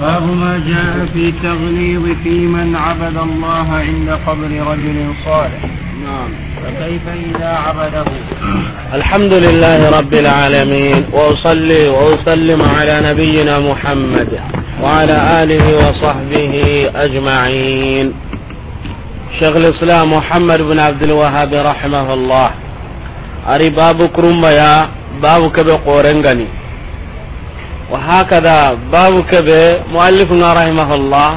باب ما جاء في تغليظ في من عبد الله عند قبر رجل صالح نعم فكيف إذا عبده الحمد لله رب العالمين وأصلي وأسلم على نبينا محمد وعلى آله وصحبه أجمعين شيخ الإسلام محمد بن عبد الوهاب رحمه الله أري باب كرمبيا باب كبقورنغني وهكذا باب كبه مؤلفنا رحمه الله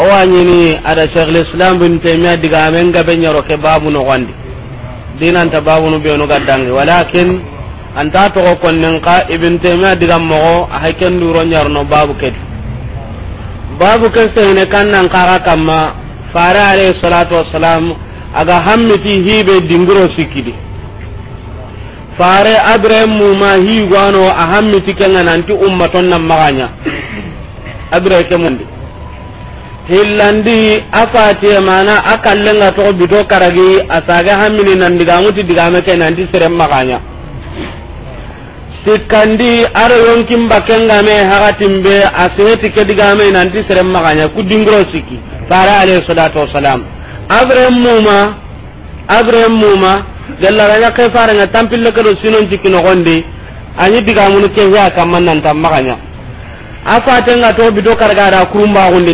او انيني على شيخ الاسلام بن تيميه دغامن غبن يروك باب نغاندي دين انت باب نبيو نغاندي ولكن انت تو كوننقا ابن تيميه دغامو كن دورو نيارنو باب كدي باب كسهن كان نقرا كما فار عليه الصلاه والسلام aga hammiti hibe dingiro sikkidi fare abire muma higwano a hammiti kenga nanti ummaton nan maganya abire ke mundi hillandi afate mana akallenga to bito karagi asaga hammini nan diga muti diga me nanti serem maganya sikkandi ara yonkin bakenga me ke diga me nanti serem maganya kudingro siki fare alayhi salatu wassalam gellaranya kefaranga tampille kedo sinon cikki nogondi anyi digamunu kehea kamman nantan maganya afatenga to nan tinga ya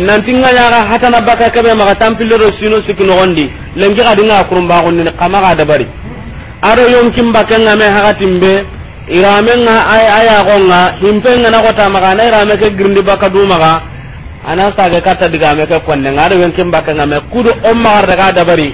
nantinga hata hatana baka keɓe maga tampille le sino sikki nogondi lengi da bari. kamaga yon kim baka nga me hakatimbe iramenga ayagonga himpenga nagotamaga na irame ke baka du maga ana sa sage diga me ke yon kim baka nga me kudo on ga da bari.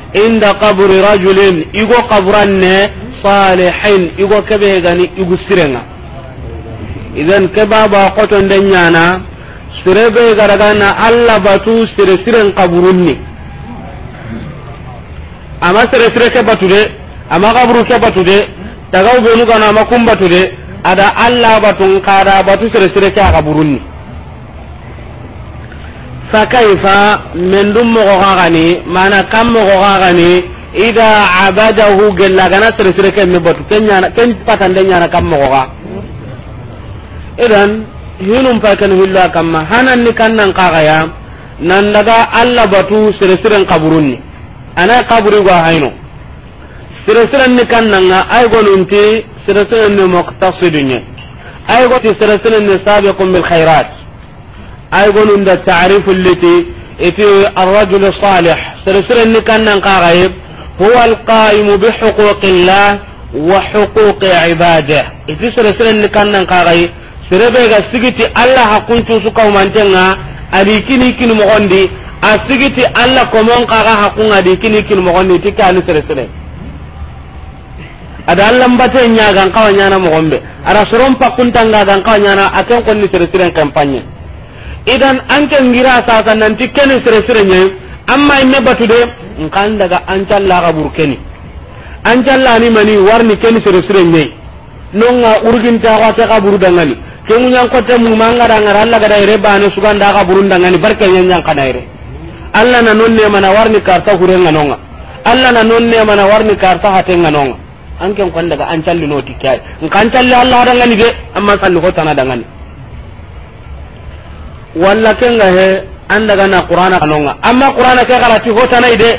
inda qabri rajulin igo qabranne salihin igo kebe gani igu sirenga idan ke baba qoton den nyana sire garagana alla batu sire siren qabrunni ama sire sire ke batu de ama qabru ke de daga ubenu kana ama de ada alla batu kada batu sire sire ke qabrunni fakaifa men dum mogo gagani mana kam mogo gagani ida abadahu gella gana sere sere ken batu ken nyana patande kam mogo ga idan hinum pakan hilla kamma hanan ni kannan kagaya nan daga alla batu sere sere ana kaburi go hayno sere sere ni kannan ga ay gonunti sere sere ni muqtasidunni ay goti sere sere ni sabiqun bil khairat ay gonun da ta'rifu liti iti ar-rajul salih sirsire ni kannan qaraib huwa al-qa'im bi huquqillah wa huquqi ibadihi iti sirsire ni kannan qaraib sirebe ga sigiti allah hakuncu su ka kaumantenga adi kini kini mogondi a sigiti allah komon kaga hakunga di kini kini mogondi ti kani sirsire ada allah mbate nya gan kawa nyana mogombe ada soron pakuntanga gan kawa nyana akan konni sirsiren kampanye idan an anke ngira sasa nanti kene sere sere nye amma imme batu de nkan daga an ancalla ga burkeni ancalla ni mani warni kene sere sere nye nonga urginta urgin ta kaburu dangani ke mun yan ta mu manga dangar alla ga dai rebane suganda ga burun dangani barke nyen yan kana ire Allah na nonne mana warni karta nga nonga Allah na nonne mana warni karta nga nonga an anken kon daga an ancalli noti kai nkan calli Allah dangani de amma sallu ko tana dangani walla kenga he anda gana qur'ana kanonga amma qur'ana ke garati hotana ide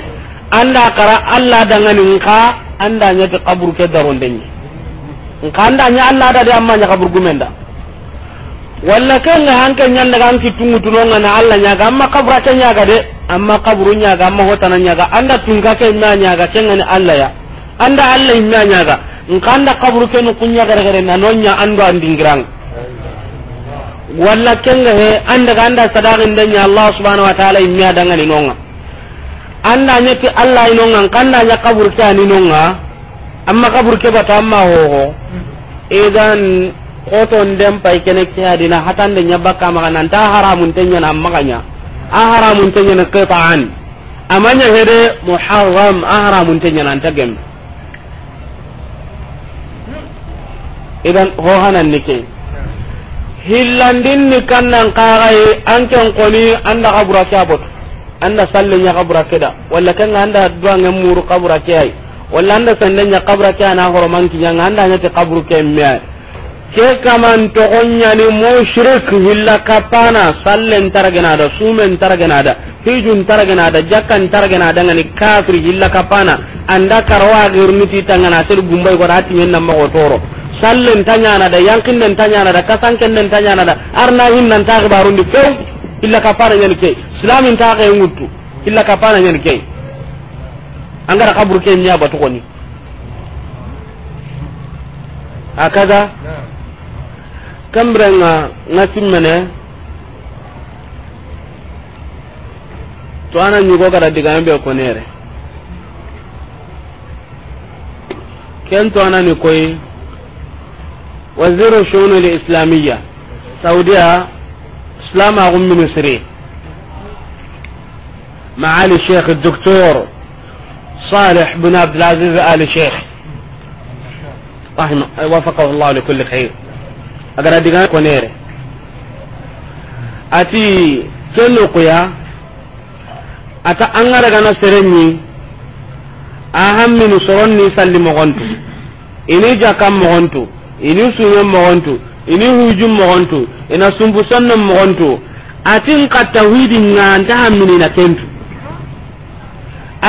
anda kara alla ni nka anda nya ti qabr ke darondenye nka anda nya alla da de amma nya qabr gumenda walla kenga hanke nya daga anki tungu tunonga na alla nya ga amma qabra ke nya ga de amma qabru nya ga amma hota nya ga anda tunga ke nya nya ga ni alla ya anda alla nya nya ga nka anda qabru ke nu kunya gare gare na nonya anda andingrang walla kenga he anda ganda sadaqin danya Allah subhanahu wa ta'ala imya danga ni nonga anda nyeti Allah inonga kanda nya kabur ta ni nonga amma kabur ke bata amma ho ho idan koton ndem pai kenek ti adina hatan de nya baka makanan ta haramun tenya na makanya a haramun tenya na qita'an amanya hede muharram a haramun tenya na tagem idan ho hanan nike hillandin ni kannan kagaye an ken an anda kabura ke abot anda salle nya kabura ke da walla kan anda duange muru kabura ke ay walla anda sande nya kabura ke na horo manki kinya anda nya te kaburu ke me ke kaman to gonya ni mushrik hilla kapana salle ntaragena da sumen ntaragena da hijun taragana da jakkan taragana da ngani kafir jilla kapana anda karwa ti tangana sel gumbay rati atinyen namba ma toro sallen tanyana da yankin nan tanyana da kasanken nan tanyana da arna hin nan ta gbaru di ko illa kapana nyani ke islamin ta ga ngutu illa kapana nyani ke angara kabur ke nya batu koni akaza kambrenga ngasimmene to ana nyugo gara digambe konere ken to ana ni koy waziru shunu al islamiyya saudiya islam a gum ministry معالي الشيخ الدكتور صالح بن عبد العزيز آل الشيخ رحمه وفقه الله لكل خير أقرأ دقائق ونيري أتي كنو قيا ata angara gana serenni ahamminu soronni salli mogontu ini jakam mogontu ini sumen mogontu ini hujum mogontu ina sumbu sonnon mogontu atin katta huidinga nta hamminina kentu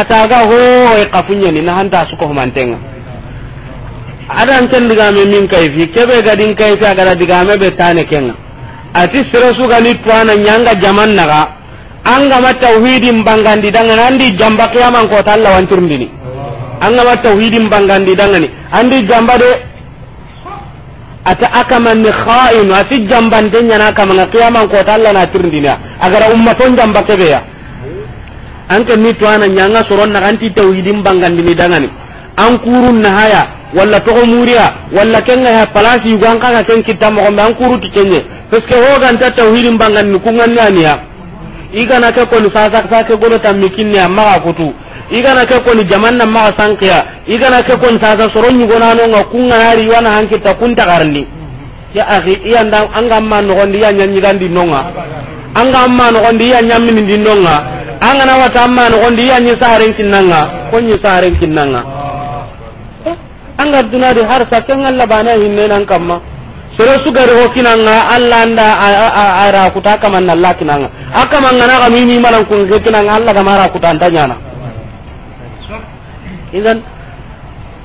ataga hoye ni na hanta suko humantenga adan ken digame min kayfi kebe gadin kayfi agada digame be tane kenga ati sere sugani twana nyanga jaman naga gama tauhidin bangandi dangani andi jamba kiyaman kota dini an gama tauhidin bangandi dangani andi jamba de ata akamanni kha'inu ati jambante ñana kamanga kiyaman kota allah na tirndina agara ummaton jamba an anke ni tuana ñanga soron naga anti tauhidin bangandini dangani an kurun nahaya walla to muriya walla kenga ya palasi gwan an kaga ken kitta mogonɓe an kuruti kenye parce que hoganta tauhidin bangandini kunganni aniya igana ke koni sasa sake gono tammi kinni amma ka kutu igana ke koni jaman nan ma sankiya igana ke koni sasa soron yugo nano nga kunga nari wana hankita kunta garni ya akhi iya nda anga ma no gondi ya nyanyi gandi nonga anga amma no gondi ya ndi nonga anga na wata amma no gondi ya nyi saharen kinnanga konyi saharen kinnanga ah. anga dunadi har sakenga labana hinne nan kamma sere gari ho kinanga Allah anda ara kuta kaman nalla kinanga akama ngana ga mimi malan kun ge kinanga Allah ga mara kuta antanya na idan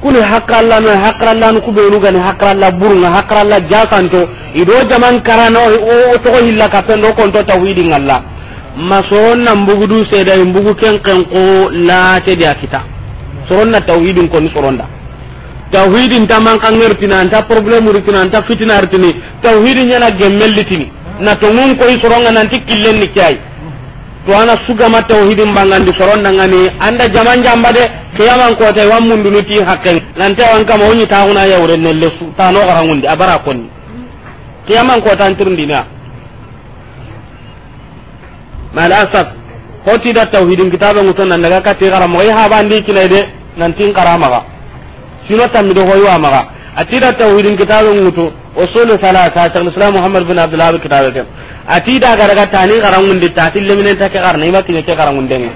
kuni na no hakralla no kubenu gani hakralla burunga hakralla jasanto ido jaman karano o to ko hilla ka pendo kon to tawidi ngalla masoron nan bugudu seda imbugu ken ken ko la te dia kita soron na ni kon soronda tawhidin ta man kangertina anta problème urtina anta fitina artini tawhidin nyana gemmellitini na to ngun koy soronga nanti killen ni kay to ana sugama tawhidin bangandi soron dangani anda jaman jamba de kiyaman ko tay wan mundu nuti hakken nanti wan kama woni tauna ya wuren ne lesu tano garangundi abara konni kiyaman ko tan tirndina mal asab hoti da tawhidin kitabe ngutan nan daga kati garamo ay habandi kinai de nan tin karama ba. sino tammido hoywa maga atida tawhidin kitabe o usulu salasa shaykhul islam muhammad bin abdullah bin kitabe ke atida garaga tani garangundi ta minen take garna ima tinye ke garangunde ne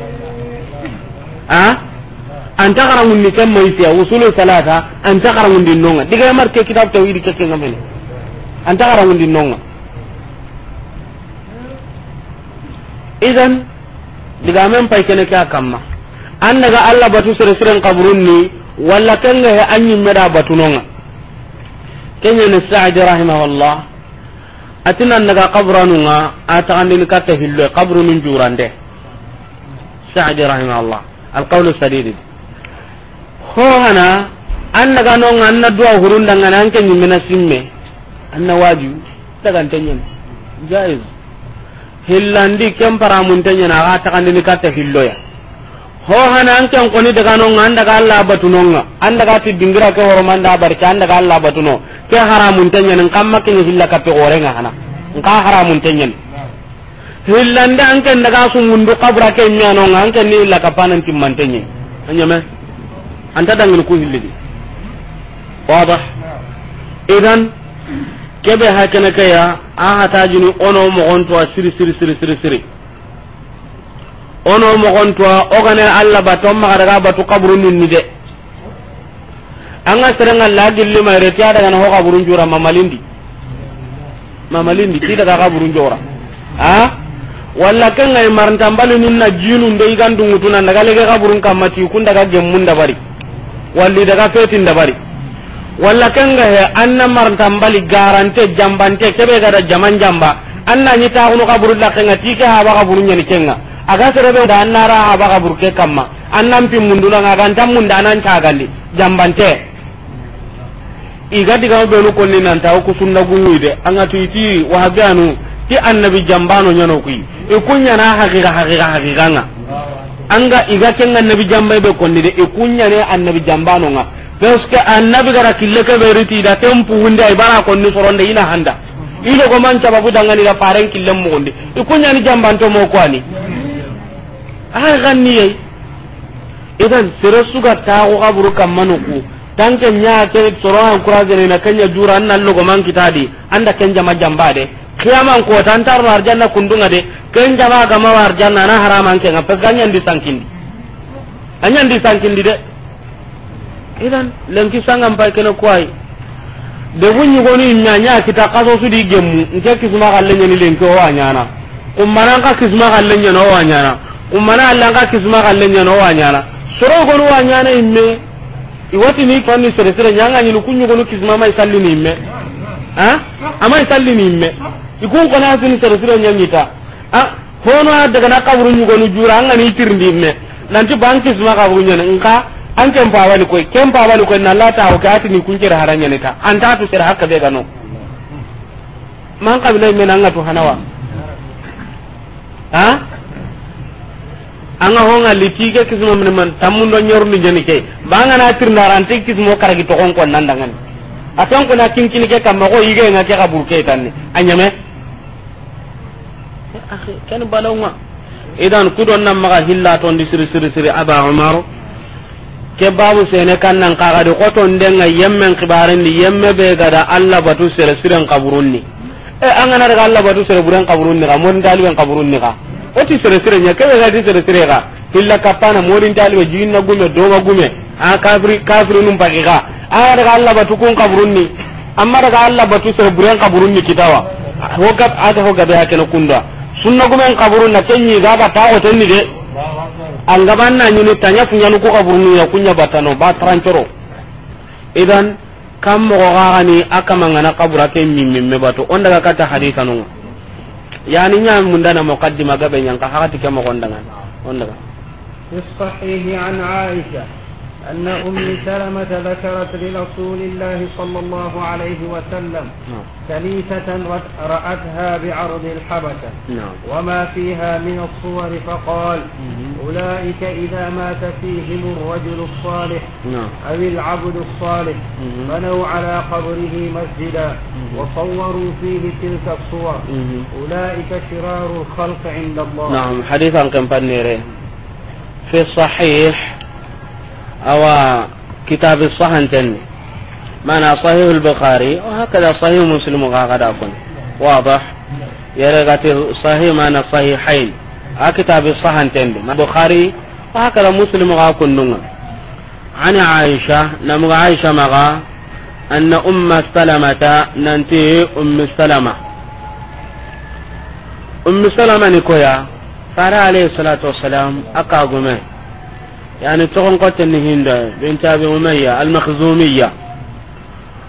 a anta garangundi kan mai fiya usulu salasa anta garangundi nonga diga mar ke kitab tawhid ke ke ngamene anta garangundi nonga idan diga men pai kene ke akamma an daga allah batu sere sere kaburun ni wala kanga he anyi meda batunonga kenya ni sa'd rahimahullah atina naga qabranunga atagandini katta hillo qabrunun jurande sa'd rahimahullah alqawl sadid ho hana an ganonga nonga dua hurun hurundanga nan kenyi mena simme anna waju tagan tanyen jaiz hillandi kempara mun tanyen aga atagandini katta hilloya ya ho hana an kan koni daga non an daga Allah batunonga an daga ti dingira ke horo manda barka an daga Allah batuno ke haramun tanyen an kamma kin hilla ka pe gorenga hana ka haramun tanyen nda an kan daga su mundu qabra ke non an kan ni hilla ka panan tim mantenye anya me an ta dangin ku hilli wada idan kebe kana kaya a hata jini ono mo on to siri siri siri siri siri ono mogontowa ogane allah batu on magadaga batu kaburu ninni de anga serenga la re tiada gan ho kaburun jura mamalindi mamalindi ti daga kaburun jura. ha walla e maranta balu nin na jinun do igandungutuna daga lege kaburun kamma kun daga gemmun dabari walli daga fetin dabari walla kenga he anna bali garante jambante kebe gada jaman jamba anna ñitaxunu kaburu kenga ti ke ba kaburu nyani kenga aga serebe da annara aba ga burke kamma annan pin munduna aga tan munda nan cagandi jambante iga diga be lu konni nan ta ku sunna gunwi de wa ti annabi jambano nyano kui na nga anga iga kenga annabi jambai be konni de ne annabi jambano nga annabi gara kille ke da tempu hunde ay bara konni soronde ina handa ko man caba budanga ni paren kille mo ndi ikunya ni jambanto mo kwani a ganniye idan sere suga taxu xaburu kammanuku tanke ñaa ke soroan na kenya jura an nan logoman kitadi anda ken jama jamba de qiyaman kota antarno arjanna kundunga de ken jama gamawa arjanna ana haramankenga parce que a di sankindi a ñandi sankindi de idan lenki sangan pay kene kuwayi debu ñigonu imña ña kita di gemmu nke kisma xalle ñeni lenki owa ñana kummanan ka kisma xalle ñeni owa ñana umana alla nga kisma galle nyano wa nyana soro gonu wa nyana imme iwati ni fanni sere sere nyanga ni kunyu no kisma mai salli ni imme ha ama salli ni imme ikun na tin sere sere nyangita a hono daga na kaburu nyu no jura nga ni tirndi imme nanti banki sma bu nyana nka an ko pawani koy ken ko na la ta o kati ni kuncere haranya ne ta an ta tu sere hakka be gano man kabila imme nanga hanawa ha anga honga litike kisma min man tammu do nyor ni jeni ke banga na tir ndara kisma kismo karagi to kon nan dangan atan kuna kin ke kam ko yige nga ke kabur ke tanne anyame akhi ken balawma idan kudon nan maga hilla ton di siri siri siri aba umar ke babu sene kan nan kaga de koton denga yemmen kibaren ni yemme be gada alla batu sere siren kaburunni e na daga alla batu sere buren kaburunni ga mon dalwen kaburunni ga oti sere sere nya kaya ga ti sere sere ga illa kapana modin talbe jinna gume do ma gume a kafiri kafiri num pagi ga a daga Allah batu kun kaburun ni amma daga Allah batu sere buren kaburun ni kitawa hoga aga hoga be akena kunda sunna gume kaburun na kenyi ga ba ta tawo tenni de an ga banna ni ni tanya kunya nu ko kaburun ya kunya batano ba trancoro idan kam mo ga ni aka mangana kabura ke mimmimme batu on daga kata hadisa nunga yani nya mun dana muqaddima gabe nyan ka hakati ke mo gonda ngan on daga fi sahihi an aisha أن أم سلمة ذكرت لرسول الله صلى الله عليه وسلم نعم. كنيسة رأتها بعرض الحبشة نعم. وما فيها من الصور فقال أولئك إذا مات فيهم الرجل الصالح نعم. أو العبد الصالح بنوا على قبره مسجدا وصوروا فيه تلك الصور أولئك شرار الخلق عند الله نعم حديثا كم في الصحيح awa kitab sahan tan mana sahih al-bukhari wa hakada sahih muslim ga kada kun wadah yare gati sahih mana sahihain a kitab sahan bukhari wa hakada muslim ga kun nun عن عائشة نمغ عائشة مغا أن أم سلمة ننتهي أم سلمة أم سلمة نكويا قال عليه الصلاة aka gume. yani togon kotten hinda bint abi umayya al makhzumiyya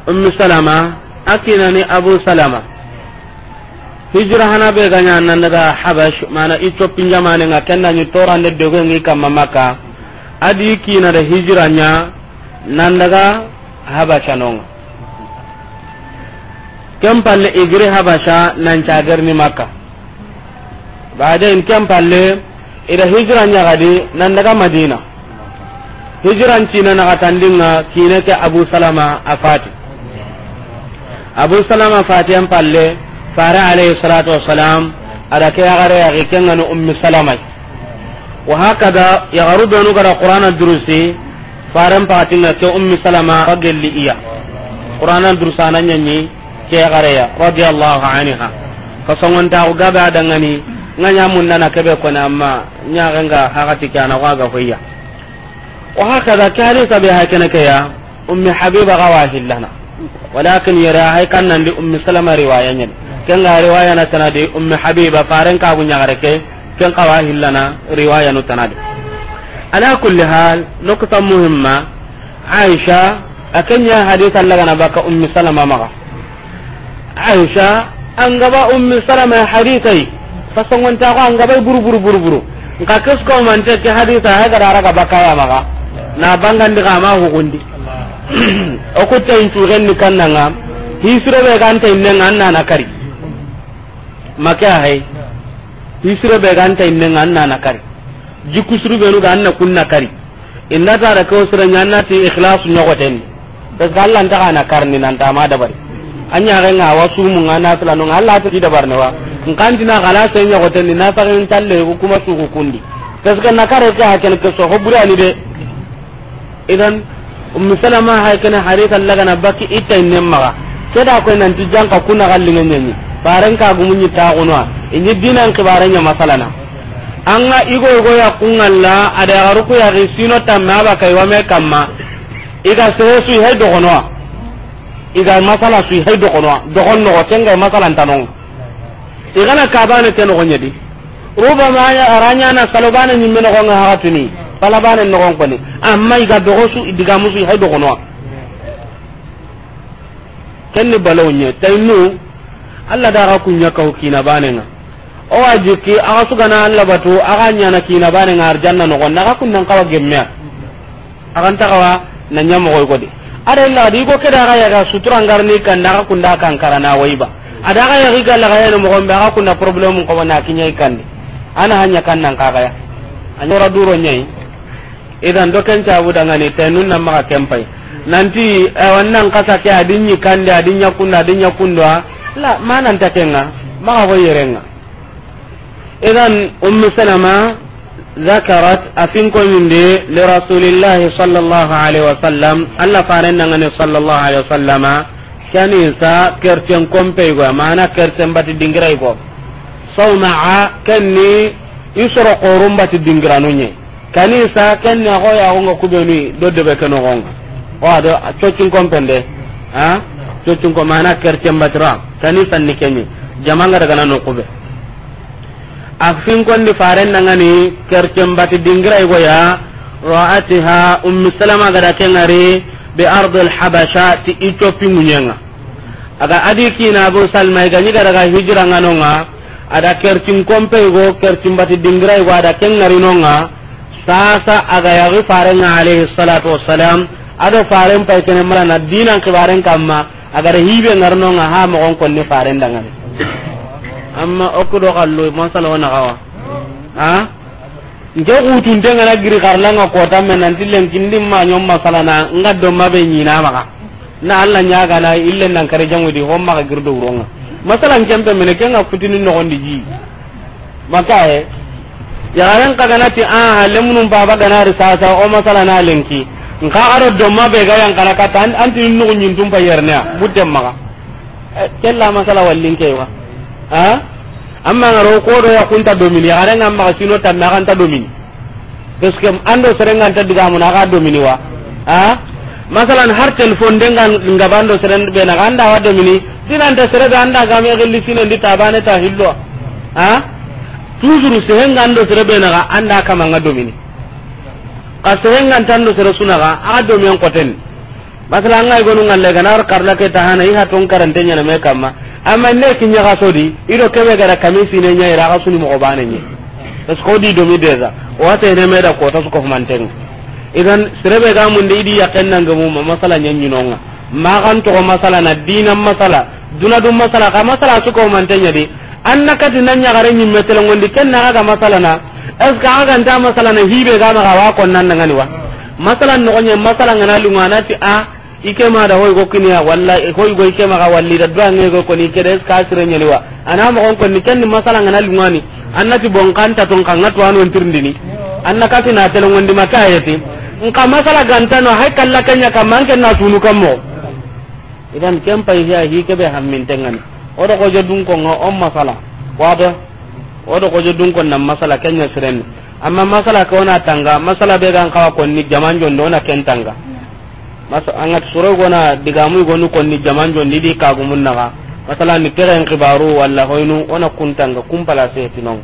ummu salama akinani abu salama hijra hana be ganya nan daga habash mana itopin jamane nga kenna ni torande de go ngi maka adi kina da hijra nya nan daga habasha non kem palle igri habasha nan cagar ni maka baden kem palle ida hijra nya gadi nan daga madina hijiran cina na katandinga kine ke abu salama afati abu salama fati an palle fara alayhi salatu wassalam ada ke ya yagi kengani ummi salamai wa hakada yagaru donu gara qur'ana durusi faran na ke ummi salama ragelli iya qur'ana durusana nyanyi ke yagare ya radiyallahu anha kasongon ta gaga dangani nganya mun na kebe kona amma nyaganga hakati kana waga hoyya وهكذا بها كنك يا أمي حبيبة غواه لنا ولكن يرى هاي كان عند أم سلمة رواية كان رواية نتنادي أم حبيبة فارن كابو نغركي كان قواه لنا رواية نتنادي على كل حال نقطة مهمة عائشة أكن يا حديث لنا بك أم سلمة مغا عائشة أنقبا أم سلمة حديثي فسنون فسنوانتاقو أنقبا برو برو برو برو nka kesko mante ke hadisa ha gara raga bakawa maga na bangandi ga ma hukundi o kutta in tugenni nga hisiro be ganta innenga anna na kari make a hay be be ganta innenga anna na kari jikusuru be nuga anna kunna kari inna tara ko sira nyanna ti ikhlas nyogoten da gallan ta kana karni nan ta ma dabari anya ga nga wasu mun ana tala non Allah ta dabar ne wa kan dina gala sai nyogoten ni na ta kan talle ko kuma su kundi tasga na kare ka hakan ka so ko ni de idan misala ma hay kana hadith allaga na baki ita inne maga keda ko nan ti janka kuna gallinga nyenyi baran ka gumun ni ta kunwa inji dinan ke baranya masalana anga igo igo ya kungalla ada aruku ya risino ta ma ba kai wa me kamma iga sere su hay do kunwa iga masala su hay do kunwa do konno ko tenga masala tanon igana kabane teno ruba ma ya aranya na salobana nyimmeno ko ngahatuni palabane nogon koni amma iga dogosu diga musu hay dogonoa kenni balonye taynu alla daga kunya kaw kina banenga o wajiki aga sugana alla batu aga na kina banenga arjanna nogon daga kunnan kawa gemme agan tagawa na nyamo koy kodi ada illa di go keda ga yaga sutura ngarni kan daga kunda kan karana waiba ada ga yaga galla ga yana mogon ba aga kunna problem ko na kinyai kan ana hanya kan nan kaga ya anyora duro nyai idan do ken cabu dangani tenun nan maka kempai nanti eh, wannan kasa ke adin yi kande adin ya kunda adin ya kunda la manan ta kenga maka ko nga. idan ummu salama ذكرت أفنكم من دي لرسول الله صلى الله عليه وسلم الله فارن صلى الله عليه وسلم كنيسة كرتين كومبيغو معنا كرتين بات دينغرايغو صومعا كني يسرق dingira nunye. kanisa ken na ho ya hongo do de be o ado chochin ha chochin ko mana ni kenye jamanga daga nan kube afin kon di faren nangani kercem bati dingira go ya ra'atiha ummu salama gada kengari bi ardi al-habasha ti itopi munyenga aga adiki na abu salma ga daga hijra nganonga ada kercim kompe go go ada sasa aga yagi farenga alayhi salatu wassalam ado faren pay kene dinan kamma hibe ha mo gon konni faren amma okudo kallo kawa ha nge utun na giri karlanga kota men nanti kindim ma nyom masala na ngaddo mabe maka na alla nyaga na illen nan kare homma girdo masala kenga futini no gondi ji e, yagaren kaganati a halemunum baba ganari risasa o masala na lenki nka aro ma be ga yankara kata anti nugu nyintum pa yernya budde maga eh, kella masala wallinke wa ha amma ngaro ko do yakunta domini yagaren amma sino tan na kan ta domini peske ando serengan ta diga mun aga domini wa ha masalan har telephone dengan ngabando seren be na da wa domini dinan ta serega anda ga me gelli sinen di tabane ta hillo ha toujours sehenga ando serebe naga anda kama nga domini ka sehenga tando sere sunaga aga domi an koten masala anga igonu ngalle gana nar karla ke tahana iha ton karante nya na me kama amma ne kinya ga sodi ido kebe gara kamisi ne nya ira ga suni mo bana nya tas ko di domi deza o wata ne me da ko tas ko manten idan serebe ga mun de idi yakan nan ga mu masala nya nyinonga ma kan to masala na dinan masala dunadum dum masala ka masala su ko manten di anna kati nan nyagare nyimme telengondi ken naga ga masalana est ce que aga ganta masalana hibe ga ma wa kon nan ngani wa masalan no gonye masalan ngana lungana ti a ah, ike ma da hoy gokini ya walla hoy go ike ma ga walli da dwa ngego ko ni kede ka sire nyeli wa ana mo gon ko ni ken masalan ngana lungani annati bon kanta ton kan ngatu anu ntirndini anna kati na ma kaye makayeti nka masala no hay kallakanya kamanken na tunu kammo idan kempa hiya hi kebe hammin tengani o da koje dunko nga on masala wado o da koje dunko nan masala kenya siren amma masala ko na tanga masala be gan kawa konni jaman jondo na ken tanga mas angat suro gona diga digamu gonu konni jaman jondi di ka na naga masala ni keren kibaru walla hoynu ona kuntanga kumpala setinon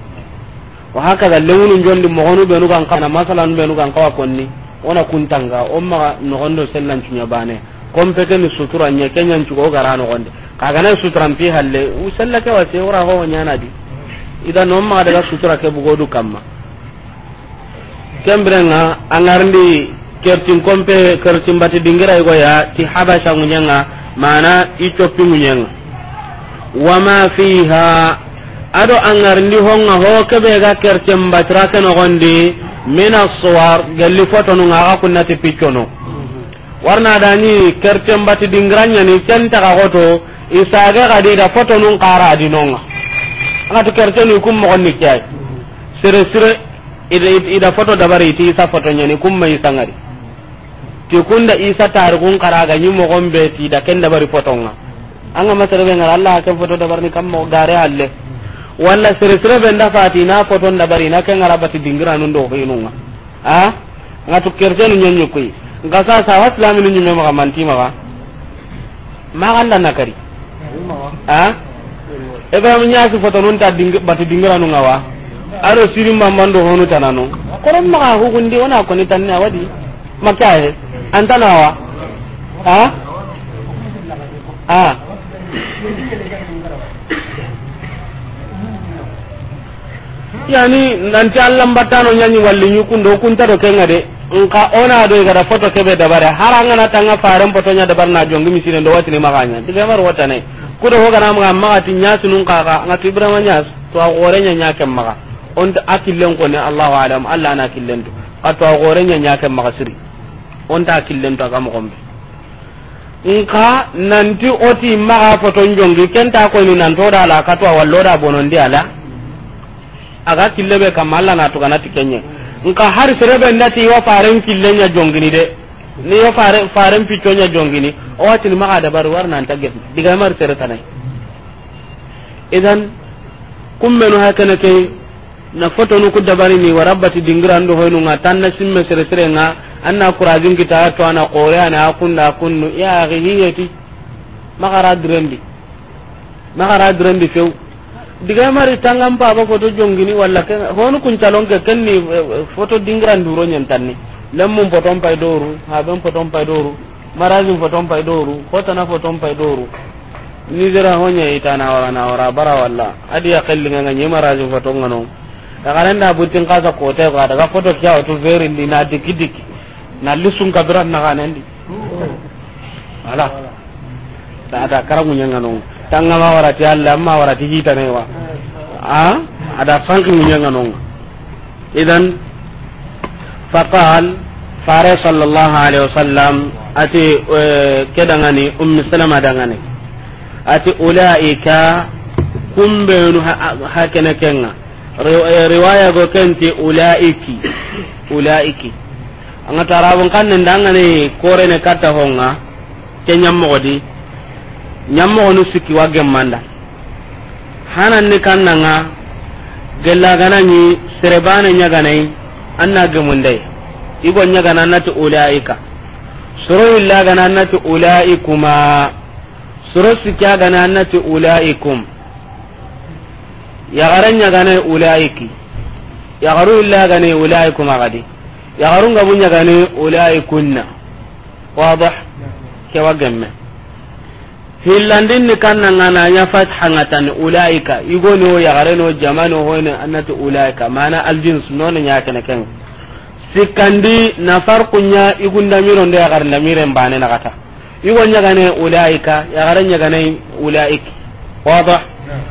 wa hakaza lewnu jondi mo mohonu be nu gan kana masala nu be nu gan kawa konni ona kuntanga o maga nogondo sellan cunya bane kompeteni sutura nye kenyan cugo gara nogonde kaga nan kagana sutrampi halle usalla ke wase ora ho nyana di ida non ma daga sutura ke bugo bugodu kamma kembrenga angarndi kertin kompe kertin bati dingira go ya ti habasha munyanga mana ito icopi ngunyanga wama fiha ado angarndi honga ho kebe ga kertin batra ke no gondi min aswar galli foto no ngaga kunna ti piccono mm-hmm. warna dani kertin bati dingranya ni kenta ga goto isage gadida foto nun qara to kerte ni kum mogonni kay sere sere ida ida foto bari ti sa foto nyani kum mai sangari ti kunda isa targun qara ga nyu mo gombe ti da kenda bari foto nga anga masere be ngara Allah ka foto dabar ni kam mo gare alle walla sere sere be nda fati na foto bari na ken ngara bati dingira nun do hinunga a ngatu kertenu nyanyu kuy ngasa sa waslamin nyu me maga manti ma ganda nakari ha ah? ega mun yaasi foto nun ta dingi batu dingira nun wa aro siri mamman do honu tananu koron ma ha hukundi ona ko ni tanni awadi an tana wa ah. a ah? yani ta allan batano nyanyi walli kun ta do kenga de nka ona do gara foto kebe dabare haranga na tanga faran foto nya dabar na jongi misire do watini maganya wata watane kuda hogana maga ati ñasi nun kaka ngati ibrahima nyaas to a gorenya ñaken maga onta a ko ne allahu alam allah ana killentu ka to a gorenya ñaken maga siri onta to killentu aga mogonɓe nka nanti oti maga foto njongi kenta ni nan to dala ka to da bonon dia ala aga kille be kamalla na tuganati kenye nka har serebe nati wa faren nya jongini de ni yo fare faren picconya jongini o wati maka da bar warna anta tagge diga mar tere tanai idan kummenu hakana ke na foto nu ku dabari ni warabbati dingran do hoynu nga tanna simme sere sere nga anna kurajin kita to ana qore ana akunda kunnu ya ghiyati makara direndi makara direndi few diga mari tangam baba foto jongini walla ke honu kun calon ke kenni eh, eh, foto dingran duro nyen lemmum poton pay doru ben poton pay doru marazin poton pay doru na poton pay doru ni dira honya ita na wara na wara bara walla adiya ya nga nyi marazin poton ngano da nan da butin kaza ko te ga daga foto kya to veri ni na dikidik na lisun kabira na kanen di ala da ada karamu nya ngano tanga ma wara ti alla ma wara ti jita ne wa a ada sanki nya ngano idan فقال فاري صلى الله عليه وسلم أتي كدغني أم سلمة دغني أتي أولئك كم بين كنا ne anna gemundai igonya gana nati ulaika soro illa gana nati ulaikuma soro sikya gana nati ulaikum yagaranya gana ulaiki yagaru illa gana ulaikum agadi yagarunga bunya gana ulaikunna wadah kewa gemme hillandin ni kanna ngana nya fatha ngatan ulaika igoni ya gare no jamano ne annatu ulaika mana aljins nono nya kana kan sikandi na farqunya igun igunda miro ndo yagare mire mbane na kata igo nya gane ulaika yagare nya gane ulaik wada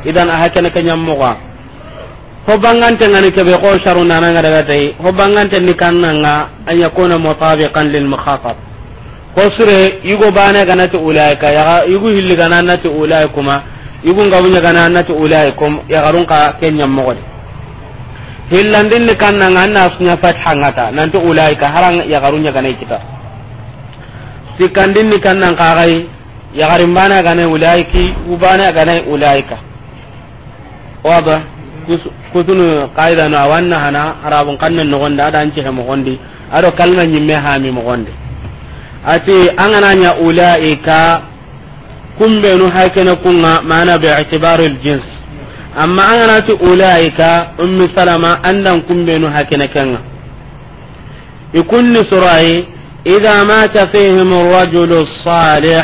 idan ne kana kanya muga ho bangante ngani kebe ko sharuna na ngada gatai ho bangante ni kanna nga anya kona mutabiqan lil mukhatab kosre yugo bane ganati ulai ka ya yugo hilli gananati ulai kuma yugo ngawunya gananati ulai kum ya garun ka kenya mogodi hillandin ni kanna nganna sunya fatha ngata nanti ulai ka harang ya garunya ganai kita sikandin ni kanna ka gai ya garin bana ganai ulai ki ubana ganai ulai ka wada kutunu kaidana wanna hana harabun kannan nogonda adanci he mogondi ado kalna nyimme ha mi mogondi ati angananya ulaika kumbenu hakene kunga mana bi'tibari aljins amma anganati ulaika ummi salama andan kumbenu hakene kenga ikunni surai idha mata fihim ar-rajulu salih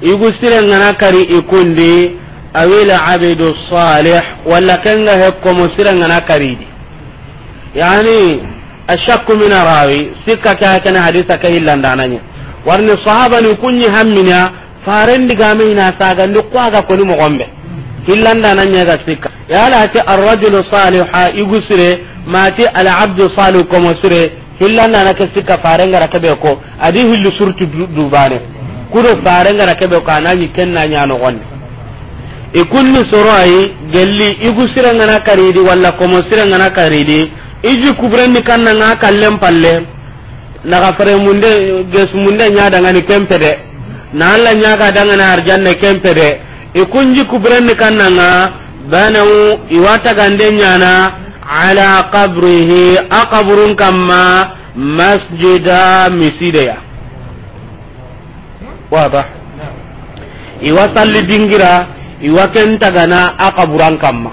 igusire ngana kari ikundi awila abidu salih walla kenga hekkomo musire ngana karidi yani ashakku min rawi sikka ka hakene hadisa ka landananya. warne sahaba ni kunyi hammina farendi game ina saga ndi mu koni mogombe hillanda nan nyaga sikka rajul salih ha igusre igusire mati al abd salih komo sire hillanda na ke sikka ga rakabe ko adi hillu surtu dubane kudo ga rakabe ko anani kenna gonde e kunni surai gelli igusire ngana karidi walla komo sure ngana karidi iji kubrenni kanna nga kallem palle naga fere munde ges munde nya daga ni kempe de na alla nya ga daga na arjan ne kempe de e kunji kubren ne kan nanga bana u iwata gande nya na ala qabrihi aqabrun kamma masjida miside ya wada iwa salli dingira iwa kenta gana aqabran kamma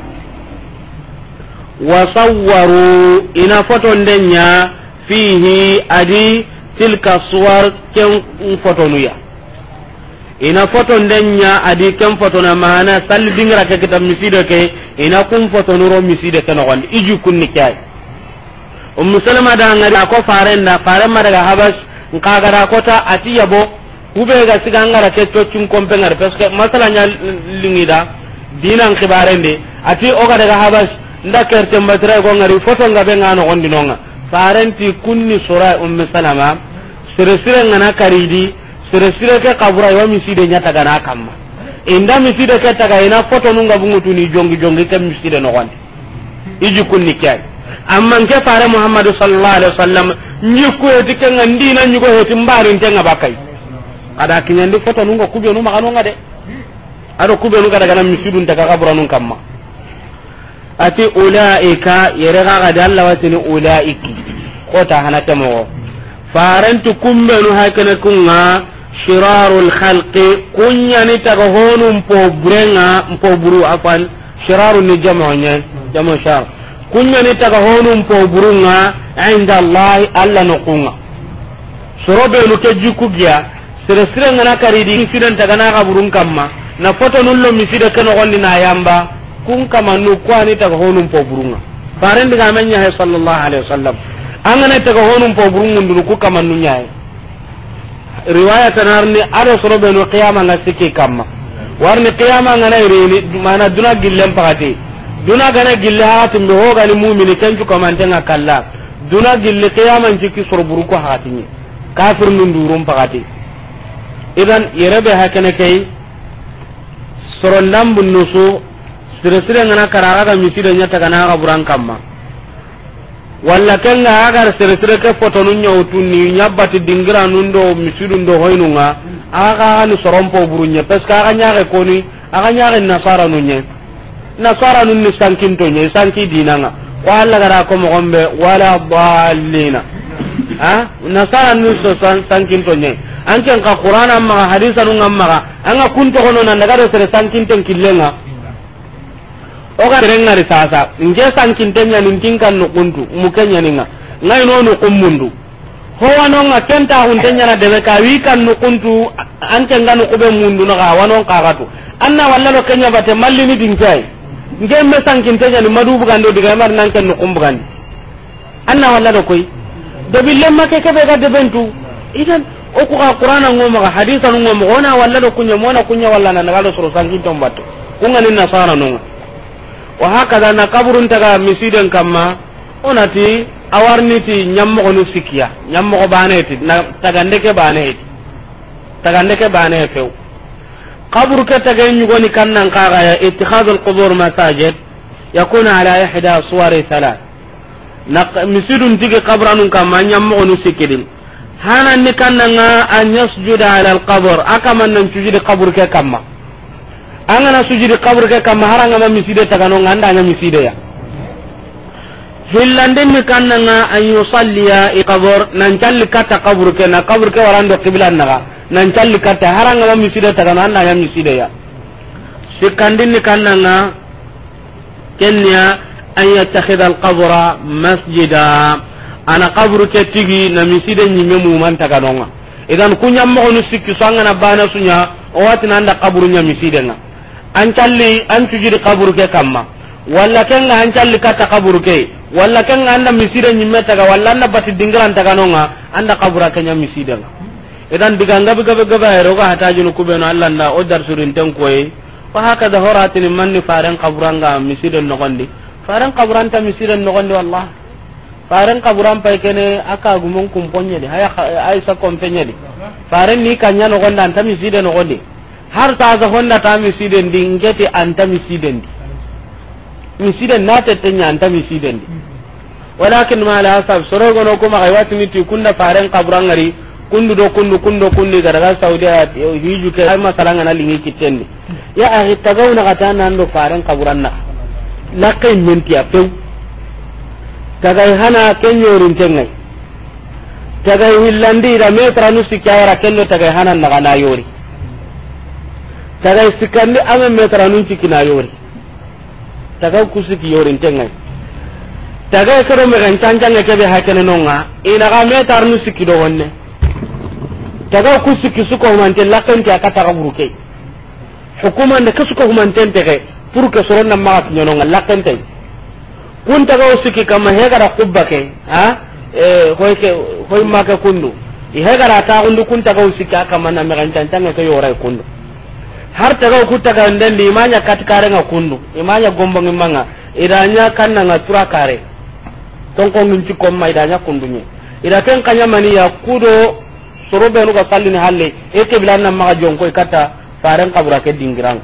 wasawwaru ina foto ndenya fihi adi tilka suwar ken fotonuya ina foton denya adi ken fotona mana sal dingra ke kitab miside ke ina kun fotonuro miside ke nogon iju kunni kai um salama da ngari ko da faren ma daga habas gara kota ati yabo kube ga sigangara ngara ke tocun kompe ngar parce que masala nya lingida dinan kibarende ati ga daga habas nda kerte mbatra ko ngari foto be ngano gondinonga farenti kunni sura ummi salama sire sire ngana karidi sire sire ke kabura yo miside nyata gana kamma inda miside ke taga ina foto nunga bungutu ni jongi jongi ke miside no gonde iji kunni kyai amma nke fare muhammadu sallallahu alaihi wasallam nyi ko eti kenga na nyugo heti mbari ntenga bakai ada kinyandi foto nunga kubyo numa kanunga de ado kubyo nunga daga na misidu ndaka kabura nun kamma ati ulaika yere gagadi allah watini ulaiki kota hanate mogo farentu kumbenu hakene kunga shiraru lhalqi kunyani taga honu mpo burenga mpo buru afan shiraru ni jamo nye jamo shar kunyani taga honu mpo burunga inda allah allah no kunga sorobe lu ke jiku giya sere sere ngana karidi sidan taga na kaburun kamma na foto nullo mi sida keno gonni na yamba kun nu ko ani taga honum po burunga faren diga men nyahe sallallahu alaihi wasallam angana taga honum po burunga ndu ku kamannu nyahe riwaya tanarni ada sorobe no qiyama nga sikki kama. warni qiyama nga na irini mana duna gillem pagati duna gana gille hati mbe ho gani mu'mini kencu kamante nga kalla duna gille qiyama njiki sorburu ko hati ni kafir nun ndurum pagati idan yerebe hakene kay soron dambu nusu sire sire ngana karaga ga misire nyata kana ga buran kamma walla kenga agar sire sire ke foto nun nyaw tunni nyabati dingira nun do misirun do hoynunga aga ga ni sorompo burunya peska aga nyaare koni aga nyaare nasara nun nye nasara nun ni sankin to nye sanki dinanga walla gara ko mo gombe wala dallina ha nasara nun so sankin to nye an kan ka qur'ana ma hadisa nun amma an ga kun to hono nan daga sire sankin ten killenga oga rengari sasa nge sankintenya nintinkan nukuntu mukenyaninga ngai no nukummundu howanonga kenta na de ka wi kan nukuntu anke nga nukube mundu naga wanon kagatu anna wallano kenya bate mallini dinkai nge me sankintenyani madubugande diga mari nanke nukumbugandi anna wallano koy ke be ga bentu idan oku ka qur'ana ngomo ga hadisa ngomo ona wallano kunya mona kunya wallana nagalo soro sankinton batto kunga ni nasara no. wa hakaza na kaburun taga misiden kamma onati awarniti ñammogonu nyammo ko baneti na ndeke baneti tagandeke bane few kaburu ke tage ñugoni kannan ya itihadu alqubur masajid yakuna ala ihda suwari salat na misidun tigi kabranun kamma ñammogonu sikkidin hananni kannanga an yasjuda ala alqabr nan tujidi kaburu ke kamma angana sujudi kabur ke kam nga ma miside tagano nganda nya miside ya hillanden mi nga an yusalliya i kabur nan calli katta kabur ke na kabur ke warando qiblan naga nan calli katta nga ma miside tagano anda nya miside ya sikandin ni nga kenya an yattakhidha alqabra masjida ana kabur ke tigi na miside man muman nga idan kunyam mo onu sikki sanga na bana sunya o watina anda kaburu nya nga. an calli an di kaburu ke kamma walla kenga an calli kata kaburu ke walla nga anda misida nyimme taga walla anda basi dingiran taga nonga anda kabura kenya misida nga idan diga ngabe gabe gabe ayro ga hatajunu kubeno alla nda o dar surin ten koy wa haka da horatini manni faran kaburanga miside nogondi faran kaburanta misida nogondi wallahi faran kaburan pay kene aka gumon kumponye de haya aisa kompenye de faran ni kanya nogonda anta misida nogondi har ta za honda ta mi siden di ngeti anta mi siden di mi siden na tete an anta mi siden di walakin ma la asab soro gono ko ma kayati ni ti kunna faran qabran ngari kundu do kundu kundo kundi gara ga saudi eh, hiju ke ai masalanga na lingi kitendi ya ahi tagawna kata nan do faran qabran na lakai menti apew tagai hana kenyorin tengai tagai hillandi ra metra nusi kyawara kenno tagai hana na na yori taga sikandi ame metra nun cikina yori taga kusiki yorin tengai taga sero me kan cancange kebe hakene nonga ina ga metar nu sikki do su taga man suko humante ta ka taga buruke hukuma ne kasuko humante tege pour que soron na maga nyononga lakenti kun taga usiki kama hegara ke ha e, ke hoyke hoy ka kundu gara ta kundu kun taga usiki kama na me kan cancange ke yorai kundu har taga ku taga ndendi imanya kare nga kundu imanya gombong imanga idanya kanna nga tura kare tonko nginci komma idanya kundunye ida ken kanya mani ya kudo sorobe nuga ni halle e kebila na maga jonko ikata faren kabura ke dingirang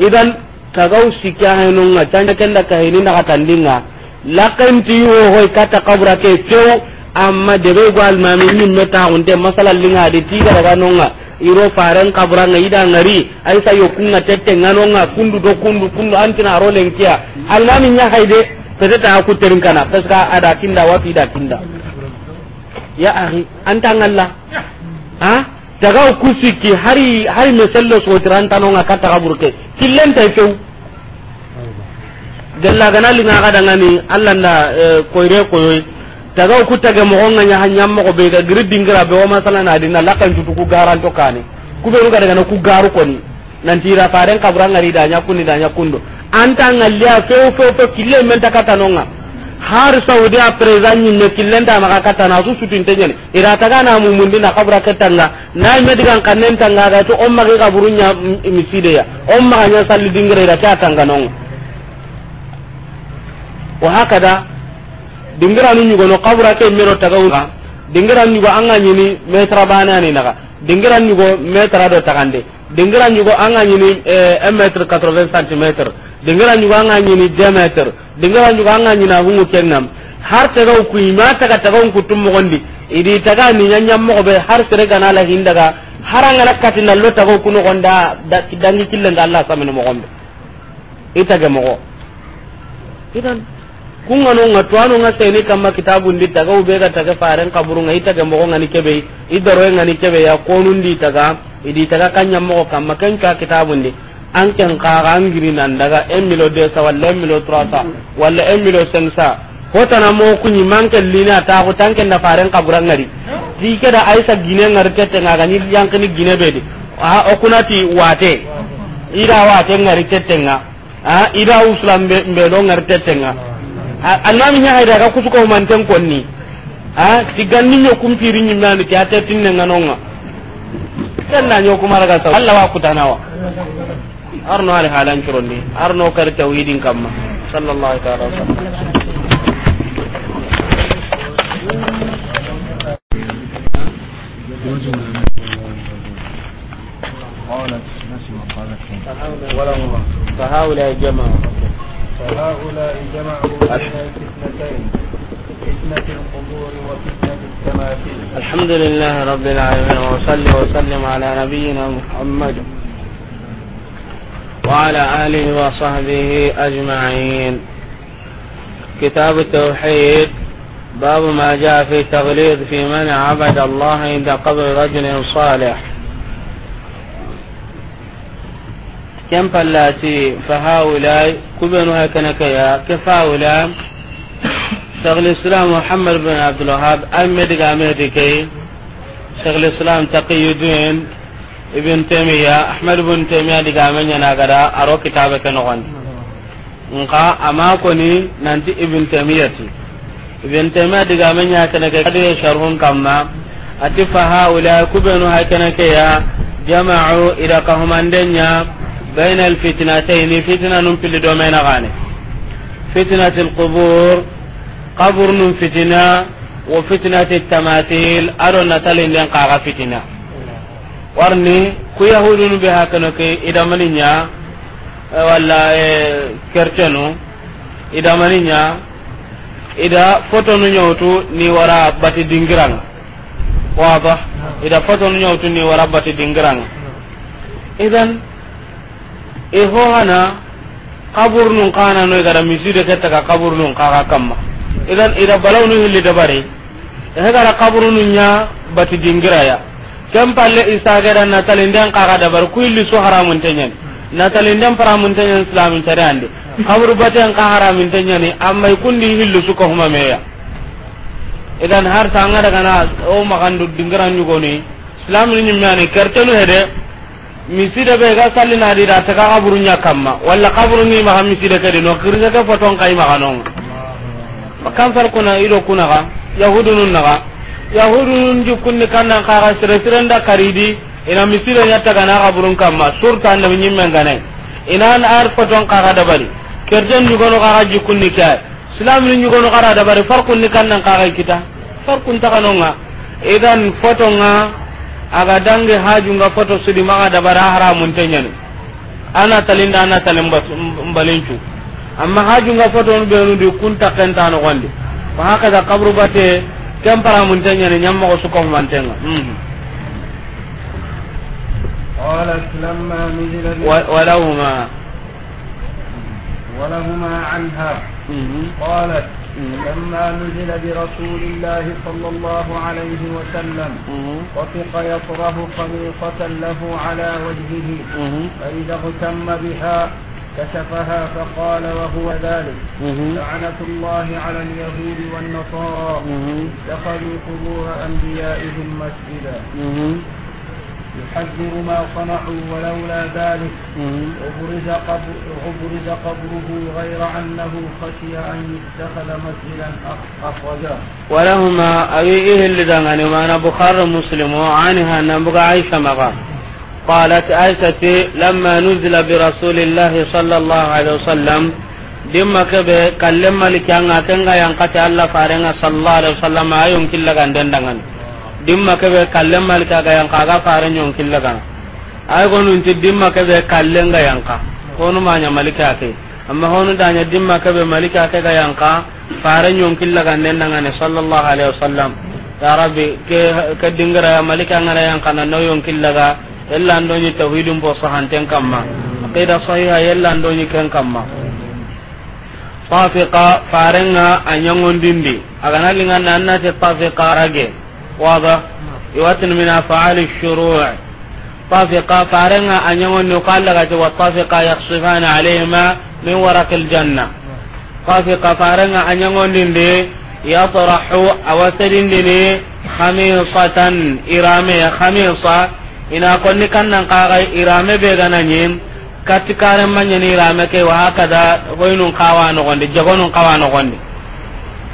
idan tagaw sikya hanunga tanda kenda kahini na katandinga lakanti yo hoy kata kabura ke tew amma debe gwal mami min meta hunde masala linga de tiga daga nonga iro faren kaburanga ida ngari aisa yokunga tette nga kundu do kundu kundu antina aro lenkia almani nya haide peut-être ku terin kana parce que ada kinda wati da kinda ya ari anta ngalla ha daga siki hari hari mesello so tiranta no nga kata kaburke killen tay few galla gana linga kada allah na eh, koyre koyoy taga ku taga mo nga nya hanya mo ko be ga gridding gra be o masala na dina la kan tutu ku garan to kane ku be ga daga na ku garu ko nan tira faren kabran ngari da nya kunni da nya kundo anta ngalya fe fe feo kille men ta kata nonga har saudi a prezan ni ne kille nda ma kata na su sutin tenyani ira taga na mu mundi na kabra kata nga na me kan nen tanga ga to umma ga mi side ya ma nya salli dingre ira ta tanga nonga wa hakada dingiranu ñugono kaburate mero tagawuga dingiran ñugo anga ñini metra banani naga dingiran ñugo metra do tagande dingiran ñugo anga ñini un eh, metre quatre vingt centimétre dingiran ñugo anga ñini deux metre dingiran ñugo anga ñina hungu kengam har tagaw kuyi ma taga taga tagaw tum mogondi idi taga ni nyanyam mo be har sere gana la hindaga haranga na katina lo tago kuno gonda dangi kille nda Allah samene mo gombe itage mo idan kungano nga tuanu nga seni kama kitabu ndi taga ubega taga faren kaburu nga itaga mbogo nga nikebe idoro e nga nikebe ya konu ndi taga idi taga kanya mbogo kama kenka kitabu ndi anke nkaga angiri nan daga emilo desa wala emilo trasa wala emilo sengsa hota na mo kunyi manke lini ta tanke na faren kabura di dike da aisa gine nga rikete nga yanke ni gine bedi ha okunati wate ira wate ngari rikete nga ha ira usula mbedo nga ngari nga allami nya hayda ga kusuko man tan konni a tiganni nyo kumpiri nan ti ata tinne nganonga tanna nyo kumara ga Allah wa kutanawa arno ala halan kironni arno kar tawhidin kamma sallallahu ta'ala wa sallam قالت نسي وقالت فهؤلاء جمعوا بين الفتنتين فتنة القبور وفتنة التماثيل الحمد لله رب العالمين وصلي وسلم على نبينا محمد وعلى آله وصحبه أجمعين كتاب التوحيد باب ما جاء في تغليظ في من عبد الله عند قبر رجل صالح ken pallati fa haulai kubenu ibn kadi sharhun kamma ati fa haulai kubenu jama'u ida kahumandenya بين الفتنتين فتنة نمفل دومين غاني فتنة القبور قبر نمفتنا وفتنة التماثيل أرون نتلين لنقاغ فتنة warni ku yahudunu be hakano ke nya walla kercenu idamani nya ida fotonu nu ni wara bati dingiranga waba ida fotonu nu ni wara bati dingiranga idan e hohana kabur nun kana no gara miside ketta ka kabur nun kaka kamma idan ida balaw nu hilli dabare e gara kabur nun nya bati dingira ya kam palle isagara na talindan kaka dabar ku hilli su haramun tanyen na talindan paramun tanyen islamin tare ande kabur batan ka haramun tanyen amma kundi hilli su ko huma meya idan har tanga daga na o magandu dingira nyugo ni islamin nyimme ani kertenu hede da be ga salli na dira ta ga kaburu nya kamma walla kaburu ni ma da kadi no kiri ka foton kai ma kanon kan far kuna ido kuna ga yahudun na ga yahudun ju kunni kan nan kara sire sire nda karidi ina da nya ta ga na kaburun kamma surta nda min men ga nai ina an ar foton kara da bari kerjen ju gono kara ju kunni ka islam ni ju gono kara da bari farkun ni kan nan kara kita farkun ta kanonga idan foton ga aga dange hajunga koto sudi maga dabara haramun tenyani ana talinda ana talin mbalincu amma hajunga koto nu benu di kunta kenta no gondi fa haka da kabru bate kem paramun tenyani nyamma ko suko mantenga mm قالت لما نزلت ولهما ولهما عنها قالت لما نزل برسول الله صلى الله عليه وسلم وفق يطرح خميصة له على وجهه فإذا اغتم بها كشفها فقال وهو ذلك لعنة الله على اليهود والنصارى اتخذوا قبور أنبيائهم مسجدا يحذر ما صنعوا ولولا ذلك عبرز قبر عبرز قبره غير أنه خشي أن يتخذ مسجدا أخرجه ولهما ايه اللي دعني انا بخار مسلم وعنها نبغى عائشة مغا قالت عائشة لما نزل برسول الله صلى الله عليه وسلم dimma kebe kallem maliki anga kenga yang الله Allah farenga sallallahu alaihi wasallam ayum killa gandendangan dimma kebe kallen malika ga yanka ga fare nyon killa kan ay gonu inti dimma kebe kallen ga yanka honu nya malika ke amma honu danya dimma kebe malika ke ga yanka fare nyon killa kan den nan ne sallallahu alaihi wasallam ya rabbi ke ke dingara malika ngara yanka nan no yon killa ga illa ndonyi tauhidum bo so sahanten kamma aqida sahiha illa ndonyi ken kamma tafiqa farenga anyangondindi agana linga nanna ce tafiqa rage waba iwatin min afaali shuruuc tafiqa farenga anyangon ni qala gati wa tafiqa yaqsifan alayhima min warak aljanna tafiqa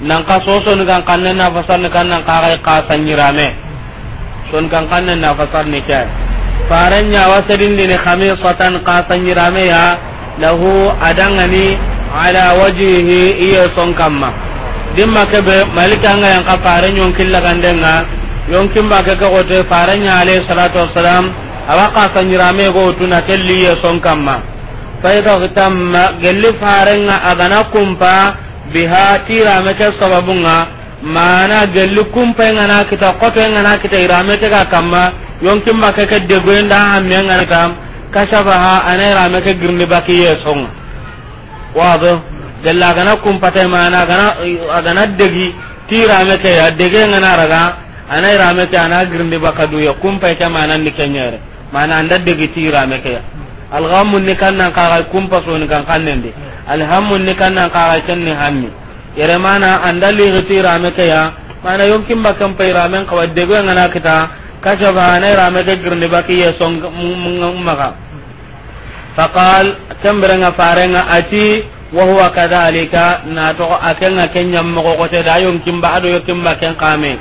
nan ka soso ni kan kanne na fasar ni kan nan ka kai ka sanyirame son kan kanne na fasar ni ke faran ya wasarin ni khamisatan ka sanyirame ya lahu adangani ala wajhihi iya son kamma dimma ke be malika nga yang ka faran yon killa kandenga yon kimba ke ka gote faran ya alayhi salatu wassalam awa ka sanyirame go tuna kelli iya son kamma fa idha tamma gelli faran agana kumpa biha tirame ke sababu sababunga mana gelli kumpa ngana kita koto ngana kita irame ke kamma yonkin make ke degoenda hamme ngana tam kashabaha ana irame ke girni baki yesonga wado gella gana kumpa te mana gana agana degi tirame ke ya dege ngana raga ana irame ke ana girni baka duya kumpa ke mana ni kenyere mana anda degi tirame ke ya alghamu ni kannan kaga kumpa so ni kan kannende alhammu ni kannan kaga kenni hammi yere mana andali rame ya mana rame kita rame girni maka faqal ati wa huwa kadhalika na to kenya ko da yonkin ba ado ba ken kame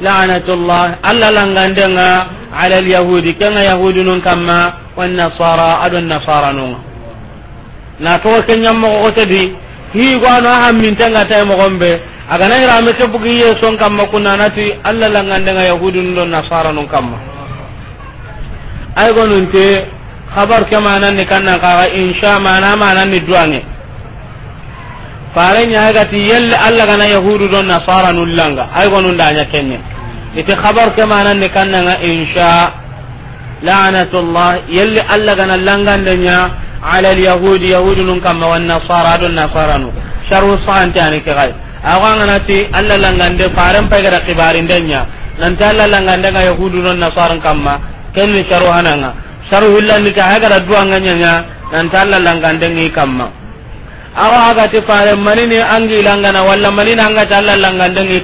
la'anatullah alla langandenga ala alyahudi kenga yahudunun kamma wan nasara adon nasara nunga na to kenya mo ko tedi hi go no ha min tanga tay mo gombe aga na ira me kebugi ye son kam ma kunna nati alla la ngande ga yahudun don nasara non kam ay go non te khabar ke manan ne na ka insha mana manan ni duange fare nya ga ti yelle alla ga na yahudu don nasara nullanga ay go non da nya kenya ite khabar ke manan ne kanna ga insha la'anatullah yalli alla gana langandanya ala awa aga ti manini angi langana manini anga langande ngi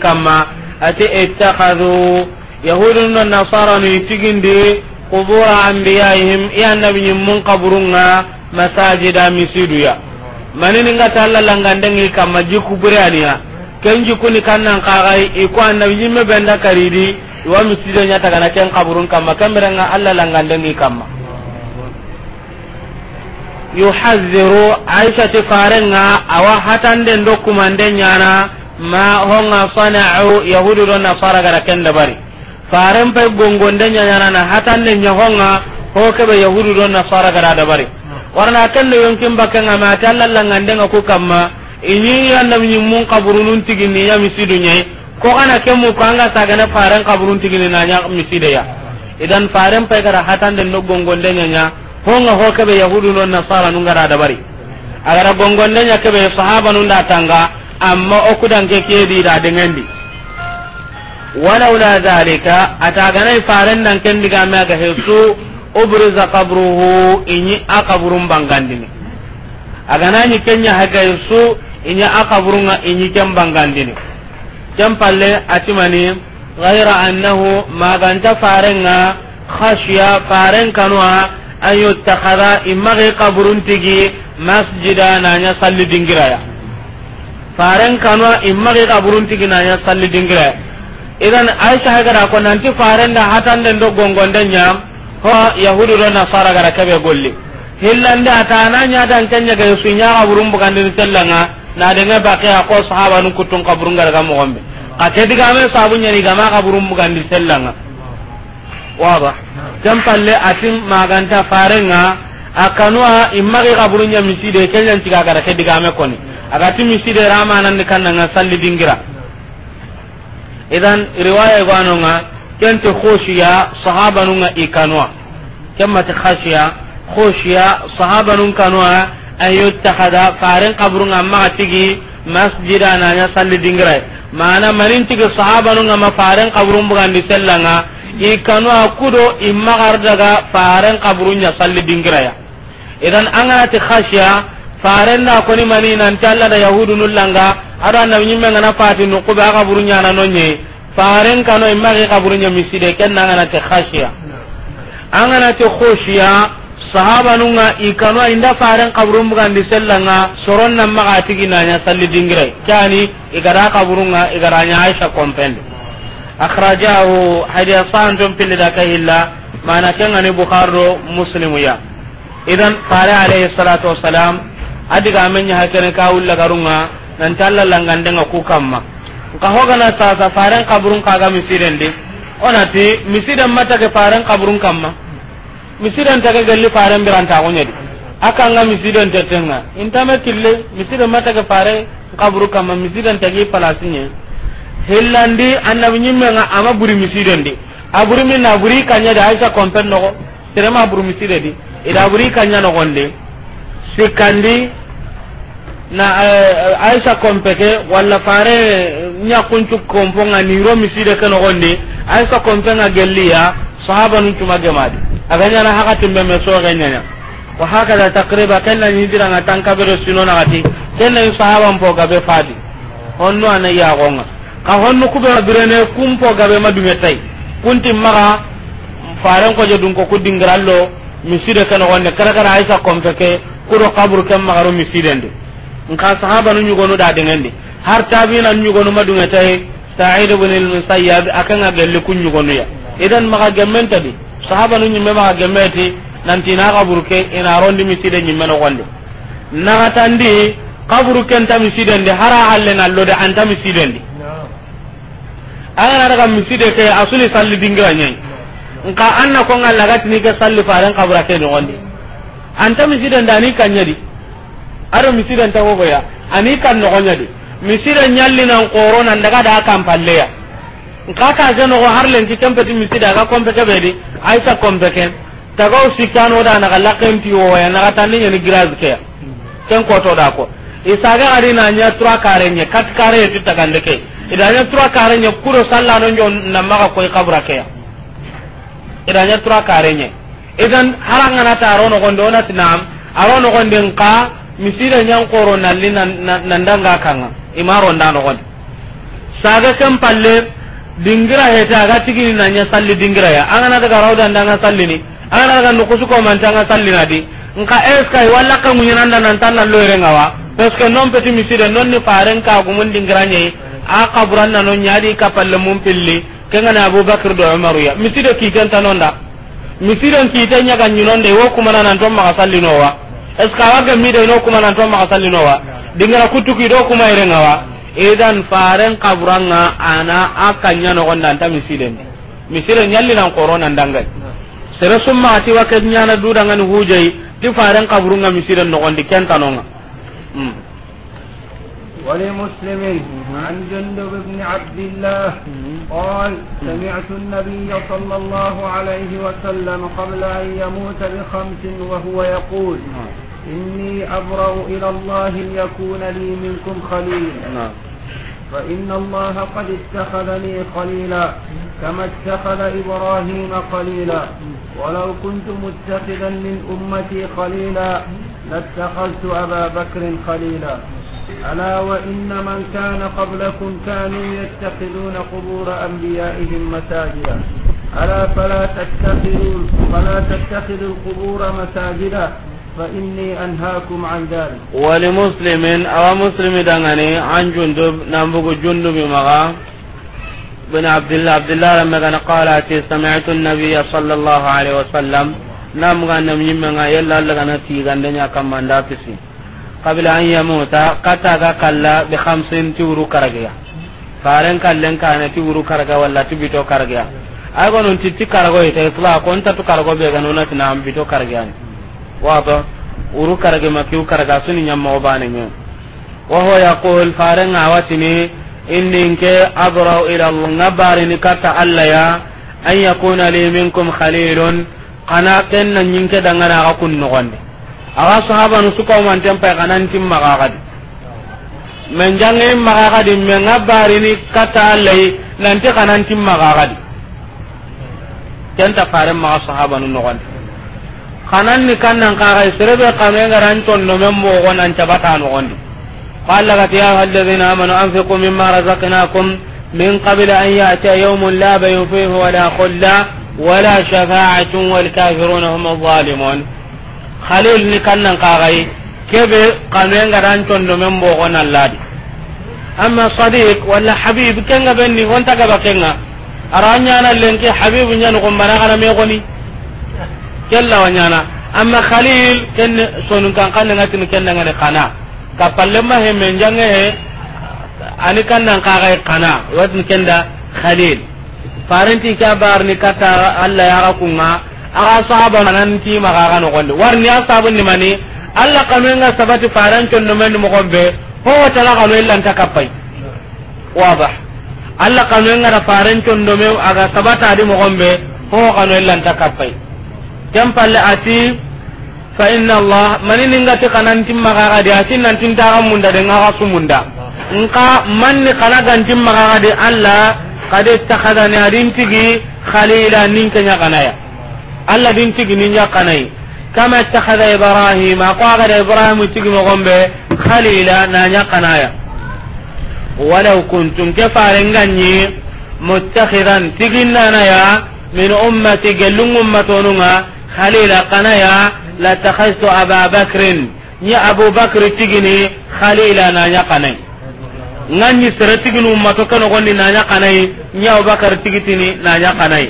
ati ittakhadhu yahudun nasara ni tigindi قبور أنبيائهم يا النبي من قبرنا مساجد مسيدويا manini nga talla ika kamma jikku aniya ken jikkuni kannan kaxay iko annabi yimme benda karidi nya misido ñatagana ken kaburun kamma kemberenga allah langandengi ma yuhaziru aisha ti farenga awa hatanden do kumande ma honga sanau yahudu do nasara gara ken bari. faren pay gongonde ne hatanne ñahonga ho be yahudu fara gara da bari warna kende yonkin bakkenga ma ate allah langandenga ku kamma ini andam mun kaburunun tigini ya misidu ñayi ko kana ke mu kanga anga sagane faren kaburun tigini naña ya idan faren pe gara hatan de no gongonde ñaña honga ho be yahudu na fara nun da dabari agara gongonde ke be sahaba nun da tanga amma ke di da dengendi walaula zalika ataganai faren nan ken diga me ga hesu ubriza qabruhu inyi akaburun bangandini aganani kenya haga hesu inyi akaburunga inyi ken bangandini jampalle atimani ghaira annahu maganta farenga khashiya faren kanwa an yuttakhadha imma qabrun tigi masjida nanya salli dingiraya faren kanwa imma qabrun tigi nanya salli dingiraya idan aisha gara ko nan ti faran nanti farenda hatande gongon gongonde nya ho yahudu do nasara gara kebe golli hillande atana nya dan kenya ga su nya ga burum bukan de tellanga na de nga bakke ko sahaba nun kutun ka ga ga mo gombe ka ke diga me sabun nya ni ga ma ga burum bukan de tellanga wada jam palle atim maganta farenga akanwa immage ga burunya miside kenya ga ga ke diga me koni agati miside rama nan kan nan salli dingira idan riwaya gano ganonga kenti khoshiya sahaba nun nunga ikanwa kemati khashiya khoshiya sahaba nun kanwa an yuttakhada qarin qabrun amma tigi masjida nya salli dingrai mana manin tigi sahaba nunga ma qarin qabrun bugan di sellanga ikanwa kudo imma immagar daga qabrun nya salli ya idan anganati khashiya faren da koni mani nan talla da yahudu nullanga ado annabi nyimme ngana fati no ko ba kaburu nyana no nye faren kano imma ke kaburu nya miside ken na ngana te khashiya angana te khoshiya sahaba nunga ikano inda faren kaburu mugan di sellanga soron nan maga tigina nya salli dingire kani igara kaburunga igara nya aisha kompende akhrajahu hadisan tum pille da kahilla mana kenga ni bukhari muslimu ya idan fare alayhi salatu wassalam adiga amenya hakene kawulla garunga nan talla langande nga ku kamma ka hoga na sa sa faran kaburun kaga misiren de onati oh, misiren mata ke faran kaburun kamma misiren ta ke galli faran biranta ko nyedi aka nga misiren tetenga intame kille misiren mata ke fare kaburu kamma misiren ta ke palasinye hillandi annabi nyimme nga ama buri misiren de aburi min na buri kanya da aisha kompen nogo tere ma buri misire di ida buri kanya nogonde sikandi na eh, aisha kompeke walla fare ñakkuncu komponga niro miside ke nogondi aisha kompenga gelliya sahaba nun cumagemadi agañana hakatimɓe me sooxeñaña wa hakada taqriba kenna ñidiranga tankaɓere sinonagati kennayi sahaban po gabe faadi honnu ana yaxonga ka honnu kuɓe birene kun po gabe ma duŋetay kuntin maxa faren koje dun ko ku dingirallo miside ke nogonde kara kara aisha kompeke kuro kaburu ken maxaro misidende nka sahaba nu nyugonu da dengendi har tabiina nyugonu madunga tay sa'id ibn al-musayyab akanga gelle kun nyugonu ya idan maka gementa di sahaba nu nyimme maka gemeti nanti na kaburu ke ina rondi miside nyimme no gonde na katandi kaburu ken ta miside de hara halle na lode anta miside de ana daga miside ke asuli salli dingra nyai nka anna ko ngalla gatini ke salli faran kabura ke no gonde anta miside ndani kanyadi ado misiren ta ya ani kan no gonya di misire nyalli nan korona daga da kan palle ya ka je no har len ki kempe ti misida ga kombe ke bedi aita kompe ken taga o sikano da na kala ti o ya na ga ni ni graz ke ken ko to da ko ga ari na nya tura kare nya kat kare ti ke ida nya tura kare nya kuro salla no nyo na ga ko kabra ke nya tura kare nya idan harangana ta taro no gondo na tinam aro no gondin ka misira nyan koro nalli nan ga kanga imaro ndano gon saga kam palle dingira he ta ga tigini nya salli dingira ya angana daga rawda ndanga salli ni angana daga nukusu ko man tanga salli na di nka eska walla ka munyana ndan nan tan lo loire ngawa parce que non petit misira non ni faren ka mun dingira nye a qabran na non nyadi ka palle mun pilli kengana bakr do umar ya misira ki non da misira ki tanya ga nyinonde wo kuma nan ton maka salli no wa est ce que awa gemmida ino kumananto maxa sallinowa dingana do kuma irengawa idan faren kaburanga ana a kanña nogonda anta misilendi misire ñallinan koronandangani sere summaxati wa ke ñana dudangani hujayi ti faren kaburunga misiren nogondi kentanonga mm. ولمسلم عن جندب بن عبد الله قال سمعت النبي صلى الله عليه وسلم قبل أن يموت بخمس وهو يقول إني أبرأ إلى الله ليكون لي منكم خليل نعم. فإن الله قد اتخذني خليلا كما اتخذ إبراهيم خليلا ولو كنت متخذا من أمتي خليلا لاتخذت أبا بكر خليلا ألا وإن من كان قبلكم كانوا يتخذون قبور أنبيائهم مساجدا ألا فلا تتخذوا فلا تتخذوا القبور مساجدا فإني أنهاكم عن ذلك ولمسلم أو مسلم دغني عن جندب نبغ جندب مغا بن عبد الله عبد الله لما كان قال سمعت النبي صلى الله عليه وسلم نمغا غنم يمنا يلا لغنا تي غندنيا كمان دافسي qabla an yamuta kata ga kalla bi khamsin tiwru karaga faren kallen kana tiwru karaga walla tibito karaga ay gonon titti karago ita isla kon tatu karago be ga nona tina am bito karaga ni wado uru karaga makiu karaga suni nyamma obane nyen wa huwa yaqul faren awatini inni nke abrau ila allah ya an yakuna li minkum khalilun kana kenna nyinke dangana ga kun nogonde awa sahaba nu suka man tempa kanan tim magagadi men jange magagadi men ngabari ni kata lay nanti kanan tim magagadi kenta fare ma sahaba nu nogon kanan ni kannan kaga serebe kame ngaran ton no men mo gonan tabata no gondi qala gati ya alladhina amanu anfiqu mimma razaqnakum min qabla an ya'tiya yawmun la bay'un fihi wa la khulla ولا شفاعة والكافرون هم الظالمون khalil ni kannan kagai kebe kanwen garan condo men bo gona ladi amma sadiq wala habib kenga benni on taga bakenga aranya na lenke habib nyan ko mara kana me goni kella wanyana amma khalil ken sonun kan kan ngatin ken ngane kana kapalle ma he men jange he ani kannan kagai kana watin kenda khalil parenti ka ni kata allah ya kunga aga sahaba manan ti maga ga no gonde warni asabun ni mani alla kanu nga sabati faran condo men mo gombe ho wata la kanu illa ta kapai wadah alla kanu nga da faran condo me aga sabata di mo gombe ho kanu illa ta kapai kam palle ati fa inna allah mani ninga te kanan tim maga ga di atin nan tin daga munda de nga sumunda nka manni kana gantim maga ga di alla kade takhadani adintigi khalila ninka nya kanaya allah din tigini ñakanai kama ittakhada Ibrahim ko agada Ibrahim tigi mogonɓe khalila na ñakanaya walaw kuntum ke farenganñi muttakhidan ya min ummati gellung ummatonunga khalila kanaya latakhadtu aba bakrin ñi abubakri tigini khalila na ñakanai nganyi sere tigini ummato kenogondi na ñakanai ñi abubakar tigitini na ñakanai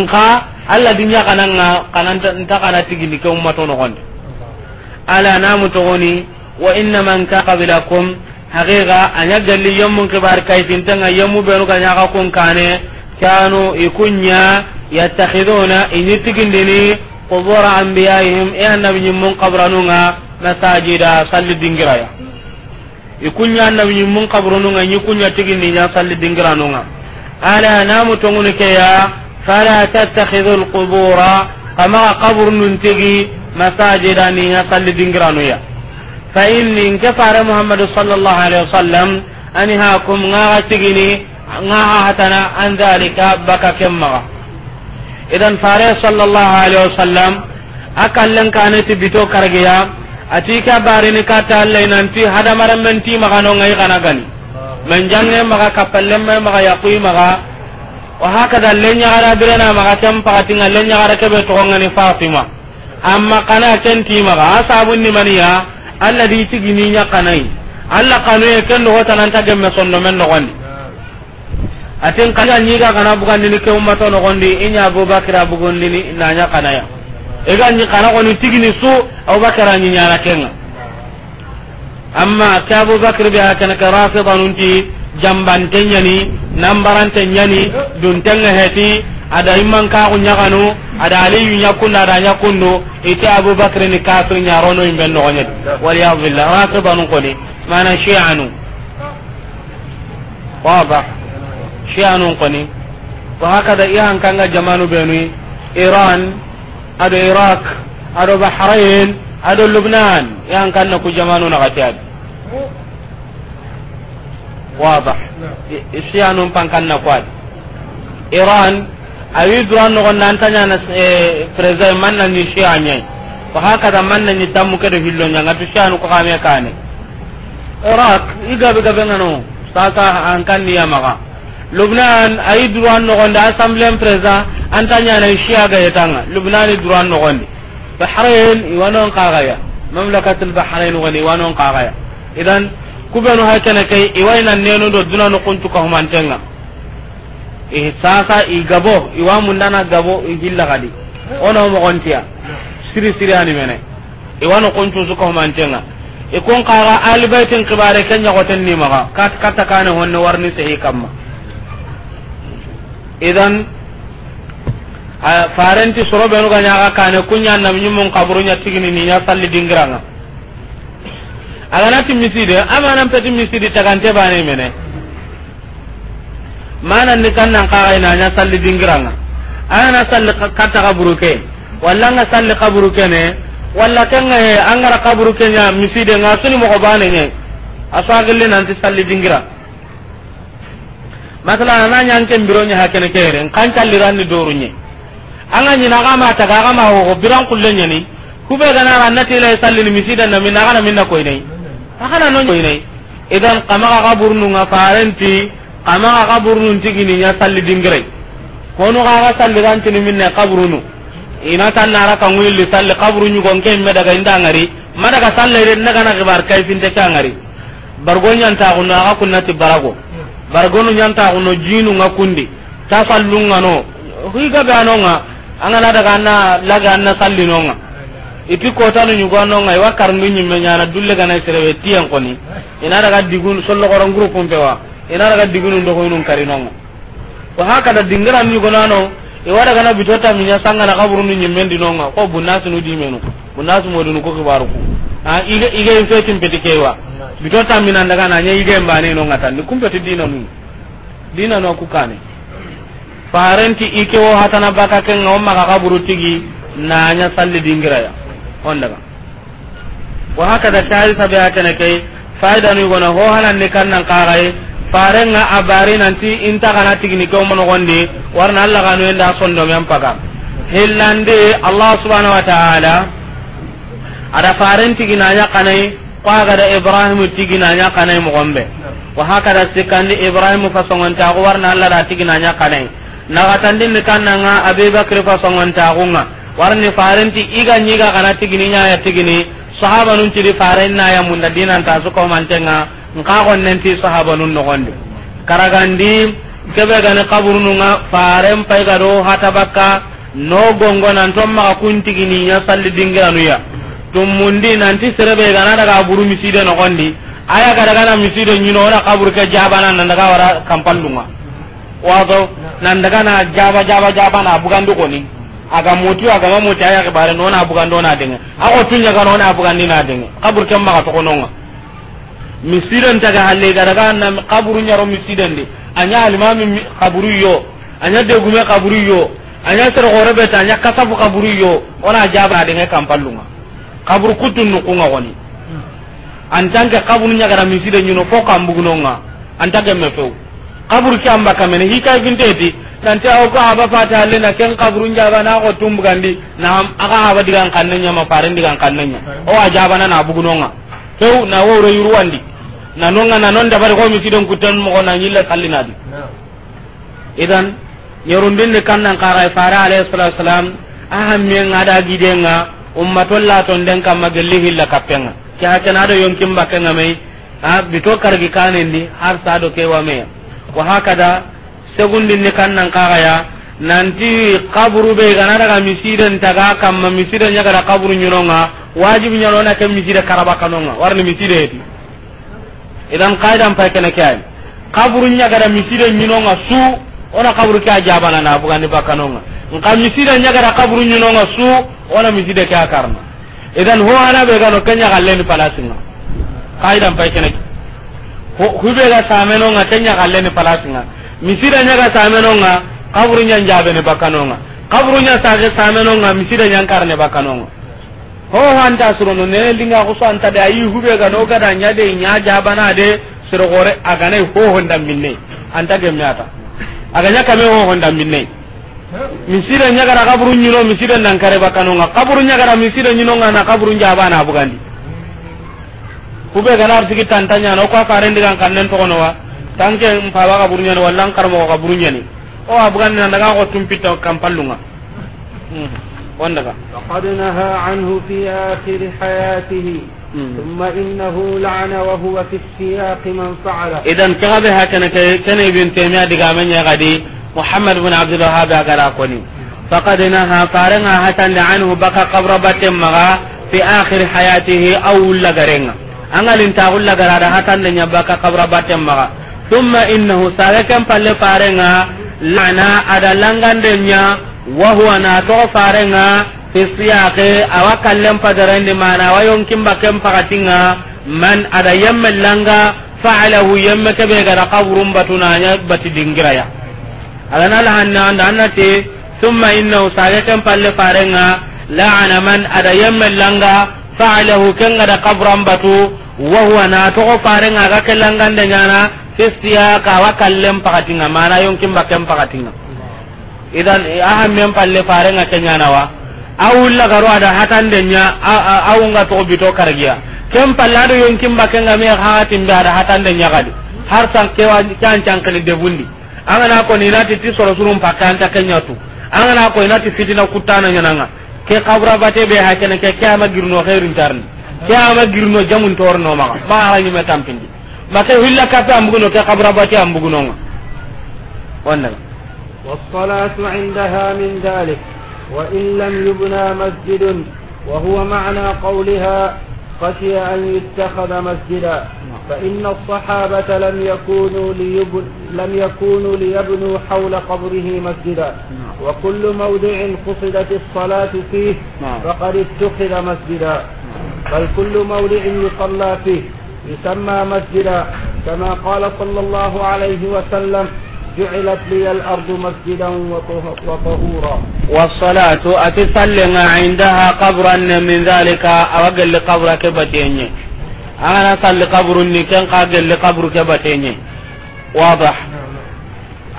nka alla dinya kananga kananta nta kana tigini ke ummato no gonde ala namu to goni wa inna man ka qabilakum haqiqa anya galli kai ka kun kane kanu ikunya yattakhiduna ini tigindini qubur anbiyaihim e annabi nyimmun qabranunga masajida salli dingiraya ikunya qabranunga nyikunya salli dingiranunga ala namu to ke ya فلا تتخذوا القبور كما قبر ننتقي مساجدا يصلي دنجرانويا فإن انكفر محمد صلى الله عليه وسلم أنهاكم غاتقني غاهتنا عن ذلك بك كمغا إذا فارس صلى الله عليه وسلم akallen kaneti bito kargeya ati ka barini kata allai nanti hadamaren menti magano ngai kana gani man jange maga kapallen mai maga yaqui maga wa hakada lenya gara birena maga pakati nga lenya gara kebe to ngani fatima amma kana ken tima ga asabun ni maniya alla di tigini nya kanai alla kanu e ken do hota nan tagem sonno men no gondi atin kala nyi ga kana bugan ni ke to no gondi inya abubakar gondi ni nanya kanaya e ga ni kana ko ni tigini su abubakar ni nya na amma ka abubakar bi hakana ka rafidan unti jambantenya ni nambarante nyani duntenga heti ada imman kaku nyaganu ada aliyu nyakunna ada nyakunno ite abubakar ni kafir nyarono imben nogonyadi waliyadu billah rakibanu koni mana shi'anu wadah shi'anu koni وهكذا إيهان كان جمانو بينوي ado أدو إيراك أدو بحرين أدو لبنان إيهان كان نكو واضح إسيان من كان نقاد إيران أي دوران نقول نانتانا فرزاي من نشيان يعني وهكذا من نتامو كده في اللون يعني إسيان وقامي كاني Irak iga bi gabe ngano saka an kan niya maka Lubnan ay duran no gonda assemble empresa antanya na shiya ga yatanga Lubnan duran no gonda Bahrain iwanon qagaya mamlakatul Bahrain wani iwanon qagaya idan kubenu hakene kai iwaina nenu do duna no kuntu ka humantenga e sasa i gabo iwa mundana gabo i hilla gadi ono mo gontiya siri siri ani mene iwa no kuntu su ka humantenga e kon qara albaitin kibare kenya goten ni maga kat kata kana honne warni sahi kamma idan farenti soro benu ganya kunya nam nyumun kaburu tigini ni nya salli aganati miside amanan peti misidi tagante bane mene mananni kannan kaxayna aña salli dingiranga ana salli katta kaburuke walla anga salli kaburukene walla kenga he angara kaburukeña miside nga suni moxo baneñe a soagille nanti salli dingira masala ana ñanke mbiroñe ha kene kere nkan calliranni doruñe anga ñina axama taga axama hoxo biran kulle ñani kuɓe ganara annatilae sallini misida nami naxana minna na koynayi akana no ni idan kama ka burnu nga farenti kama ga burnu tigini nya salli dingre kono ga ga salli dan tini minne qabrunu ina tan nara kan willi salli qabru nyu gon ken me daga indangari madaga salli re naga na gibar kai finte kangari bargonya nta kuno aga kunnati barago bargonu nyanta kuno jinu nga kundi ta sallunga no higa ga no nga angana daga na laga na salli no iti kotanu ñugono ngai wa karndu ñimme ñana dulle gana serebe tiyan koni ina daga digun sollogoron groupe pewa ina daga digunu dogoynun karinongo wa hakada dingiran ñugonano iwa daga na bitota minya sangana kaburunu ñimmen dinonga ko bunnasunu dimenu bunnasu modunu ko kibaruku a ige ige fetin peti kewa bitota mina daga na nya ige mbane no ngata ni kumpeti dinanu dinanu ku kane farenti ike wo hatana baka ken ngomma ka kaburu tigi nanya salli dingira ya on daga wa haka hakada talisa be atana kai faida ni gona ho hanan ne kannan qarai farenga abari nanti inta kana tigni ko mon gonde warna Allah kanu enda sondo mi paka. hillande Allah subhanahu wa ta'ala ada faren tiginanya kanai kwa da Ibrahim tiginanya kanai mo gombe wa haka hakada sikandi Ibrahim fa songonta warna Allah da tiginanya kanai nagatandin ni kannanga Abubakar fa songonta gunga warni farenti iga nyiga kana tigini nya ya tigini sahaba nun tiri faren na ya munda dinan ta su ko mantenga nka gon nen ti sahaba nun no gonde karagandi kebe gane kaburu nunga faren pai ga do hata bakka no gongo nan to ma kun tigini nya salli dingira nuya tum mundi nan ti serebe gana daga buru miside no gondi aya ga daga na miside nyino ora kaburu ke jabana nan daga wara kampandunga wado nan daga na jaba jaba jaba na bugandi koni aga mutu aga ma mutu aya bare no na bugan do na dinga ako tunya ga no na bugan ni na dinga kabur kam ma to kononga ta daga halle ga daga na kaburu nyaro misidan de anya alimami kaburu yo anya de gume kaburu yo anya sar horebe ta anya kasabu kaburu yo ona jabra dinga kampallunga kaburu kutun nu kunga woni antanke kaburu nyagara misida nyuno fo kambugno nga antanke mefew kaburu kamba kamene hika vinteti tanti aw ko aba fata alle na ken kabrun jaba na ko tumbugandi na aga aba digan kannenya ma faran digan kannenya o ajaba na na bugunonga tew na woro yuruwandi na nonga na non dabar ko mi sidon kutan mo ko na nyilla kallina di idan de kannan qara fara alayhi salatu wasalam gidenga la ton den kam hilla kapenga do yonkim mai ha har sado kewa wa hakada ni segundinni kannan kaxaya nanti kaburu be gana daga misiden taga kamma miside ñagada kaburu ñinonga wajibi ñanona ke miside karaba kanonga warni miside yeti idan kaidan pay kene ke ay kaburu ñagada miside ñinonga su ona kaburu ke a jabanana bugandi bakkanonga nka miside ñagada kaburu ñinonga su ona miside ke a karna idan ho ana be gano kenya galleni palasinga kaidan ku kene hubega samenonga kenya galleni palasinga misida nyaga samenonga kaburu nya njabene bakanonga kaburu nya sage samenonga misida nya karne bakanonga ho hanta surono ne linga ko santa da yi hube ga no gada nya de nya jabana de sir gore aga ne ho honda minne anta ge myata aga nya kame ho honda minne misida nya gara kaburu nyino misida nan kare bakanonga kaburu nya gara misida nyino nga na kaburu jabana bugandi hube ga nar tigi tantanya no ko ka rendigan kannen to kono wa tanke mpaba ka burunya ni wallan karmo ka burunya ni o abgan ni ndaga ko tumpito kampalunga mm. ka faqad naha anhu fi akhir hayatihi mm. thumma innahu la'ana wa huwa fi siyaq idan ka ba ha kana kai kana ibn taymiya diga man ya gadi muhammad ibn abd alwahhab ya gara ko ni faqad naha faranga hatan la'anu baka qabra batim maga fi akhir hayatihi aw lagarenga angalin ta ulagara da hatan da nyabaka qabra batim maga thumma innahu saga ken palle nga lana ada langandenya wa huwa na to farenga fi siyaqi awa kallen padarende mana wa yonkin bakken pagatinga man ada yamma langa fa'alahu yamma kebe gara qabrum batunanya bati dingiraya alana lahanna anda annati thumma innahu saga ken palle farenga la'ana man ada yamma langa fa'alahu ken gara qabran batu wa huwa na to farenga ga kallan gandenya na fi siyaka wa kallen pakatinga mana yonkin bakken pakatinga idan mem palle farenga kenyanawa awulla garo ada denya nya nga to bito kargia kem pallado yonkin bakken nga me hatin da ada hatan nya gadi har san kewa kan can kan de bundi angana ko ni nati ti soro surum ta kenya tu angana ko ni nati fitina kutana nga ke kabra bate be hakene ke kama girno khairin tarni kama girno jamun torno ma ni metam pindi maka hilla kape ambuguno ke kabra bati ambuguno nga wannan والصلاة عندها من ذلك وإن لم يبنى مسجد وهو معنى قولها خشي أن يتخذ مسجدا فإن الصحابة لم يكونوا ليبن لم يكونوا ليبنوا حول قبره مسجدا وكل موضع قصدت الصلاة فيه فقد اتخذ مسجدا بل كل موضع يصلى فيه يسمى مسجدا كما قال صلى الله عليه وسلم جعلت لي الأرض مسجدا وطهورا والصلاة أتسلم عندها قبرا من ذلك أرقل لقبر كبتيني أنا صلي قبر كان قاقل لقبر كبتيني واضح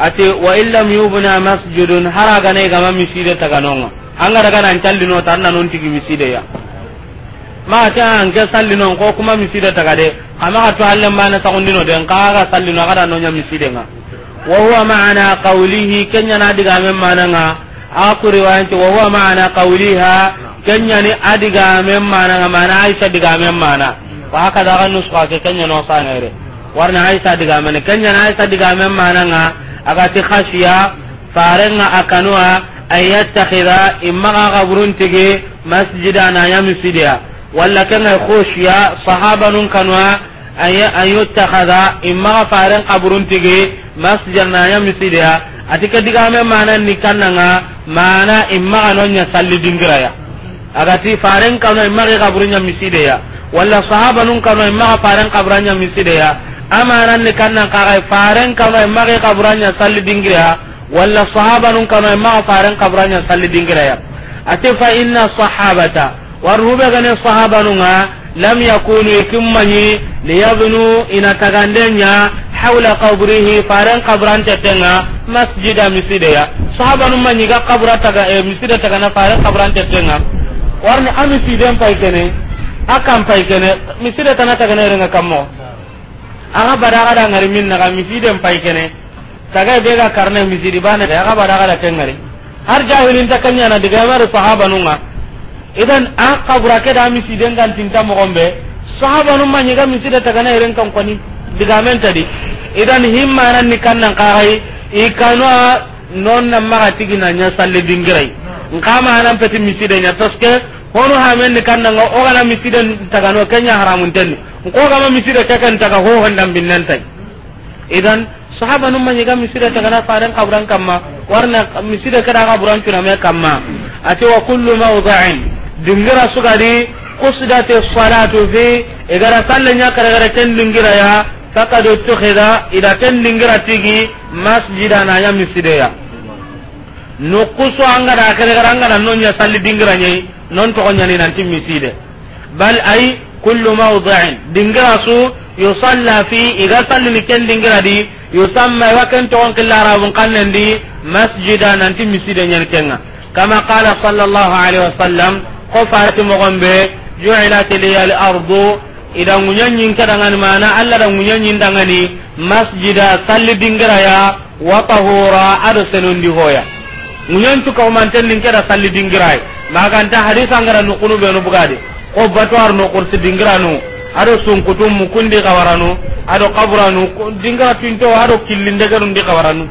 أتي وإن لم يبنى مسجد هرقني كما مسجد تغنون أنا رقنا أن تلنو ترنا ننتقي مسجد يا ma ta an ga salli ko kuma misida ta de amma ka to hallan ma na ta kundino den ka ga salli no kada nya miside nga wa huwa ma'ana qawlihi kenya na diga men wa huwa ma'ana qawliha kenya ni adiga men mana aisha diga men mana wa haka da kan kenya no sanere warna aisha diga men kenya na aisha diga men aga ti khashiya farenga imma ga tige ya wala kenga khoshiya sahaba nun kanwa aya ayuttakhadha imma faran qabrun tige masjidan ya yamsidia atika diga me mana nikanna nga mana imma anonya salli dingira ya agati faran kanwa imma qabrun yamsidia walla wala nun kanwa imma faran qabran yamsidia amana ni kannan ka faran kanwa imma qabran salli dingira wala sahaba kanwa imma faran qabran salli dingira ya atifa inna sahabata warnube gane sahabanunga lam yakunu ikimmanyi liyabnu ina tagandenya hawla qabrihi faren qabrantetenga masjida misideya sahabanumma nyiga qabra taga e, misida tagana faren qabrantetenga warni amisiden pay kene akan pay kene misida tana tagana erenga kammo aga badaga da ngari min na naga misiden pay kene taga e bega karne misidi bana aga badaga da kengari har jahilin takanya na diga digamar sahabanunga idan a kabura ke da misi den kan tinta mo gombe sahaba nun ma nyega misi da tagana iren kan kwani diga men tadi idan himma nan ni kan nan kai i kanu non nan ma ati gina nya salle dingirai nkama nan peti misi da nya toske hono ha men ni kan nan o gana misi da tagano kenya haramun tenni ko ga ma misi da kakan taga ho handan binnan tai idan sahaba nun ma nyega misi da tagana faran kaburan kamma warna misi da kada kaburan tuna me kamma ati wa kullu mawda'in dingira sugadi kusidate salatu fi igara salle nya kare kare ken dingira ya faqad tukhida dingira tigi masjida na nya misideya no kusu anga da kare kare anga non nya salli dingira nyi non to nya ni miside bal ay kullu mawdi'in dingira su yusalla fi iga salli ni ken dingira di yusamma wa ken to on masjida miside kenga kama qala sallallahu alaihi wasallam ko farati mogon be ju'ilat liya ardu ida munyanyin mana alla da dangani masjida salli dingira ya wa tahura ado senundi hoya munyantu ka umanten dingira salli dingira anta kunu be no bugade ko batwar no kursi dingira no ado mukundi kawaranu ado dingira tinto ado killinde kawaranu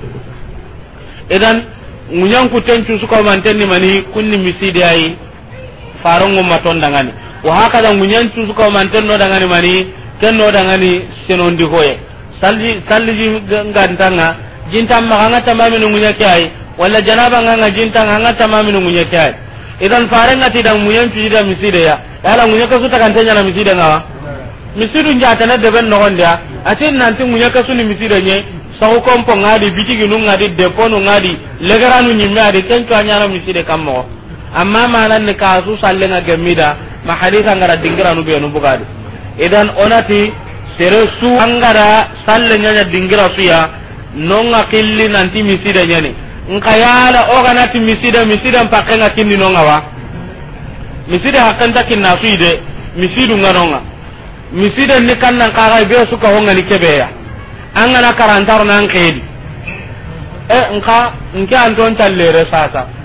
idan tencu suka umanten ni mani kunni misidi ayi farongo maton dangani wa hakada munyan tusu ko man tenno dangani mani tenno dangani senon di hoye salli salli ngantanga jintam maganga tamamin munya kai wala janaba nganga jintanga nganga tamamin munya kai idan farenga tidang munyan tusu da miside ya yala munya ka suta kan tanya na miside ngawa misidu njata na deben no gondia atin nanti munya ka suni miside nye sahu kompo ngadi bitigi nu ngadi deponu ngadi legaranu nyimme adi kencu anyana miside kammo amma manan ni kasu sallenga gemmida ma hadisa ngara nu benu bugadi idan onati sere su angara salle nyanya dingira suya nonga killi nanti misida nyani nka yala o nati misida misida mpake nga kinni nonga wa misida hakanta na suide misidu nga nonga misida ni kanna kaga be suka honga ni kebeya angana karantar nan kedi e nka nke anton tallere sasa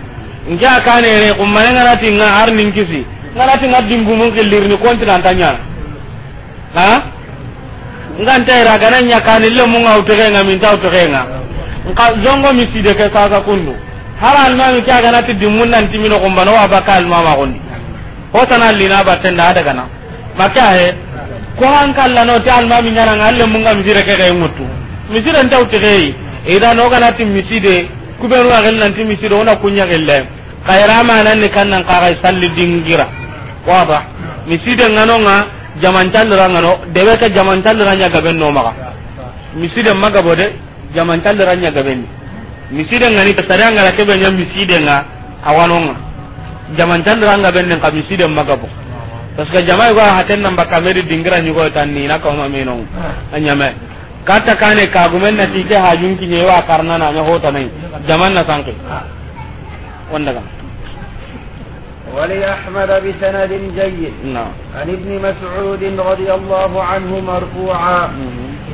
nge a kane ere kummane ti nga har ninkisi nganati nga dingumun killirni kontinantanya ha ngan nganta era gana nya kane le mun au tege nga min tau tege nga nka zongo mi miside ke sasa kundu hala almami kya gana ti dimun nan timino kumbano wa bakal mama gondi hotana lina batenda ada gana maka he ko han kala no ta almami nyana ngalle mun ga misire ke ga mutu misire ntau tege ida no gana ti de. kubenu ga gel nanti misido ona kunya gelle kayra manan ni kannan kaga salli dingira wada miside ngano nga jaman tallira ngano debe ka jaman tallira nya gaben no maga miside maga bode jaman tallira nya gaben miside ngani tasada ngala kebe nya miside nga awano nga jaman tallira nga ben ka miside maga bo parce que jama'i ko haten namba kameri dingira nyugo tan ni na ko ma menon anyame kata kane kagumen na tike hajun ki hewa karna na hota nai jaman na sanke wanda kan ولأحمد بسند جيد نعم عن ابن مسعود رضي الله عنه مرفوعا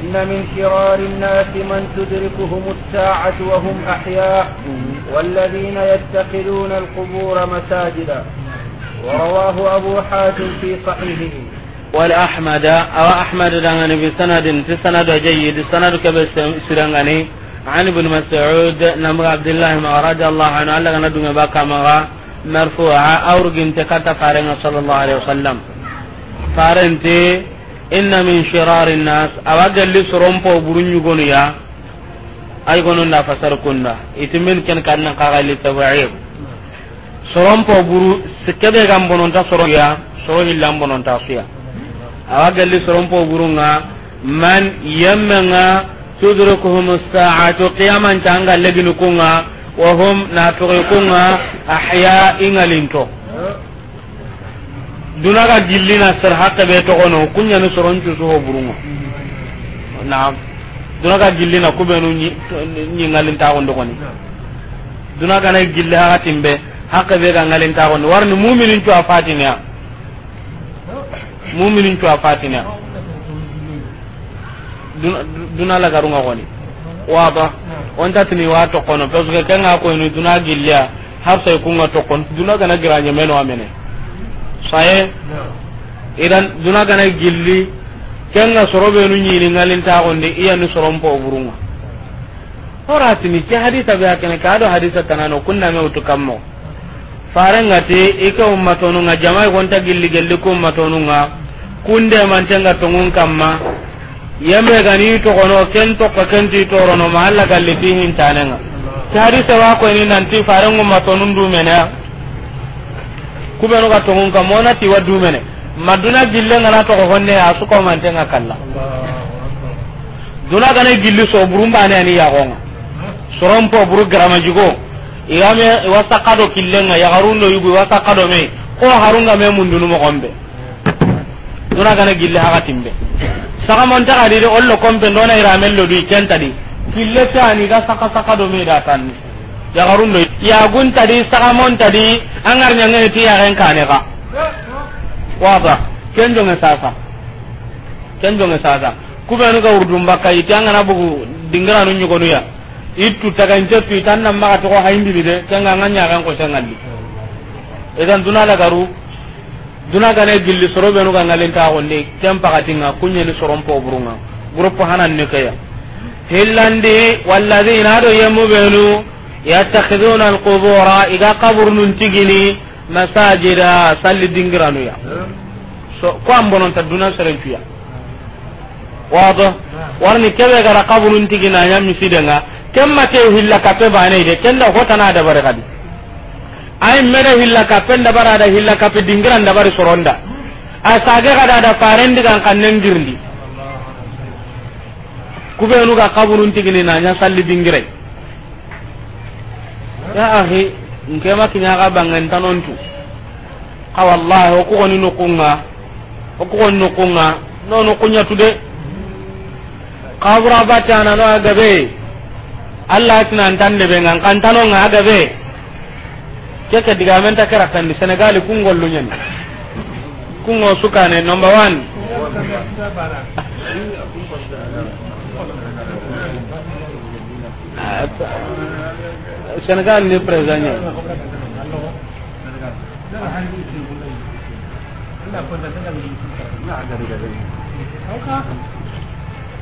إن من شرار الناس من تدركهم الساعة وهم أحياء والذين يتخذون القبور مساجدا ورواه أبو حاتم في صحيحه wal ahmada aw ahmad dan an ibn sanad ti sanad jayyid sanad a a sirangani an ibn mas'ud nam abdullah ma arada allah an alla kana dunga ba kama ga marfu'a aw rugin ta kata faran sallallahu alaihi wasallam faran ti inna min shirar nas aw galli surompo burunyu gonu ya ay gonu na fasar kunna itimin ken kan nan ka galli tawaib surompo buru sikabe gambononta soroya soroyi lambononta fiya awa galli soronpo burunga man yemmenga tudrikuhum saatu qiyamanta anga legini kunga wa hum natogi kunga ahya ingalinto dunaga gillina ser hakke be togono kunyani soroncusuho burunga naam dunaga gillina kubenu ñingalintagondo koni dunaganai gille hakatimbe hakke be ga ngalintagondi warni muminin cu a fatiniya muminin cuwa fatina duna nga lagarunga koni waba onta tini wa tokono parce que kenga koyni duna gillia harsa kunga tokon duna gana giranye meno amene saye idan duna gana gilli kenga sorobenu ni ngalintaxondi iyani soronpo burunga horatini ke hadisa be hakene kaado hadisa tanano kunname wutu kammoo farengati ike ummatonunga jamai gonta gilli gelli ku nga kunde man mantenga tongun kamma yembe gani togono ken tokko kenti toro ma alla galli ti hintanenga tari sewa ko ni nanti farengu matonun dumene kubenu ka tongun kamma ona tiwa dumene maduna gille ngana togo honne asu ko mantenga kalla duna gane gilli so burumbane ani yagonga soron po buru garamajigo igame wasa kado killenga yagarundo yugu wasa kado me ko harunga me mundunu mo gombe dura gana gille haga timbe saka mon ta gadi ollo kombe ndona iramello du kenta di kille tani ga saka saka do me datan yagarundo ya gun tadi saka mon tadi angar nyanga ti ya ren kane ka waba kenjo nge sasa kenjo nge sasa kubenu ga urdum bakai ti angana bugu dingara nu nyugo nu ya itu tagancet tu tan nan maka to hayndi ni de tanga nganya kan ko tangalli idan duna la garu duna gane eh, gilli soro be no ga ngalen ta golle tem pakatinga kunye ni soron po burunga grupo hanan ne kaya hillandi walladheena do yemu yamubenu yattakhiduna alqubura iga qabur nun tigini masajida salli dingiranu ya hmm. so ko ambonon ta duna serencuya wado warni kebe gara kaburun misi da nga kemma ke hilla kape bane de kenda hota na da bare kadi ay meda hilla kape da bara da hilla kape dingiran da bare soronda asage kada da farendi kan kannen girndi kubenu ga kaburun tigini na nya salli dingire ya ahi nke ma kinya ga bangen tanontu ka wallahi ko ko ni nukunga ko ko ni nukunga no nukunya tude kabura na no agabe Allah tina antande be ngan kantano nga agabe keke diga men ta kara kan Senegal ku ngollu nyen ku ngo sukane number 1 Senegal ni president Allah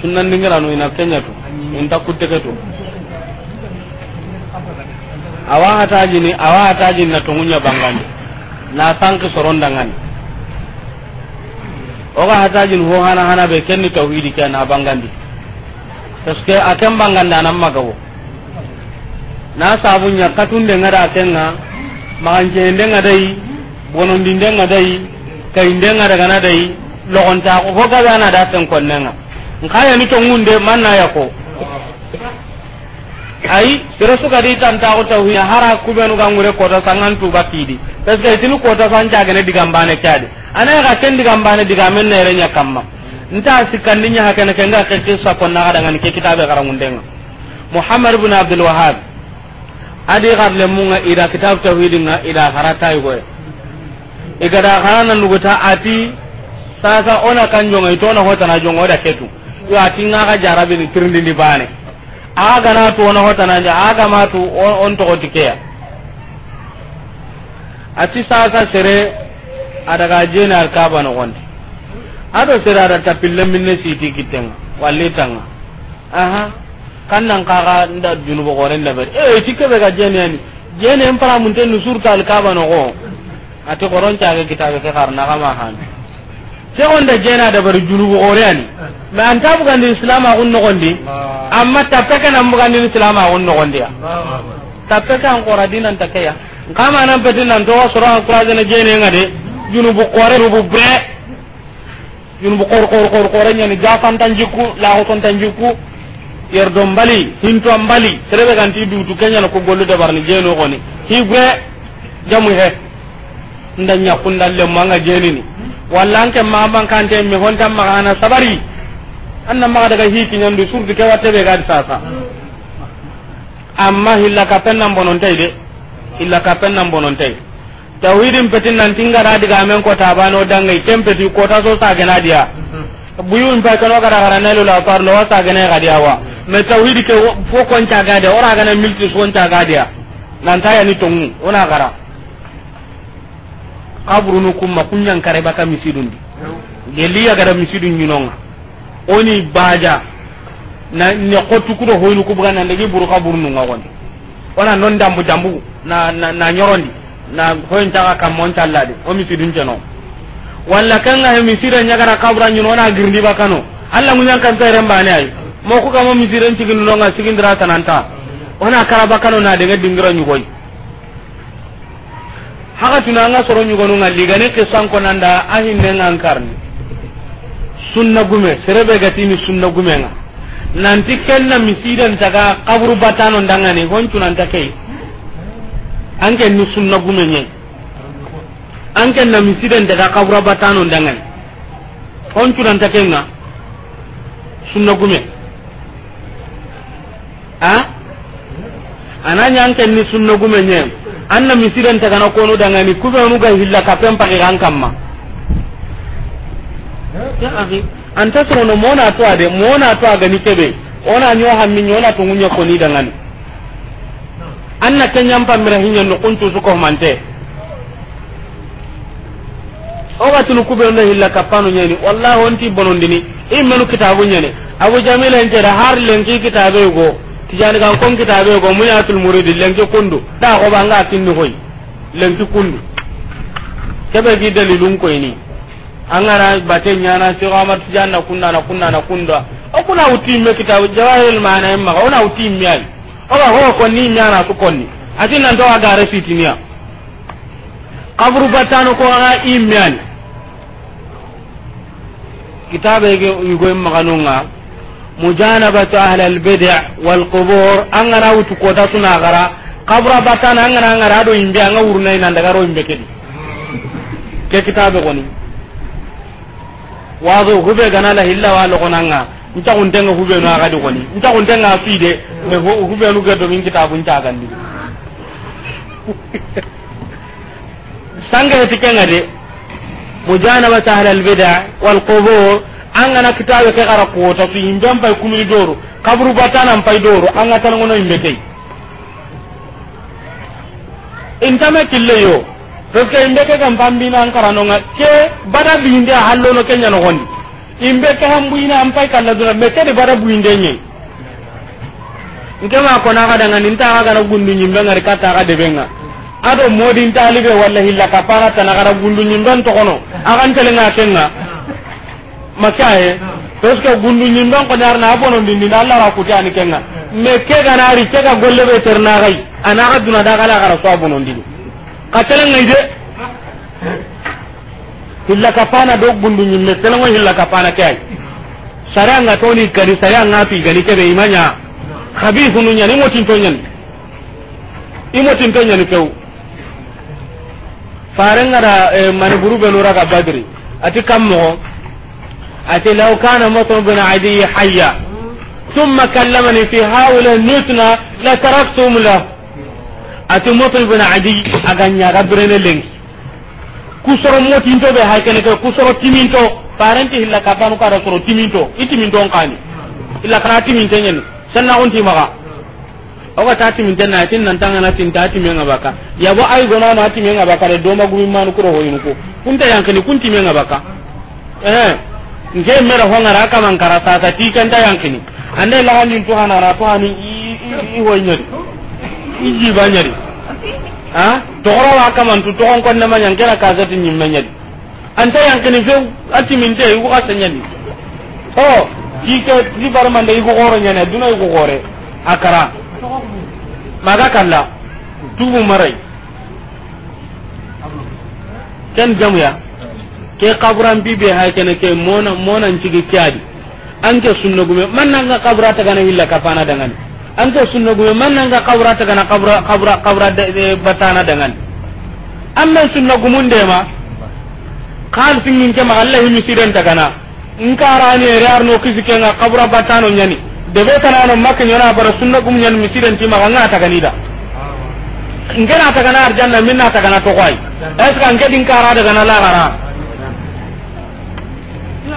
sunnan dingara no ina kenya to in ta kutte ke to awa hata jini awa hata jini na tungunya bangani na sanki sorondangani oga hata jini ho hana hana be kenni tauhidi ke na bangandi paske akan banganda nan magawo na sabunya katunde ngada kenga maanje ndenga dai bonondinde ngada dai nga daga na dai logonta ko ga dana da tan konnenga ya ni to ngunde manna ko ai sere suka di tan ta ko tawhiya hara kubenu ga ngure san sangan tu bakidi tasga itinu kota sanja gane digambane kyade ana ga ken di gamen ne renya kamma nta ha kana kenga ke kisa na ga dangan ke kitabe nga muhammad ibn abdul wahhab adi garle munga ida kitab tawhidinga ida harata yoy igada hana nuguta ati sasa ona kan jonga itona hota na jonga da ketu yo ati nga ga jarabi ni tirndi ni bane aga na to ona hota na aga ma tu on to otikeya ati sasa sere adaga jena alkaba no gonde ado sere ada tapille minne siti kiteng walli tanga aha ka kaga nda junu junubo goren da ber e eh, tikabe ga jene ni jene en para mun ten surta alkaba no go ati qoroncaage kitaage ke xarnaxama xan ke gonda jena dabari junubu xoreani mais anta bugandi islam no noxondi amma tappe ke nan bugandin islam axun noxondiya tappe ke an qora dinanta keya nkamanan peti nantowa jena jene ngade de bu qore bu bre bu qor qor qor qore ñani gafantan jikku laxusontan jikku yerdo mbali hinto mbali serebe tu kenya no ko gollu dabarni jeno ni. hi gwe jamu he nda ñakkunda lemmo anga jenini walla anke kante bankante me ma ana sabari anna maxa daga hikiñandu surtout ke be gadi sasa amma hilla kapen nan tay de hilla kapen nan tay tawhidin petin nan radi ga men ko tabano dangay tempeti kota so sagena diya buyun pa kano gara gara nelo la parlo wa ga dia wa me tawhid ke fo kon ta gade ora gana milti so kon ta dia nan taya ni tongu ona gara kaburu nu kumma kunyan kare baka misidundi gelli ya gara misidun nyinonga oni baja na ne kotu kuro hoynu kubuga na ndegi buru kaburu nu ngawoni ona non dambu dambu na na, na nyorondi na hoyn taga kam mon tallade o misidun jeno walla kanga he misira nyagara kabura nyinona girndi bakano alla munyan kan tayre mbane ay mo ko kamo misiren tigin nonga sigindra tananta ona karabakano na daga dingira nyugoi haka tuna nga soro nyugonu nga ligani kisan ko nanda ahin ne nga ankarni sunna gume serebe ni sunna gume nga nanti kenna misidan taga kaburu batano ndangani honchu nanta kei anke ni sunna gume nye anke na misidan taga kaburu batano ndangani honchu nanta kei nga sunna gume ha ananya anke ni sunna gume nye anna misiren tagana konu dangani mu ga hilla kapen pake kan kamma ya akhi anta no mona to ade mona to aga ni kebe ona nyo nyo na to ngunya koni dangani anna kenyam mira hinya no kuntu ko mante ogatunu no hilla kappanu nyani wallahi onti bonondini i menu kitabu nyani abu jamila en jera har lenki kitabe go tijani kan kon kitabe go muyatul muridi lenki kundu da ko banga tinni koy lenki kundu kebe gi dalilun koy ni angara bate nyana siro amar tijani na kunna na kunna na kunda o kuna utimme kitabu jawahirul maana emma ona utimme ay o ba ho konni nyana kon ni ati nan to aga resitinia kaburu batano ko aga imme ay kitabe ge yugo maganunga mujanabatu ahlal bid'a wal qubur an gana wutu kota suna gara kabra batana an gana ngara do imbe an wurna ina daga ro imbe kedi ke kitabe goni wazo hube gana la hilla wa lo gonanga nta kuntenga hube no aga de goni nta kuntenga fide me hube no gado min kitabu de wal an gana kitabe ke gara kota su himbe an pai kumini doro kaburu batana an pai doro an ga tan ngono himbe kai intame kille yo parce que himbe ke kan pambina an karano nga ke bada binde hallo no kenya no gondi himbe ke hambuina an pai kala dura me ke de bada buinde nye ko kona ga daga ninta ga gara gundu nyimbe ngari kata ga de benga ado modin talibe wallahi la kapara tanagara gundu nyimbe to kono akan telenga kenga makaye ah. parce que gundu nyin don ko darna abono dindi Allah ra kuti ani kenga me ke ganari ke ga golle be terna gai ana aduna da kala gara so abono dindi katalan ngai de hilla kapana do gundu nyin me telan hilla kapana kai saranga toni kari saranga pi gani ke be imanya khabithu nunya ni motin to nyen imotin to nyen kew faranga da eh, maniburu be lura ga badri ati kammo أتي law كان mut'im بن عدي حيا ثم كلمني fi haula nutna la taraktum la ati mut'im ibn adi aganya gabrene lengi kusoro motinto be haykene ke kusoro timinto فارنتي hilla kabanu kada soro timinto itiminto kani illa kana timinte nyen sanna on oga ta timinte na tin nan tanga na tin ta abaka baka bo ay gona na timenga baka de doma gumi manu kuro hoyinu ko kunta yankani kunti min baka eh nge mere ho ngara ka man kara sata ti kan ta yankini ande la hanin to hana ra to hani i i ho nyari i ji ba nyari ha to ro wa ka man tu to hon kon na man yankira ka zati nyim men nyari anta yankini fe ati min de ko asa nyani o ti ke bar man de ko goro nyane duna ko gore akara maga kala tubu marai ken jamu ya ke kaburan bibe ha kene ke mona mona ncigi kyadi anke sunna gume man nanga kabura ta gana hilla kapana dangan anke sunna gume man nanga kabura ta gana kabura kabura kabura batana dangan amma sunna gumun de ma kan singin ke ma Allah himi sidan ta gana in nkarani no kisi ke nga kabura batano nyani de be kana no makin yana bar sunna gumun nyani mi sidan ti ma nga ta gani da ah. ngena ta gana arjanna minna ta gana to kwai eska ngedin kara da gana la lagara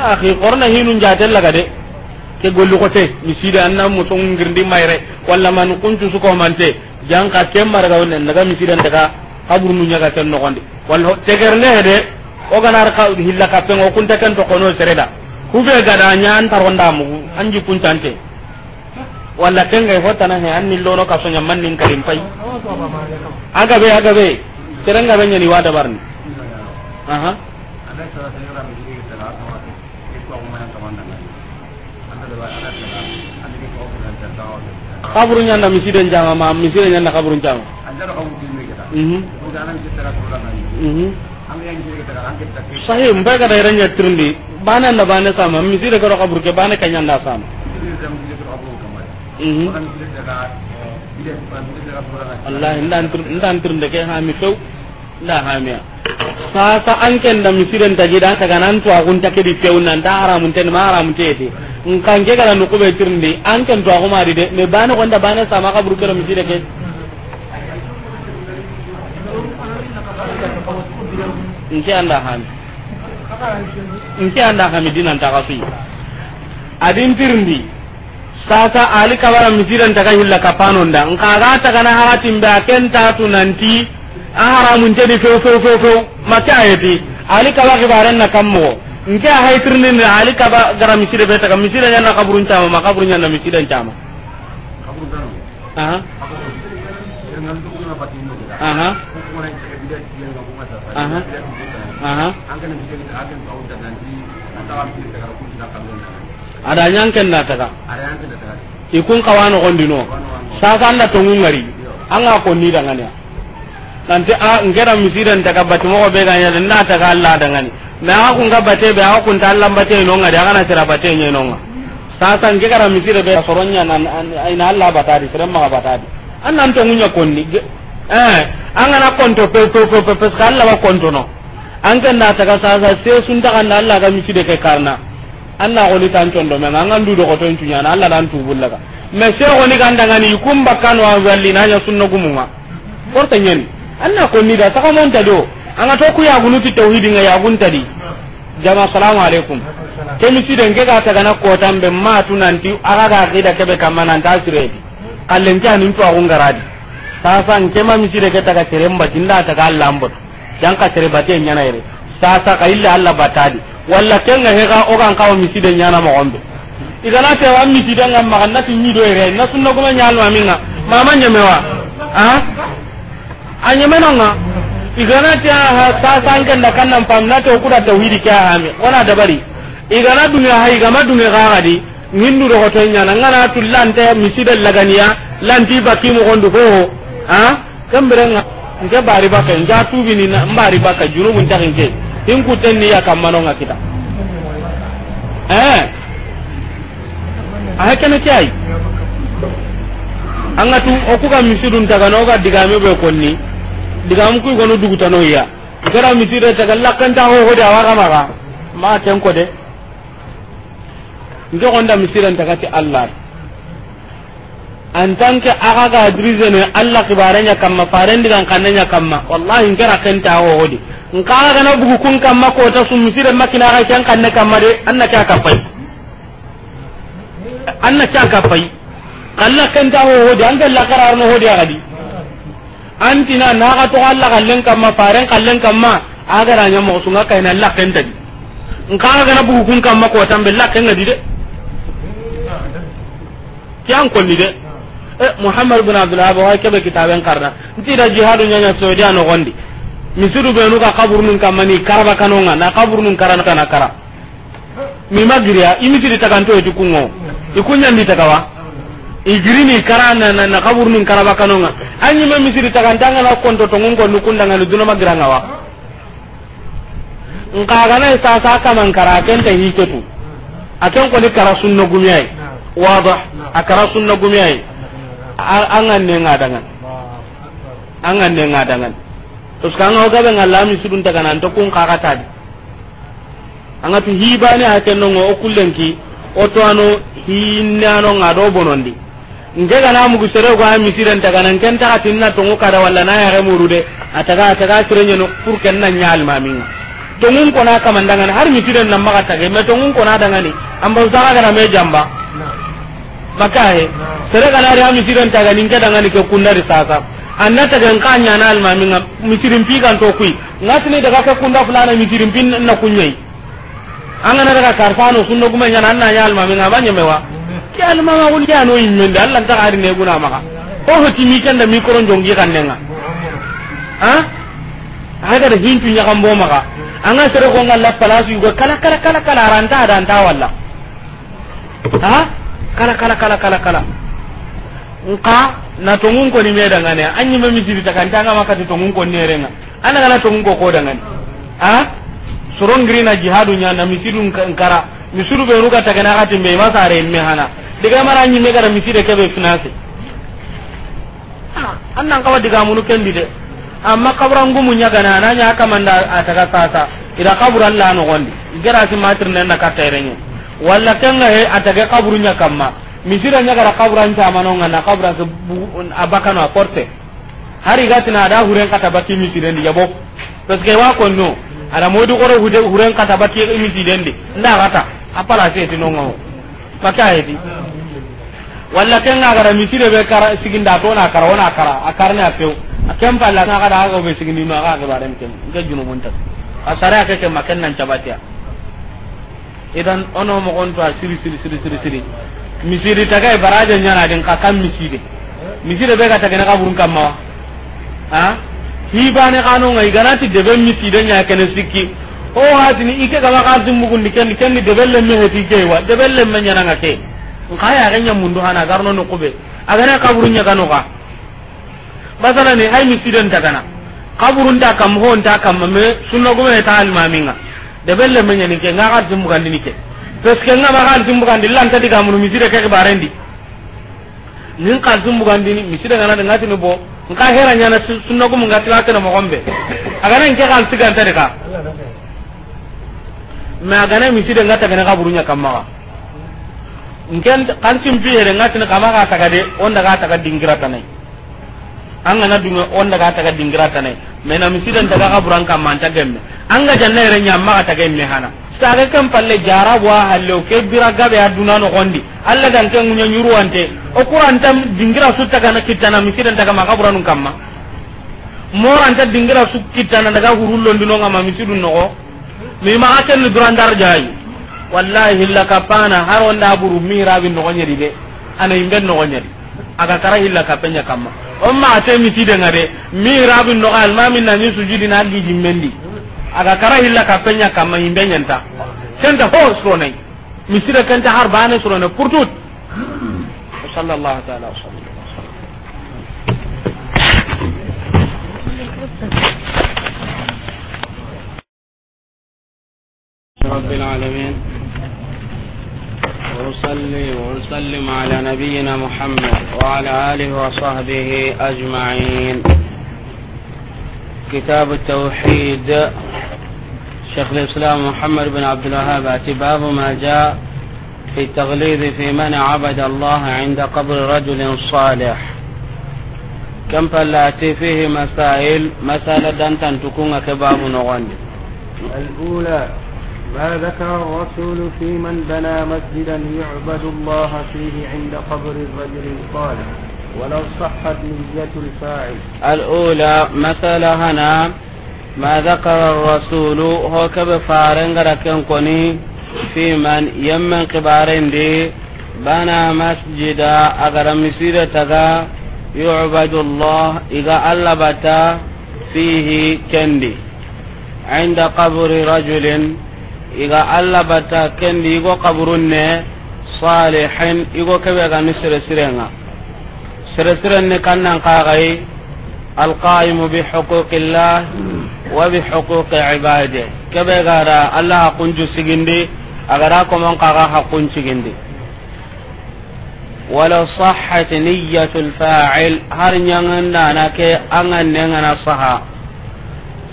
axi xorna xinu njatellaga de ke golluxote mi sida anna mosongirndi mayre walla man kuncu sukomante janka ke maraga wone naga mi sida ndega xaɓur nu ñaga ten noxondi walla tegar nexe de oganar ka xilla kappeng o kunta ken toqono sereda ku fe gada ñan tarondamugu an ji puncante walla kengay fotana e he an nin lono kasoñam man nin karim pay agabe agabe serengabe ñani wa dabarni kaburu nyanda misiden janga ma misiden nyanda kaburu janga mhm. mhm. sahi mbai kada iran yatirndi bana na bana sama misiden karo kaburu ke bana kanya nda sama mhm. eh, Allah indan indan tirnde ke ha mi nda hamia sasa an ken da misiren ta gida ta ganan to agun ta nan ta haramun ma haramun in kan ke be an ken to me bana bana sama misire ke anda anda dinan ta adin sasa ali kabara ta hilla kapanon da in ka ga ta kana haratin ba ken ta tunanti a haramun fewu fewu fewu fewu few make ayeti ali kaba kibarenna kammogo nke a haytirndini ali kaba gara misire be taga misire ñanna kaburun cama ma kaburu ñanna misiden cama ada na taga kawa nogondino sasa anda anga konni danganiya nanti a ah, ngera misiren daga bati mogo be ganya den na taka Allah dangani me ha kun ga bate be ha kun ta Allah bate no nga daga na tira bate nye no nga sasa ngera misire be soronya nan ina Allah batari sere ma batari an nan to munya konni eh an ana konto pe pe pe pe pe Allah wa konto no an kan na taka sasa se sun daga na Allah ga misire ke karna Allah ko ni tan tondo men an andu do ko ton tunya na Allah dan tubullaga me se ko ni kandangani kumba kanwa zalli na nya sunna gumuma. porta nyen anna ni da saka mon ta do anga to ku ya gunu ti tauhidin nga ya gun ta di jama assalamu alaikum kemi ti den ke ga ta gana ko tan be ma tunanti aga ga ke da kebe nan ta sire kallen ja nin to a gun garadi san ke ma mi sire ke ta ga tere mba tinda ta ga Allah mbot dan ka tere te nyana ire sa ka illa Allah batadi walla ga o ogan ka mi sire nyana mo gombe igana te wa mi sire ngam ma ti mi do ire na sunna kuma nyalo aminga mama nyamewa ha anyemenonga igana ti aha sasanken da kannan na to kuda tauhidi igana ha igama do hoto ngana misida laganiya baki mo gondu ko ha bari baka nja tubi ni na baka juru mun in ku kita eh kai tu okuga misidun daga noga digame be konni diga mu ku gonu dugu tano ya gara mi tira ta galla kan ta ho da wa kama ga ma ten ko de ndo gonda mi tira ta gati Allah an ke aga ga dirize ne Allah kibaranya kamma faren digan kananya kamma wallahi ngara kan ta ho in ka ga na bugu kun kamma ko ta sun mi tira makina ga kan ne kamma de annaka ka fai annaka ka fai Allah kan ta ho de an galla karar no hodi agadi antina naga to alla kallen kamma faren kallen kamma agara nya mo sunga kayna Allah kenta di nka ga na bugu kun kamma ko tambe la kenga di de kyan ko ni de eh muhammad bin Abdullah ba wa kebe kitaben karna da jihadu nya nya so dia no gondi misudu be nu ka kabur nun kamma ni karaba kanonga na kabur nun karana kana kara mi magiriya imitiri takanto etikungo ikunya ndi takawa igirini karana na na kabur nun karaba kanonga anyi ma misiri tagantanga na konto to ngongo nukunda ngani duna magiranga wa nkaga na sa sa kaman kara kenta hiketu akan ko ni kara sunna gumiyai wada akara sunna gumiyai angan ne ngadangan angan ne ngadangan to skanga hoga be ngalami sudun taga nan to kun kaga tadi anga tu hibane hakenno ngo okullenki oto ano hinna no ngado bonondi nge gana mugu sere ko ami tiren ta ganan ken ta tinna to ngoka walla na ya re de ataga ataga tirenye no pur ken na nyal mami to mun ko na kamandangan har mi tiren na maka tage me to mun ko na ni amba usara gana me jamba maka he sere gana ri ami tiren ta ganin ke ni ke kunna ri sasa anna ta gan kanya na al mamin mi tirin pi kan to kui ni daga ka kunda fulana mi tirin pin na kunyai angana daga karfano sunno kuma nyana na nyaal mamin abanye mewa ke almanga wul ya no immende allah ta gari ne guna maka ko hoti mi kanda mi koron jongi kannenga ha aga da hintu nya kambo maka anga sere ko ngalla palasu go kala kala kala kala aranta da anta walla ha kala kala kala kala kala nka na tongun ko ni me daga ne anyi me misiri ta kan tanga maka tongun ko ne renga ana kana tongun ko ko daga ne ha soron grina jihadu nya na misirun kankara misuru be ruka ta kana ati me masare me hana diga mara nyimme gara misire kebe finance ah. annan kawa diga munu kendi de amma kabran gumu nyaga na nanya kamanda ataga sasa ida kaburan la no gondi gara si matir nan na katairenye walla kenga he ataga kaburu nya kamma misira nya gara kaburan ta manonga na kabran ke abakano aporte hari gatina ada huren kata baki misire ndi yabo parce que wa no ada modu ko huren kata baki misire ndi nda rata apala se tinongo fakahidi walla ken ga gara misire be kara siginda to na kara wona kara a karne a pew a ken palla nga kada ga be sigini ma ga ga barem ken ga junu munta asara ke ke makan nan tabatiya idan ono mo on to asiri siri siri siri siri misiri tagai e baraje nyana den ka kam misire misire be ga tagana ka burun kamma ha hibane kanu ngai ganati misi misire nya kene sikki ko watini ike gama ka simbugundi kendi kendi debelle me heti ke wa debelle me nyananga ke nka ya ganya mundu hana garno no kube agana kaburu nya kanu ka basala ni hay misiden tagana kaburu nda kam ho nda kam me sunno gume ta almaminga debelle me nyani ke nga ka simbugandi ni ke parce que nga ma ka simbugandi lanta diga munu misire ke barendi nin ka simbugandi ni misire ngana ngati no bo nka hera nyana sunno gume ngati wa kana mo gombe agana nke ka siganta ka. ma gana mi sida ngata gana kaburunya kamma nken ka taga de onda ka taga dingira tanai dunga onda ka taga dingira tanai mi sida kaburan kamma ta gemme janna re ka taga me hana palle jara wa gabe aduna no gondi alla dan o qur'an tam dingira kitana mi sida kamma mo dingira su kitana hurullo ndino ngama mi sidun no mi maxa kelli durandarjayi wallahi hilla kappana har buru de ana aga kara on aga kara kenta ho kenta har رب العالمين وأصلي وأسلم على نبينا محمد وعلى آله وصحبه أجمعين كتاب التوحيد شيخ الإسلام محمد بن عبد الوهاب اعتباب ما جاء في التغليظ في من عبد الله عند قبر رجل صالح كم فلاتي فيه مسائل مسألة أن تكون كباب نغني الأولى ما ذكر الرسول في من بنى مسجدا يعبد الله فيه عند قبر الرجل الصالح ولو صحت نية الفاعل الأولى مثلا هنا ما ذكر الرسول هو كبفارن غركن كوني في من يمن قبارن دي بنى مسجدا أغرى مسيرة تغا يعبد الله إذا ألبت فيه كندي عند قبر رجل iga allah bata kendi igo kaburunne salihin igo kebe gani sere sirenga sere sirenne kannan kagai alqaimu bihuquqillah wa bihuquqi ibade kebe gara allah hakunju sigindi agara komon kaga hakun sigindi wala sahhat niyyatul fa'il har nyanganda nake angan nengana saha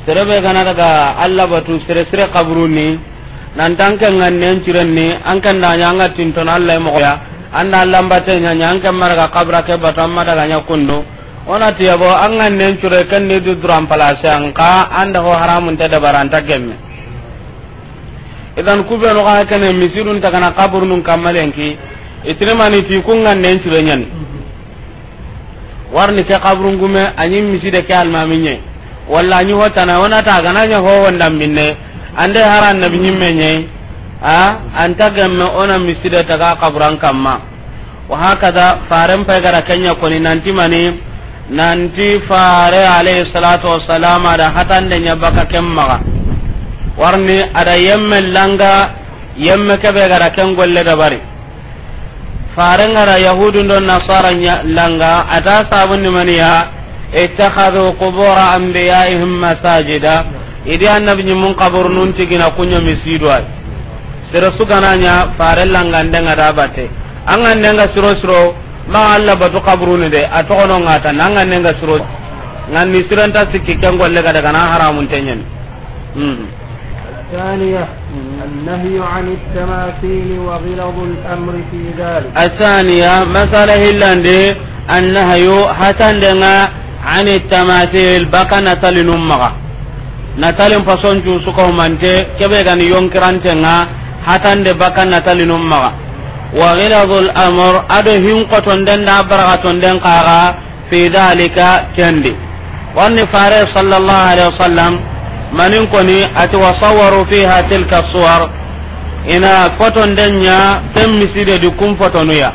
serebe gana daga allah batu sere sere kaburuni nan tan kan nen ciren ni an kan da nya nga tin ton Allah mo ya anda lamba te nya nya an kan marga kabra ke batam ma daga nya kundo ona tiya bo an nen cire kan ni du duram palase an ka anda ho haramun ta da baranta gemme idan kube no ka kana misirun ta kana kabur nun kamalenki itire mani ti kun nen cire nyen. warni ke kaburun gume anyi miside ke almaminye walla anyi hotana ona ta gananya ho wondam minne ande hara annabi himme nyai a anta gamme ona misida taga kaburan kamma wa hakada faran pegara kenya koni nanti mani nanti fare alayhi salatu wassalam ada hatande nyabaka kemma warni ada yemme langa yemme kebe gara ken golle dabari fare ngara yahudu don nasara langa ata sabun maniya ittakhadhu qubur anbiyaihim masajida idi annabi ñimmun kaburu nun tigina kuñomi siidu ay sere suganaña farellangandenga da batte denga siro siro ma alla batu kaburuni de a togononga tan angandenga siro ngan ni sirenta sikki ken golle ga daga na haramunteñani hmm. الثانية النهي عن التماثيل وغلظ الأمر في ذلك الثانية مسألة هلاندي النهي حتى عن natalin fason cu suka humante kebe gani yonkirante nga hatande baka natalinum maga wa ghiladul amr ado hin qoton den da baraga ton den qaga fi dalika kendi wanni fare sallallahu alaihi wasallam manin koni ati wasawwaru fiha tilka suwar ina qoton den nya tem miside du kum fotonuya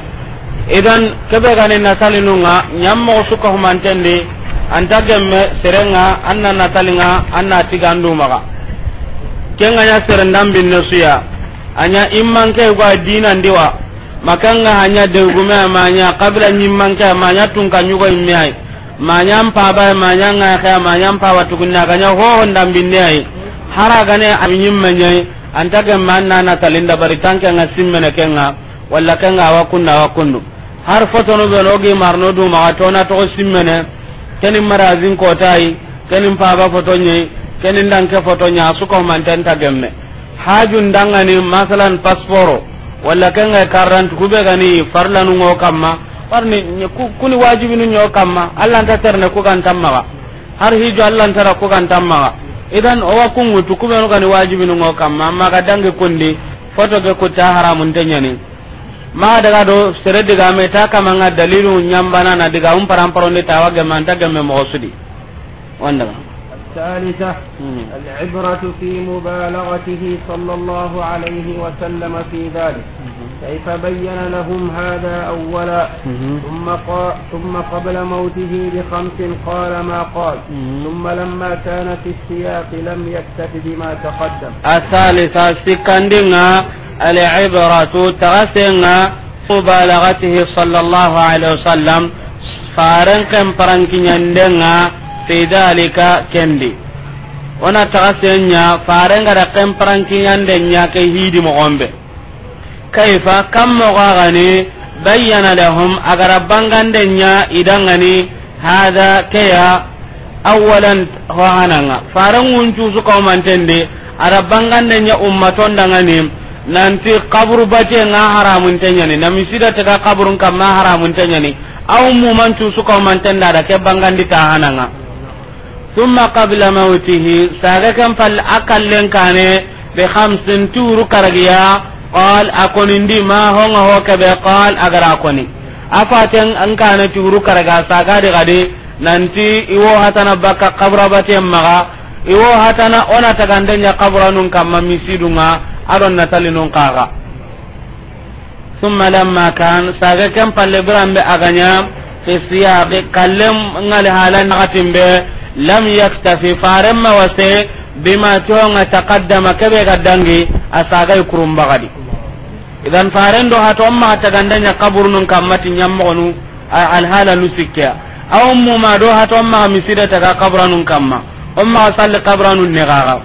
idan kebe gani natalinunga nyammo suka humantendi anta gemme serenga anna natalinga anna tigandu maga kenga nya serendam bin nasuya anya imman ke gwa dina ndiwa makanga hanya degume amanya kabla nyimman ke amanya tungka nyugo immai manya mpaba manya nga ka manya mpawa tukunna ganya ho ndam bin nei haraga ne abinyimma nyai anta gemme anna natalinda bari tanka nga simmene kenga walla kenga wa kunna wa kunnu har fotono be nogi marno du maga tona to simmene kenin marazin kotai kenin paba fotonye kenin danke fotonya suko manten gemme. hajun dangani masalan pasporo walla kenga karrant kube gani farlanu ngo kamma parni kuni wajibinu nyo kamma allah ta terne ku kan tamma wa har hijo allah ra ku kan tamma wa idan owa wutu tukube no gani wajibinu ngo kamma amma ga dange kundi foto ge ku ta haramun tenyani ma daga do sere me ta kama nga dalilu nyambana na diga um paramparonde tawa gemanta mo sudi wanda الثالثة العبرة في مبالغته صلى الله عليه وسلم في ذلك كيف بين لهم هذا أولا ثم, قا... ثم قبل موته بخمس قال ما قال ثم لما كان في السياق لم يكتف بما تقدم الثالثة سكندنا العبرة تغسنا مبالغته صلى الله عليه وسلم فارنقم فرنكي fi dalika kendi ona taga senya farenga da kemparankiñande nya ke hidi mogonɓe kaifa kam mogagani bayyana lahum agara bangande nya idangani hada keya awalan hohananga farenguncusu kaumantende ara bangande nya ummatondangani nanti kaburu bate nga haramun tenyani na misida tega kaburun kamma haramun tenyani aw mumancu suka mantenda da ke bangandi tahananga ثم قبل موته ساغكم فل أقل كان بخمس تور كرجيا قال أكون دي ما هو هو كبه قال أجر أكوني أفاتن أن كان تور كرجا ساغادي غادي nanti iwo hatana baka kabra batem maga iwo hatana ona tagandenya kabra nun kamma misidunga aron natali nun kaga summa lamma kan saga kan palle birambe aganya fi siyaqi kallem ngal lam yaktafi farenma wase bima tihonga taqaddama kebe ga dangi asagai kurumbagadi idan faren do hato amma tagandanya kaburunun kammati nyammogonu alhala nu sikkeya aw muma do hato amma misida taga kabranun kamma maxa salli kabranun ne gaga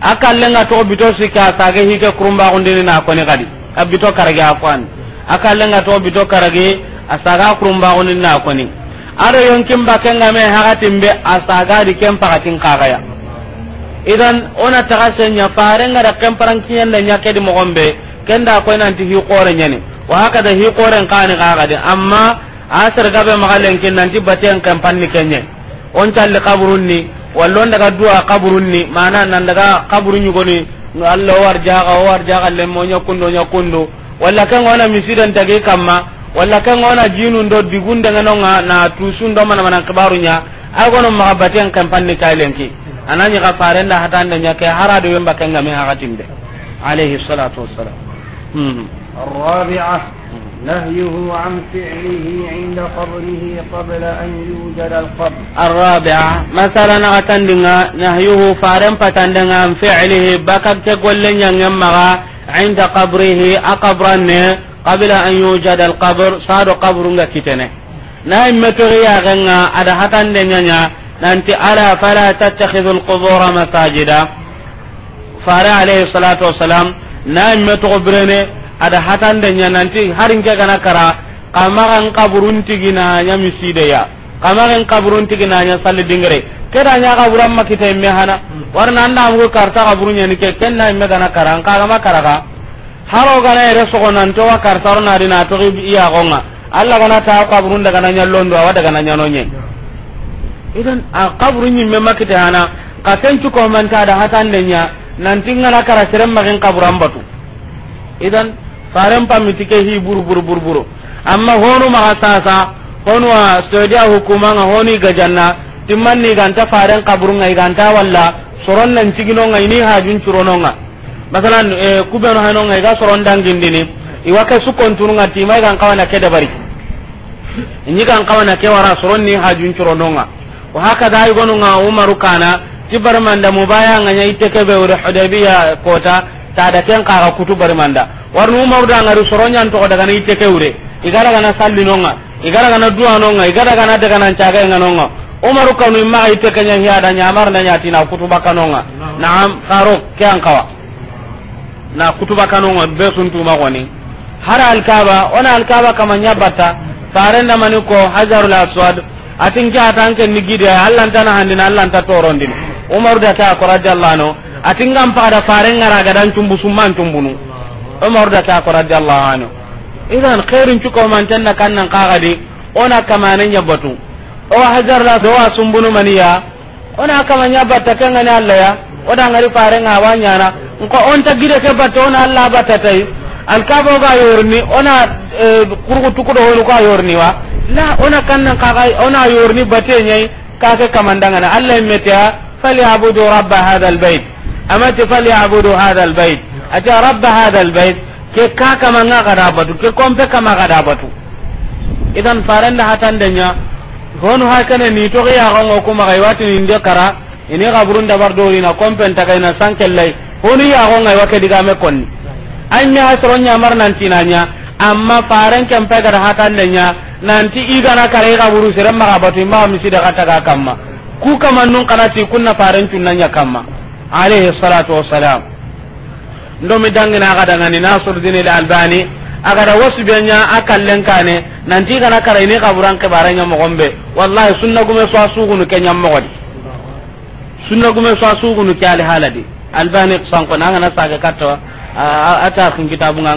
akallenga to bito sikka sage hike kurumbagundini na koni a abito karage afwan akallenga to bito karage asaga kurumbagundini na koni ado yonkin bakenga me hakatin be di ken pakatin kakaya idan ona taga senya farenga da ken parankiyen nyake di mogombe kenda koy nanti hi qore nyani wa da hi qore kani kakade amma asar gabe magalen ken nanti baten ken ni kenye on challe kaburun ni wallon daga duwa kaburun ni mana nan daga kaburun yugoni no Allah war jaga war jaga lemmo nyakundo nyakundo walla kan wana misidan tagi kamma wala walla kangona jinundo digundengenonga na tusundo manamana kibarunya agono maga baten kampanni kailenki anani ga farenda hatande nyake harado wemba ngame ha hakatimbe alaihi salatu wassalam hmm الرابعة نهيه عن فعله عند قبره قبل أن يوجد القبر الرابعة مثلا نهيه فارم فتندنا عن فعله بكبت قول لن عند قبره أقبرنه qabila an yujada al qabr sadu qabru qabrunga kitene na imme ya ganga ada hatan de nyanya nanti ala fala tattakhidhu al qubur masajida fara alayhi salatu wasalam na imme to brene ada hatan de nyanya nanti harin ke kana kara kamaran qabrun tigina nya miside ya kamaran qabrun tigina nya salli dingre keda nya qaburan makite imme hana hmm. warna anda amgo karta qabrun nya ni ke kenna imme kana kara an kaga makara haro gana so gonan to wa kartaro na dina to iya gonga alla gana ta qabrun daga gana yallon do daga na nyano nye idan a qabrun nyimme makita hana ka tan ku man ta da hatan den nya nan na kara serem magin qabran batu idan faran pamiti ke hi buru buru buru buru amma honu ma sasa honu wa saudiya hukuma nga honi ga janna timman ni ganta faran qabrun ga ganta walla soron nan cigino nga ini hajun curono nga masalan eh, kubenu hanonga eh, ga soron dangindini iwake sukontununga mai kan kawana ke dabari inyi kan kawana ke wara soron ni hajun nonga wa haka da nga umaru kana ti barmanda mubaya nganya ite be ure hudabiya kota ta da ken kaga kutu manda warnu umaru da ngari soronyan to daga ni ite keure igara gana sallinonga igara gana duwanonga igara gana daga nan caga nonga umaru kanu imma ite kenya hiada nyamar nanya na kutu bakanonga na'am ke an kawa na kutuba kanu ngon be ma goni hara alkaba ona alkaba kamanya batta farenda mani ko hajarul aswad atin ke atanke nigide allah ntana handina allah nta torondini umaru da ta ko radiyallahu anhu atin gam pada ngara ga dan tumbu summan tumbunu umaru da ta ko radiyallahu anhu idan khairin ko man tanna kannan qagadi ona kamanen yabatu o hajarul aswad wa sumbunu maniya ona kamanya batta ngani allah ya oda ngari pare nga nyana ko on ta gire ke batona ona Allah batta tay al kabo ga yorni ona e, kurgu tukudo holu ka yorni wa la ona kanna ka ga ona yorni batte nyai ka ke kamandanga na Allah metia fali abudu rabb hada al bait amati fali abudu hada al bait ata rabb hada al bait ke ka kama nga ga dabatu ke kompe kama ga dabatu idan faranda hatandanya gonu hakane ni to ya gongo kuma ga wati ni ini kaburun dabar do ina kompen ta kaina sankellai honi ya ko ngai wake diga me konni anya asronya mar nanti nanya amma faran kempe pe gara hakan nanya nanti igana kare kaburu sere ma kabatu ma mi sida kamma ku kama nun kanati kunna faran tunanya kamma alaihi salatu wassalam ndo mi dangina aga dangani dini al albani aga da wasu benya akallen nanti kana kare ni kaburan ke baranya mo gombe wallahi sunna gume so asugunu kenyam mo sunna gume so asugu nu kyali haladi albani qsan ko ata kun kitabu ka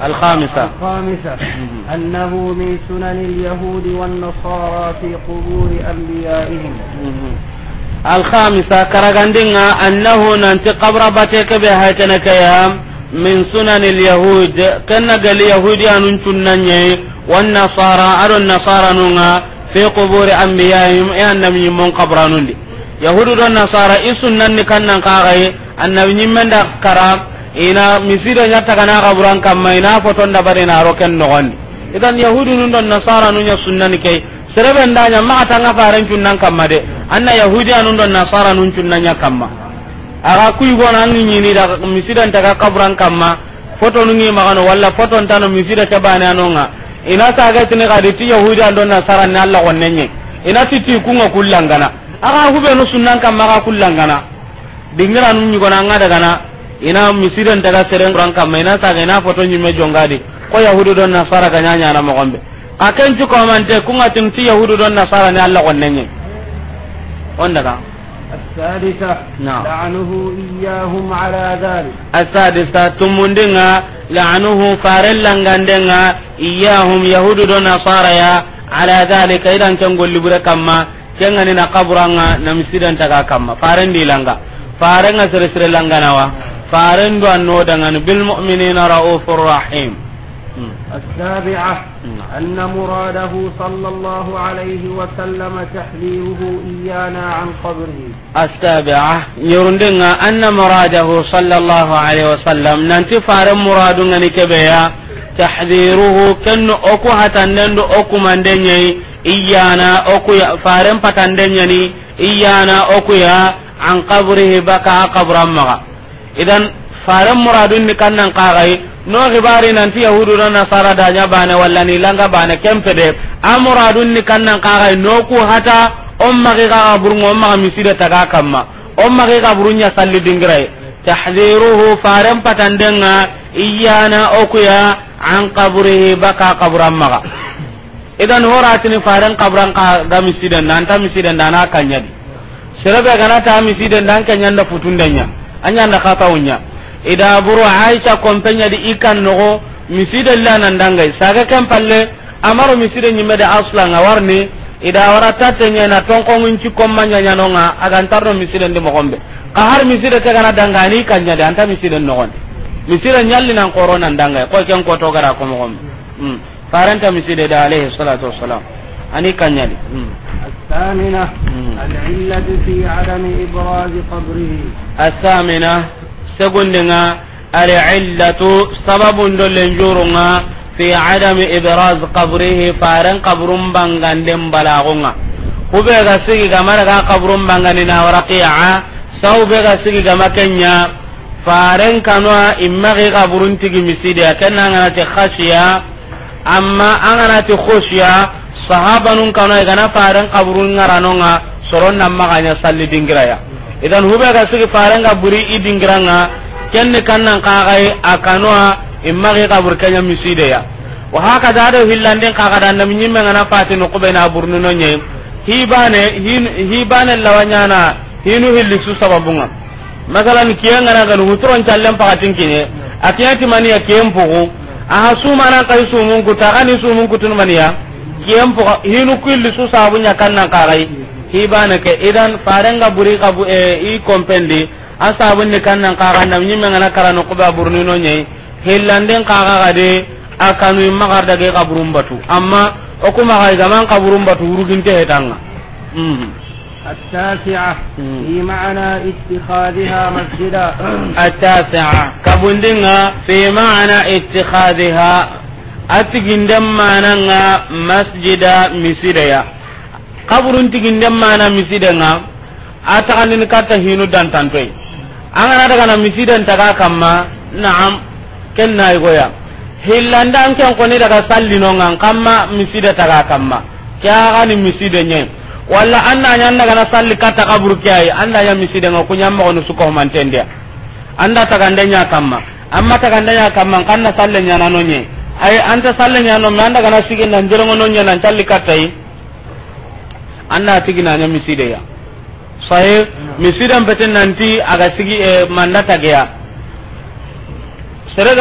al khamisa khamisa annahu min sunan al yahud nasara fi qubur anbiya'ihim al khamisa karagandinga annahu qabra be haytana kayam min sunan al yahud kanna gal yahudi anun tunnanye wan nasara nasara nunga fi quburi anbiya'ihim e annabi mun qabranundi yahudu don nasara isunnan ni kannan kaagaye annabi nyimmen da kara ina misido nyatta kana qaburan kamma ina foton da ken na roken nogondi idan yahudu nun don nasara nun ya sunnan kai. sere da nya ma tanga faran cunnan kamma de anna yahudi anun don nasara nun cunnan nya kamma aga kuy gona an ni ni da misidan kaburan qaburan kamma foto nun ngi magano wala foton tano misida ke bane anonga ina ga kadi ti yahudi an do nasaranni allah ne ina ti ti kunga kullangana hube no sunnan kamma aga kullangana dingiranu ñigona daga na ina misiran daga seren kuran na ina ga ina foto ñimme jongadi ko yahudi don na nasara ga ñañana mogonɓe a ken cukomante kunga tin ti yahudi don nasara ni allah ne on daga السادسة نعم لعنه إياهم على ذلك السادسة تمندنا لعنه فارلنغندنا إياهم يهود ونصارى على ذلك إذا كان na na kamma faren di langa faren sere sere langa faren do anno bil mu'minina raufur rahim السابعة أن مراده صلى الله عليه وسلم تحذيره إيانا عن قبره السابعة يرندنا أن مراده صلى الله عليه وسلم ننتي فارم مرادنا نكبيا تحذيره كن أكو هتنن أكو من دنيي إيانا أكو فارم فتندنيني إيانا أكو يا عن قبره بكا قبر مغا إذن فارم مرادنا كنن قاغي no gibari nanti yahudu na nasara nya bane walla ni langa bane kempede amuradun ni kannan kaga no ku hata umma ga ga burungo umma misida taga kamma umma ga ga burunya salli dingrai tahziruhu faran patandenga iyana okuya an qabrihi baka qabran maga idan horatini faran qabran ka ga misida nan ta misida nan akanya sirabe ganata ta misida nan kanya futun danya anya nda kata unya ida buru aisha kompenya di ikan nogo miside lana ndangai saga kan palle amaro miside nyime da asla ngawarni ida wara tatenya na tongkong inci kommanya nyanonga agantarno miside ndi mogombe kahar miside ke kana dangani kanya da anta miside nogon miside nyalli nan corona ndangai ko ken ko togara ko mogombe mm faranta miside da alaihi salatu wassalam ani kanya di mm. الثامنة العلة في عدم إبراز قبره الثامنة segundenga alillatu sababun dollen jurunga fi adami ibraz qabrihi faren qabrun banganden balagunga hube ga sigi gamara ga qabrun bangani na waraqi'a sau be ga sigi gama kenya faren kanoa immagi qabrun tigi miside kenna ngana te khashiya amma angana te khushiya sahabanun kanoa igana faren qabrun ngaranonga soron namma ganya salli dingiraya idan hube ga sugi farenga buri idingiranga kenne kannan kagai akanoa immagi kabur kenya miside ya wa haka da hillandin kaga da fati no na burnu no nye hibane hibane lawanyana hinu hilli su sababunga masalan hutron pakatin kinye aha kai maniya hinu kulli su sabunya kannan kagai Kii baanaka idan faadenga buri qabu inni e, kii kompeen dee akka saabu ni kan kaagaan namni miidhaan akka karaan nukti baabur ni noo nyooñe hiilande kaa kaaga dee akka nuyi maqaan dangeen qabu runbatu amma oku maqaan damaa qabu runbatu rugi njahiita na. Mhm. Attaasica. Kii mhm. maana itti xaadiga masjida. Attaasica. Kabu nga. Fii maana itti xaadiga. maana nga masjida misireya kaburun tigin den mana misidenga a taxandini katta hinu an dantantoy angana dagana misiden taga kamma naam ken nayigoya hillanda an ken ni daga sallinongan kamma miside taga kamma keagani miside ñe walla andaña an dagana salli katta kaburu ke ayi andaña misidenga kuñammaxoni sukohumantendia anda tagandeña kamma amma tagandeña kamma kanna salle ñanano ñe ay anta salle ñanome an dagana siginna njerengono ñanan calli kattayi anna tigina nya miside ya sahih hmm. misidan peten nanti aga sigi e eh, mandata sere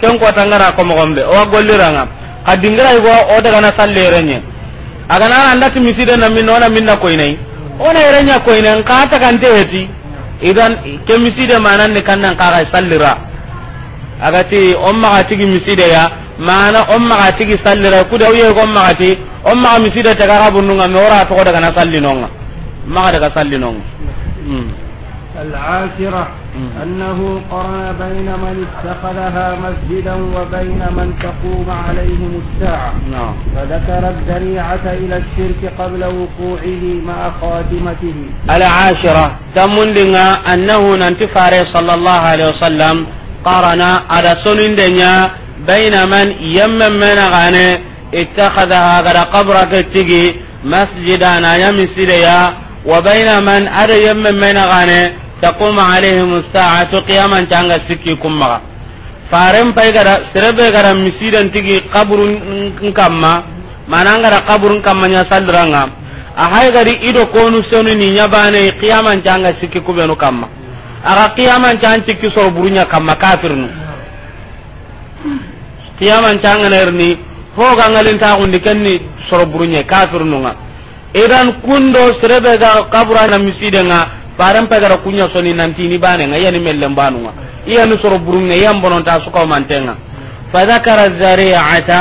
ken ko tangara ko mo gombe o o daga na aga na anda ti miside na min ko inai ona ko inai ka ta heti idan ke miside manan ne kannan ka ga sallira aga ti ga tigi miside ya mana ga tigi sallira ku da ga on maxa miside tegara bunnunga me wora toxo dagana sallinonga maxa daga sallinonga hmm. العاشرة hmm. أنه قرن بين من اتخذها مسجدا وبين من تقوم عليهم الساعة نعم فذكر الذريعة إلى الشرك قبل وقوعه مع خاتمته العاشرة تم لنا أنه ننتفار صلى الله عليه وسلم قرن على سنن بين من يمن من غاني ittakhadha gara qabra na ya misile ya wa baina man ada yamma mena ido konu sonu ni ho ga ngalin ta gundi kenni soro burunye kafir nunga idan kundo serebe ga kabura na miside nga param pegara kunya soni nanti ni bane nga yani mellem banunga iya ni soro burunye yam ta suka mantenga fa zakara zari'ata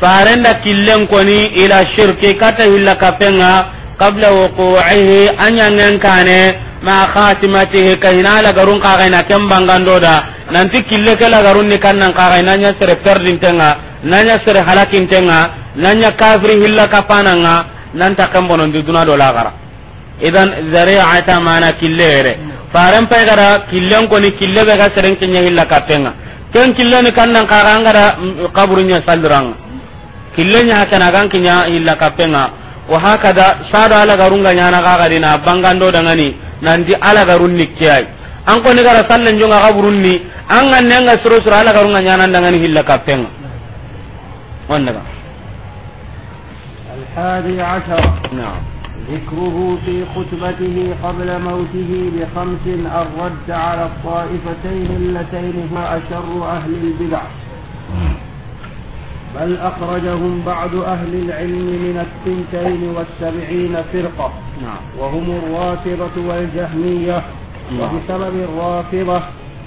farenda killen koni ila shirki kata illa kapenga qabla wuqu'ihi anyangen kane ma khatimatihi kaina la garun kagaina kembangandoda nanti kille kala la garun ni kannan kagaina nya sere tenga nanya sere halakin halakintenga nanya kafiri hilla kapananga nanta kambonondi duna do lagara idan zari'ata mana killere faren pay gara killen koni kille be ga seren kinya hilla kapenga ken kille ni kannan karanga da mm, kaburunya salduranga killenya hakana gan kinya hilla kapenga wa hakada sada ala garunga nyana ga garina bangando dangani nandi ala garun nikkiyai an koni gara sallen jonga ni an ganne nga suru suru ala garunga nyana dangani hilla kapenga والنبع الحادي عشر نعم ذكره في خطبته قبل موته بخمس الرد على الطائفتين اللتين هما أشر أهل البدع بل أخرجهم بعض أهل العلم من الثنتين والسبعين فرقة نعم. وهم الرافضة والجهمية نعم. وبسبب الرافضة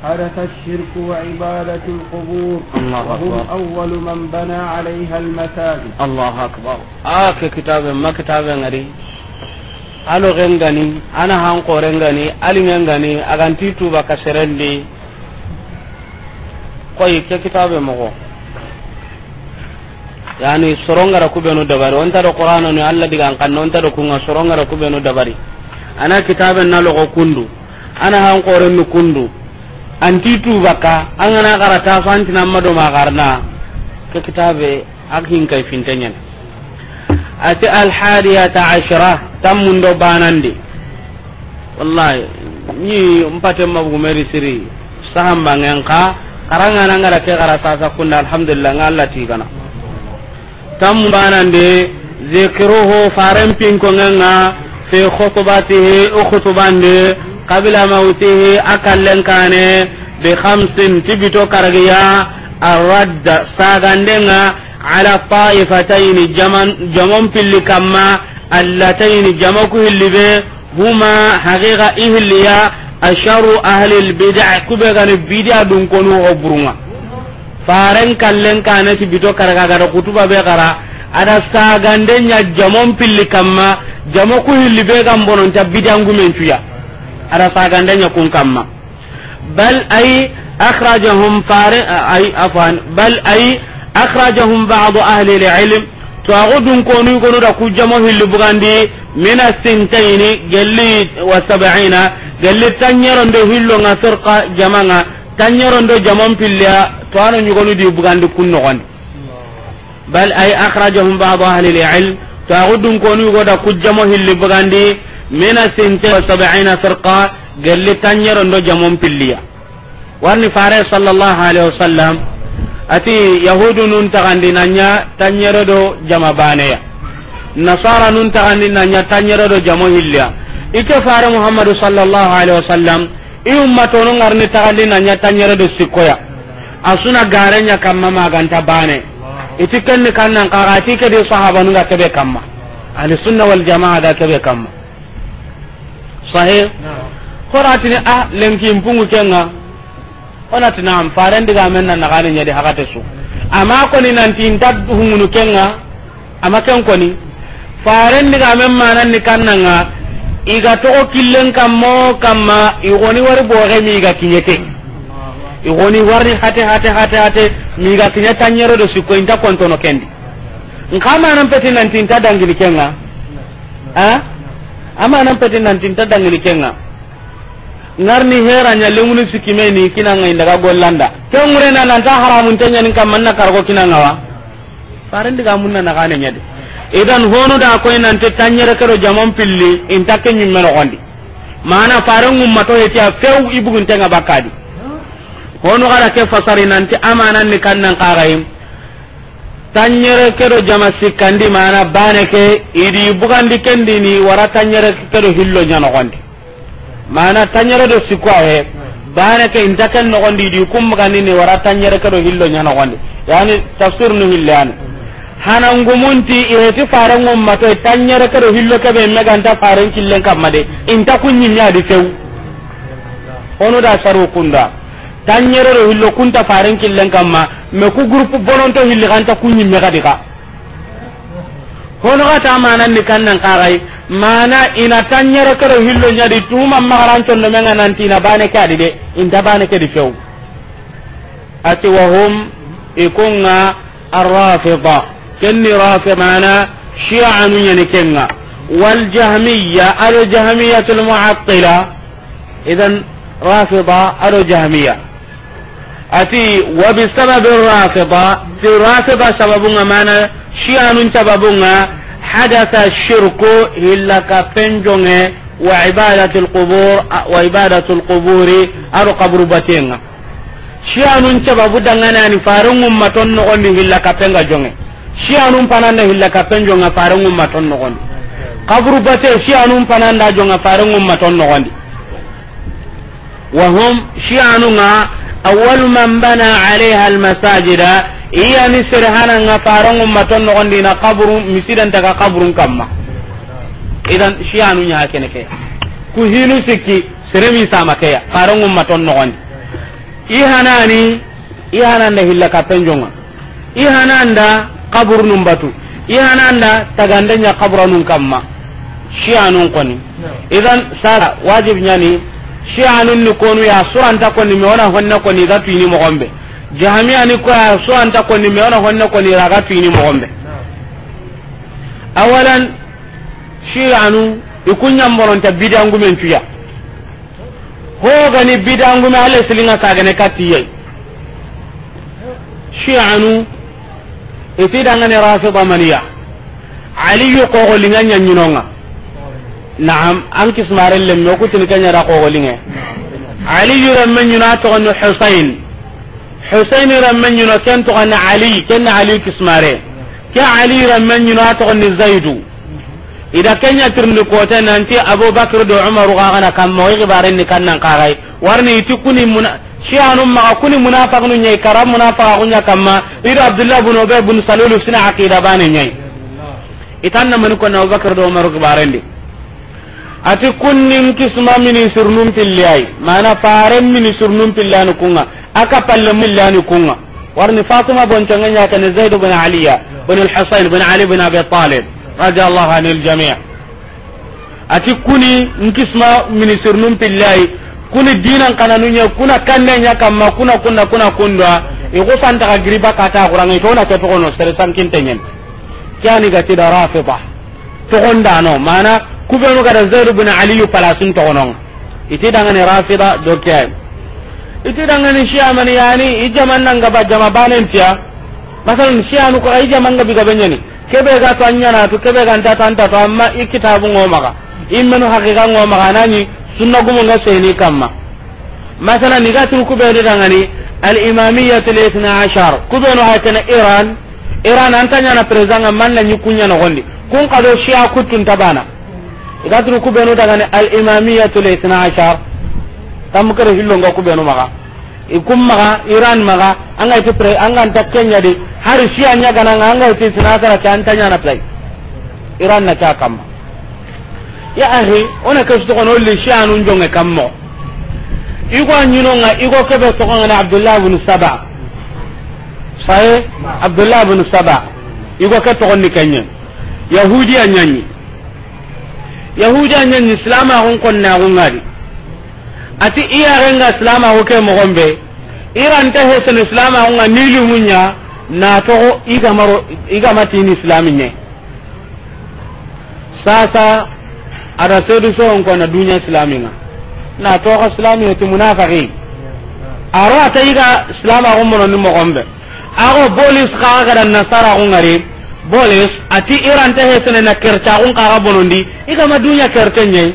حدث الشرك وعبادة القبور الله وهم أكبر. أول من بنى عليها المساجد الله أكبر آك كتاب ما كتاب غري غنغني أنا ana hankorengani alingengani aganti tuba kaserendi koy قوي كتاب مغو yani soronga ku kubenu dabari on ta do qur'ano ni alla diga kan non ta do kunga ku kubenu dabari ana kitaben na logo kundu ana han hankorennu kundu anti tubaka an gana karata fa an tinan mado ma garna ke kitabe akhin kai fintenyen ati al hadiyata ashra tammun do banande wallahi ni umpate mabu meri siri saham bangen ka karanga nan gara ke gara sa kunna alhamdulillah ngalla ti kana tam banande zikruhu faram pin ko nganga fi khutbatihi ukhutbande qabla mautihi akallen kane bi khamsin tibito kargiya arradda sagandenga ala ta'ifatayn jaman jamon pilli kamma allatayn jamaku hillibe huma haqiqa ihliya asharu ahli البدع kubegani البدع dun konu faren kallen kane tibito karga gara kutuba be gara ada sagandenya jamon pilli kamma jamoku hillibe gambonon ta bid'angumen tuya ada saganda nyakun kamma bal ay akhrajahum fari ay afan bal ay akhrajahum ba'd ahli al-ilm to agudun konu ko da kujamo hillu bugandi min as-sintaini galli wa sab'ina galli tanyarondo hillo nga firqa jamanga tanyarondo jamon pilla to anu ko di bugandi kunno gondi bal ay akhrajahum ba'd ahli al-ilm to agudun konu goda kujamo hillu bugandi mena sinte wa sab'ina firqa galli tanyero ndo jamon pilliya warni fare sallallahu alaihi wasallam ati yahudu nun tagandi nanya tanyero do jama baneya nasara nun tagandi nanya tanyero do jamo hilliya ike fare muhammadu sallallahu alaihi wasallam i ummato nun arni tagandi nanya tanyero do sikoya asuna garenya kamma maganta bane itikenni kannan kaga ati ke de sahaba nun ga kebe kamma ahli sunna wal jamaa da kebe kamma sahe koratini a ah, lenki mpungu kenga onati naam farendiga men na nagani nyadi hakate su ama koni nanti ntabhungunu kenga ama ken koni farendiga men mananni kannanga iga togo killen kammo kamma igoni wari boxe mi iga kiñete igoni wari hate hate hate hate mi iga kiñe tanñerodo sikko inta kontono kendi nkamanan peti nanti inta dangini kenga a ama nan peti nan tinta dangini kenga ngarni hera nya lemunu sikime ni kinanga indaga gollanda kengure na nan ta haramun tanya nin kam manna kargo kinanga wa parin diga munna na kane nyade idan honu da koy nan te tanyere kero jamon pilli inta kenyu mero gondi mana faran umma to hetiya feu ibugun tenga bakadi honu gara ke fasari nan te amanan ni kannan qarayim tanyere kedo jama sikkandi mana bane ke idi bugandi kendi ni wara tanyere kedo hillo nyano gondi mana tanyere do sikwa he bane ke intakan no gondi idi kum gandi ni wara tanyere kedo hillo nyano gondi yani tafsir nu hillo yani hana ngumunti ireti faran mum mato tanyere kedo hillo ke be meganta faran killen kamade intakun nyinya di tew onoda saru kunda tanyerero hillo kunta faren killen kamma me ku grupu bononto hilli kanta kunyi me ka hono ta manan ni kannan karai mana ina tanyere kero hillo nyadi tuma magaranto no menga nanti na bane kadi de inda bane kadi few ati wa hum ikunga arrafida kenni rafi mana shi'a nu nyani kenga wal jahmiyya al jahmiyyatul mu'attila idan rafida al jahmiyya ati wa bi sababi rafida ti rafida sababunga mana shianun sababunga hadatha shirku illa ka penjonge wa ibadatul qubur wa ibadatul quburi aro qabru batenga shianun sababu dangana ni farungum maton no ondi illa ka penga jonge shianun pananda illa ka penjonga farungum maton no ondi qabru bate shianun pananda jonga farungum maton no ondi wa hum shianunga awal man bana alaiha almasajida iya ni hana nga farangu maton no gondi na qabru misidan daga qabrun kamma idan shi'anu nya kene ke ku hinu sikki seremi sama ke ya farangu maton no gondi Ihana ihananda hilla kapenjonga ihananda qabru num batu ihananda tagandanya qabra kamma shi'anun koni idan sara wajib nyani shi anun ni konu ya suranta konni me ona honna konni ga tuini mo gombe jahamiya ni ko ya suranta konni me ona honna konni ga tuini mo gombe awalan shi anu ikunya mboronta bidangu men tuya ho gani bidangu me ale silinga ka gane katiye shi anu itidanga ne rafida maniya aliyu ko golinga nyanyinonga na'am an kismaren lemme ku tin kanya ra qogolinge ali yuran men yuna to on husain husain ran men yuna ken to on ali ken ali kismare ke ali ran men yuna to on zaidu ida kenya tirni kota nanti abubakar da umaru ga kana kan moyi gibaren ni kan nan karai warni iti kuni muna shi'anu ma kuni munafiq nu nyai karam munafiq kunya kamma ida abdullah ibn ubay ibn salul sina aqida bani nyai itanna man ko na do da umaru gibaren di ati kunnin kisma mini surnum pillai mana faren mini surnum pillani kunga aka palle millani kunga warni fatuma boncanga nyaka ne zaid bin aliya bin al-husayn bin ali bin abi talib radiyallahu anil jami' ati kuni nkisma mini surnum pillai kuni dinan kananu nya kuna kanne nya kamma kuna kunna kuna kunda iko santa ka kata kurang to na tepo no kono sere sankin tenyen kyani gati darafa rafiba to gonda no mana kubenu kada zaidu bin ali palasun to onon iti ni rafida doke iti iti ni shi'a man yani ijaman nan gaba jama banen tiya masalan shi'a nu ko ijaman gabi gaba nyani kebe ga to anyana to kebe ga ta tanta to amma ikitabu ngomaka immenu hakika ngomaka nani sunna gumu ni kamma masalan ni gatul kubenu ni al imamiyyatu al 12 kubenu hakana iran iran antanya na prezanga man la nyukunya no gondi kun kado shi'a kutun tabana igatunu kubenu dagani alimamiyatu lisna ashar tammukere hillonga kubenu maga ikum maga iran maga anga iti pre anga anta kenya di hari shia nya gana anga iti sinasara cha antanya na play iran na cha kama ya ahi ona kasu to kono li shia nun jonge kammo igo anyino nga igo kebe to kono na abdullah ibn saba sahe abdullah ibn saba igo ke to kono ni kenya yahudi anyanyi yahuda nyen islam agun kon na ngari ati iya renga islam agun ke mo gombe iran ta hesen islam agun nilu munya na to iga maro iga mati ni islam ne sasa ada sedu so on kona dunya islaminga na na to ka islami to munafiqi aro ata iga islam agun mo ni mo gombe aro bolis ka ga nasara agun ngari bolis ati iran iranta hesene na kercaxun kaxa bonondi igama duña kerte ñayi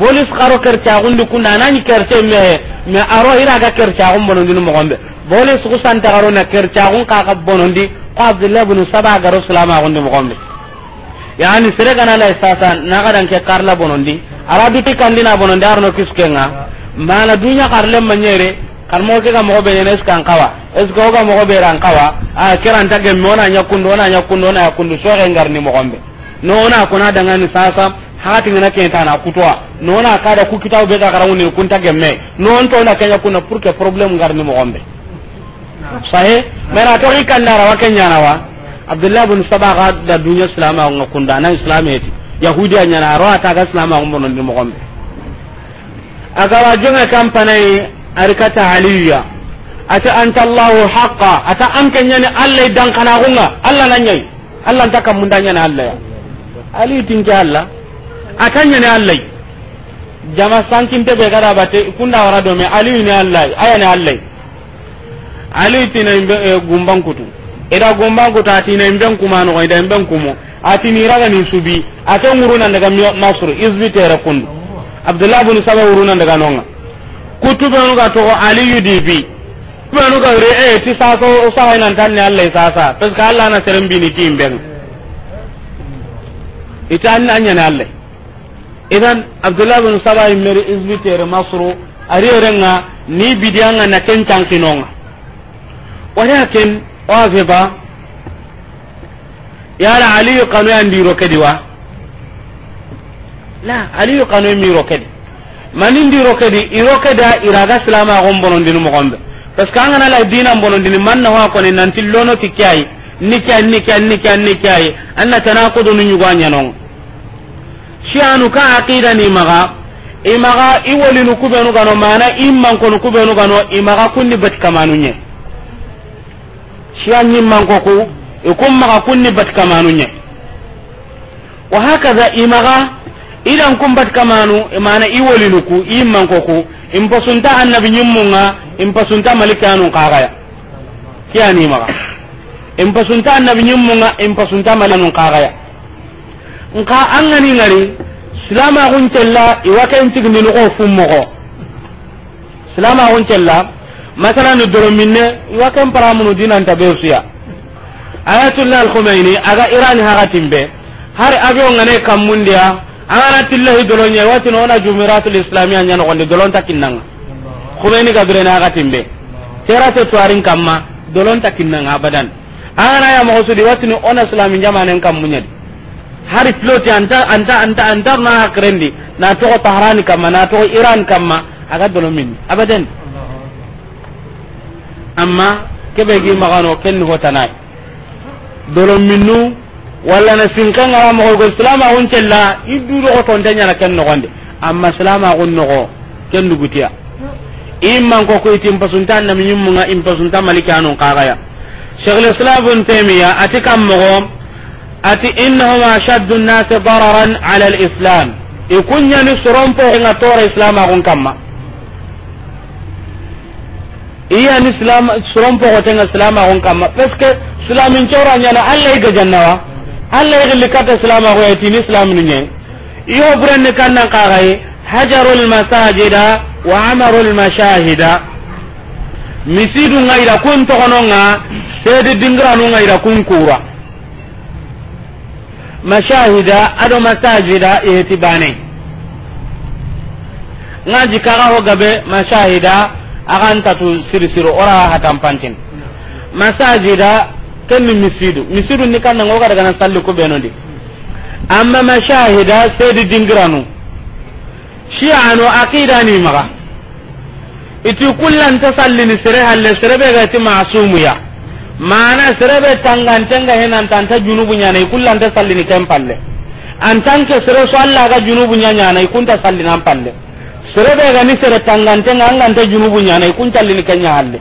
bolis xaro kercaxundi kunda anañi kerte mexe me aro ira iraga kercaxun bonondini moxonɓe bolis xusantaxaro na kercaxun kaxa bonondi ko abdullah bnu saba garo silamaxundi moxonɓe yani sereganalay sasa naxadanke karla bonondi ara duti kandina bonondi arno kiskenga mana duña xarlen ma ñere kan mo ke ga mo be ne skan kawa es go ga mogo be ran kawa a kiran ta ge mo na nya kun do na nya kun do na ya kun do so re ngar ni mogo be no na kuna daga sa sasa hati ngana ke ta na kutwa no na ka da ku kitau be ga karamu ni kun ta ge me no on to na ke kenya kuna pour que problem ngar ni mogo be sahe mera to ri kan na rawa kenya na wa abdullah bin sabaga da dunya islama ngon da na islameti yahudiya na ro ta ga islama ngon ni mogo be aga wa jonga kampanai arkata aliya ata anta allah haqa ata an nyani allah dan kana gunga allah nanyai allah ta kam mundanya na allah ya ali tinke allah atanya nyani allah jama sankin te be gara bate kunda wara do me ali ni allah aya ne allah ali tina imbe gumbang kutu ida gumbang kutu atina imbe kuma no ida kuma ati ni raga ni subi Ata nguruna daga masru izbi tere kun abdullah bin sabah uruna daga nonga kutubenu ga yu di bi. kubenu ga re e ti sasa o saha nan tan ne sa sasa parce que Allah na serem bini tim ben ita an nya na Allah idan Abdullah bin Saba meri izbitere Masru ari renga ni bidianga na kentan kinonga walakin waziba yala aliyu kanu andiro kedi wa la aliyu kanu mi ro kedi i rokedi da iraga silama agon bonondini mogonɓe parce que angana la dina bonondini manna ho akoni nanti lono ti kiyayi ni kiya ni kiya ni kiya ni kiyayi anna tanakudu nu ñugo a ñanonga sianu ka aqida ni maga imaga i wolinu kubenu gano mana i mankonu kubenu gano maga kunni batkamanu ñe siya ñimmankoku kun maga kunni batkamanu ñe wa hakaza maga. idan kumbat kamanu e mana i wolinuku i mankoku in pasunta annabi ñimmunga in pasunta malikanu kaxaya kiyanimaxa in pasunta annabi ñimmunga in pasunta malikanu kaxaya nka an gani ngari silama kun cella iwa ken tigni no ko fummogo silama kun cella masala ni doro minne iwa ken paramunu dinanta beusiya ayatullah al-khumaini aga iran haga timbe har abe ngane kamundia agana tillahi dolonya wati nona jumiratul islamiyya nyano gonde dolon takinnanga khureni ga birena tuarin kamma dolon takinnanga abadan ya wati ona islami hari anta anta anta anta na na to tahrani kamma na to iran kamma aga dolon min abadan amma kebe gi magano hotanai dolon minnu wala na sinkan ga mo go islam agun cella iddu do ko tonde nyana ken no gonde amma islam agun no go ken gutiya imman ko ko itim pasuntan na minyum nga im pasuntan malika anon kaga ya shaykhul islam ibn taymiya ati kam mo ati innahum ashaddu an-nas dararan ala al-islam ikunya ni suron po nga tora islam agun kamma iya ni islam suron po ko tenga islam agun kamma parce que islamin chawra nyana allah ga jannawa allah yigilli kata islama ko yati tini islam ni nyen iyo buranni kannan kaxaye hajarul masajida wa amarul mashahida misidu nga ida kun togononga sedi nga ida kun kura mashahida ado masajida bane nga ho gabe mashahida ora masajida kenni misidu misidu ni kan ngoga daga na salli ko benondi amma mashahida sedi dingiranu shi'anu aqida ni maga iti kullan ta salli ni sere halle sere be ga ti ma'sumu ya mana sire be tangan tanga henan tanta junubu nyana kullan ta salli ni tempalle an tanke sere so Allah ga junubu nyana na kunta salli nan palle sire be ga ni sere tangan tanga an ta junubu nyana kunta salli ni nya halle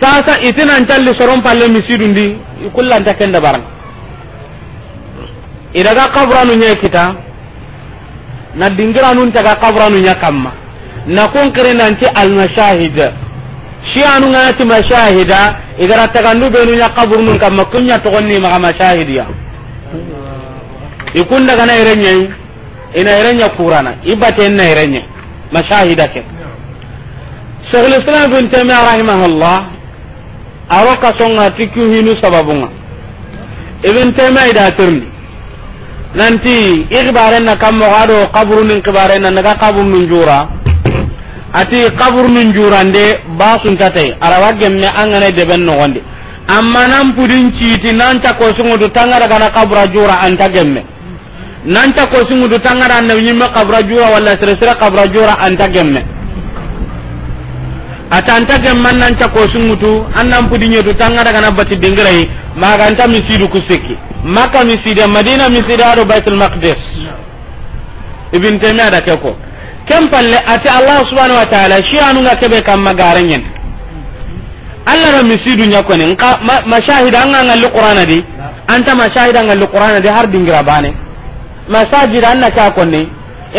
sasa itinan ntalli soron palle kulla kullanta kenda baran idaga kabranu nye kita na dingira nun taga kabranu nya kamma na kun al mashahid shi anu ngati mashahida igara tagandu benu nya nun kamma kunya togonni ma mashahidiya ikun daga na irenye ina irenye kurana ibate na irenye mashahida ke Syaikhul Islam bin Taimiyah rahimahullah aro kasonga ti kuhinu sababunga ibn taymiya da tirni nanti igbaren na kammo gado qabru nin kibaren na naga qabru nin jura ati qabru nin jurande basun tatai arawa gemme angane deben no gonde amma nan pudin citi nan ta ko sungu du tangara kana qabra jura anta gemme nan ta ko sungu du tangara na nyimme qabra jura wala sere sere qabra jura anta gemme atanta gemman nan ca kosungutu annan pudinyetu tanga daga na bati dingirai maaganta anta misidu kusiki maka misida madina misida ado baitul maqdis ibn taymiya da ko ken palle ati allah subhanahu wa ta'ala shi anu nga kebe kam magaranyen allah ra misidu nyako ne nka mashahida anga ngalli qur'ana di anta mashahida ngalli qur'ana di har dingira bane masajid anna ka konni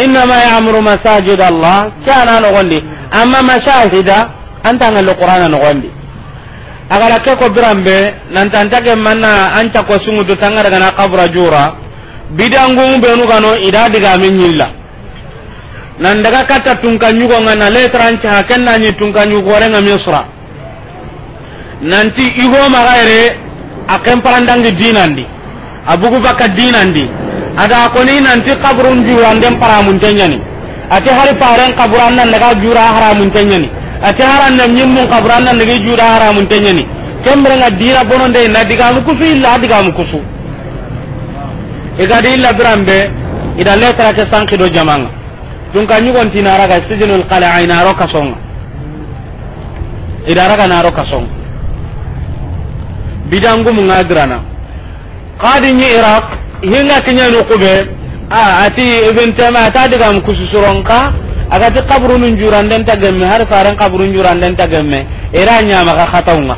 inna ma ya'muru masajid allah kana no gondi amma mashahida anta ngalo qur'ana no gondi agara ke ko birambe nan ta ke manna anta ko sungu do tangara kana qabra jura bidangu be nu kano ida diga min yilla nan daga kata tungka nyugo ngana letran cha kenna nyi tungka nyugo renga misra nanti igo magaire akem parandangi dinandi abugu baka dinandi ada ko ni nanti qabrun jura ndem paramun tenyani ati har faren kaburan nan daga jura haramun tanyani ati haran nan nyimmun kaburan nan daga jura haramun tanyani kembere nga dira bonon de na diga mu kusu illa diga mu kusu igadi illa birambe ida letra ke sanki do jamanga tun kan yugon tinara ga sijinul qala'in aro kasonga ida raga na aro kasonga bidangu mu ngagrana qadi ni iraq hinga a ah, ati ibn tama ta daga mu kususuron ka aga ta kabru nun juran den tagamme har faran kabru juran den tagamme era nya maka khatawnga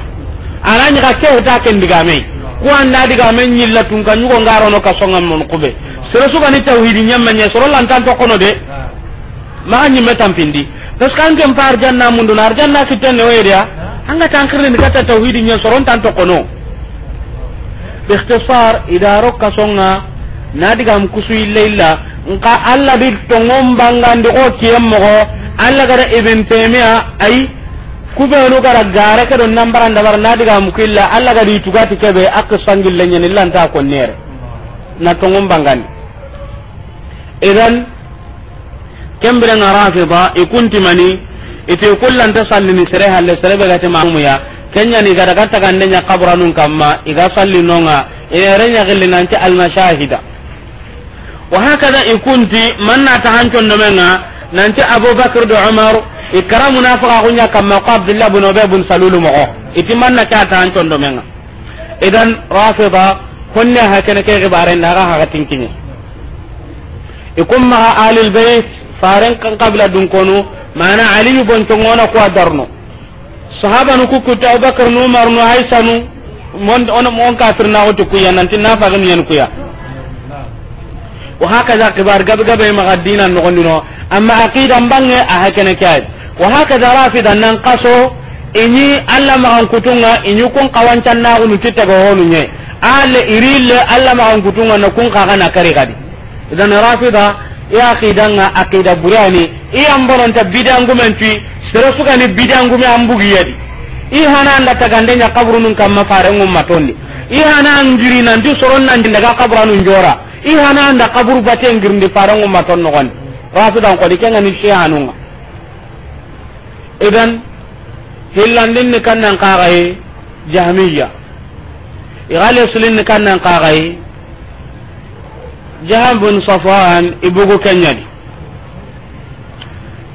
aranya ka ke ta ken diga me ko anda diga men nyilla tun kan yugo ngaro no kasonga mon kube sere suka ni tauhidi nyamma nya soro lan tan to kono de ma nyi metam pindi tas kan kem par janna mundu nar janna kitan ne wedia anga tankirin kata tauhidin nya soro tan to kono ikhtisar إذا رك songa na diga mu kusu illa illa nka alla bi tongom bangande ko kiyam alla gara ibn taymiya ayi kubenu gara gara ke nan nambaran da na alla ga di tugati kebe ak sangil lenyen illan ko nere na tongom bangande idan rafida ikunti mani ite kullanta sallini sere halle sere be gati iga sallinonga ere nya gillinanti wa hakada ikunti man na ta hancon do menga nanti abubakar do umar ikra munafiqa kunya kamma ko abdullah ibn ubay ibn salul mo iti man na ta hancon do menga idan rafida kunna hakana ke gibaren da ga ha tinkinya ikum ma alil bayt faran kan qabla dun kono mana ali bon to ngona ko darno sahaba nu ku kuta abubakar nu umar nu aisha nu mon kuya na kuya wa hakaza kibar gab gabe ma dina no gondino amma aqida mbange a hakene kay wa hakaza rafida nan qaso inyi alla ma an kutunga inyi kun kawancan na unu titta go honu nye alle irille alla ma an kutunga na kun ka na kare kadi idan rafida ya aqidanga aqida burani i amboronta bidangu menti sere suka ni bidangu me ambugi yadi i hana anda tagande nya kaburu nun kamma fare ngum matondi i hana ngiri nan du soron nan daga nun njora i hana anda kaburu baten girndi farangu maton nogon rasu dan kodi kenga ni shianunga idan hillandin ni kannan kagai jahmiya igale sulin ni kannan kagai jahan bin safwan ibugu kenyani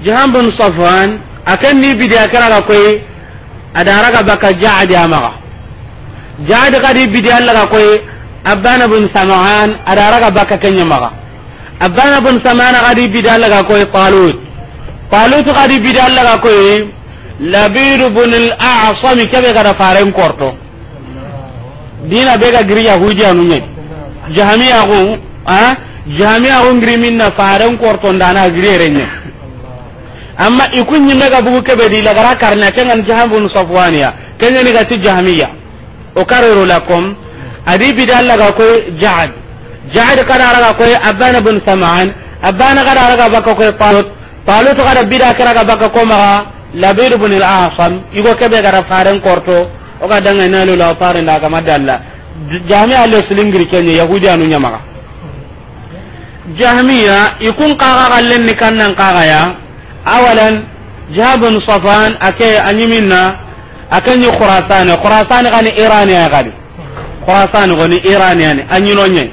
jahan bin safwan akan ni bidiya karaga koy adaraga baka jadi amaga jadi kadi bidiya laga koi. abana bun samahan ada raga baka kenya maga abana bun samana gadi bidalla ga koy talut talut gadi bidalla ga koy labir bun al a'sam kebe ga da faren korto dina be ga giri yahudi anu ne jahamiya go a jahamiya go ngiri minna faren giri renye amma ikunyi mega bugu kebe di lagara karna kengan jaham bun safwaniya kenya ni ga ti jahamiya o karero adi bida Allah ga koy ja'ad ja'ad kada raga koy abana bin sam'an abana kada raga baka koy talut talut kada bida kada raga baka ko maga labid bin al-asam igo kebe gara faren korto o ga danga nalu la farin daga madalla jami'a al-slingir kenya yahudi anu nyamaga jahmiya ikun kaga gallen ni kannan kaga ya awalan jahabun safan ake anyiminna akanyi khurasan khurasan gani irani ya gani khwasan goni iranian anyino nye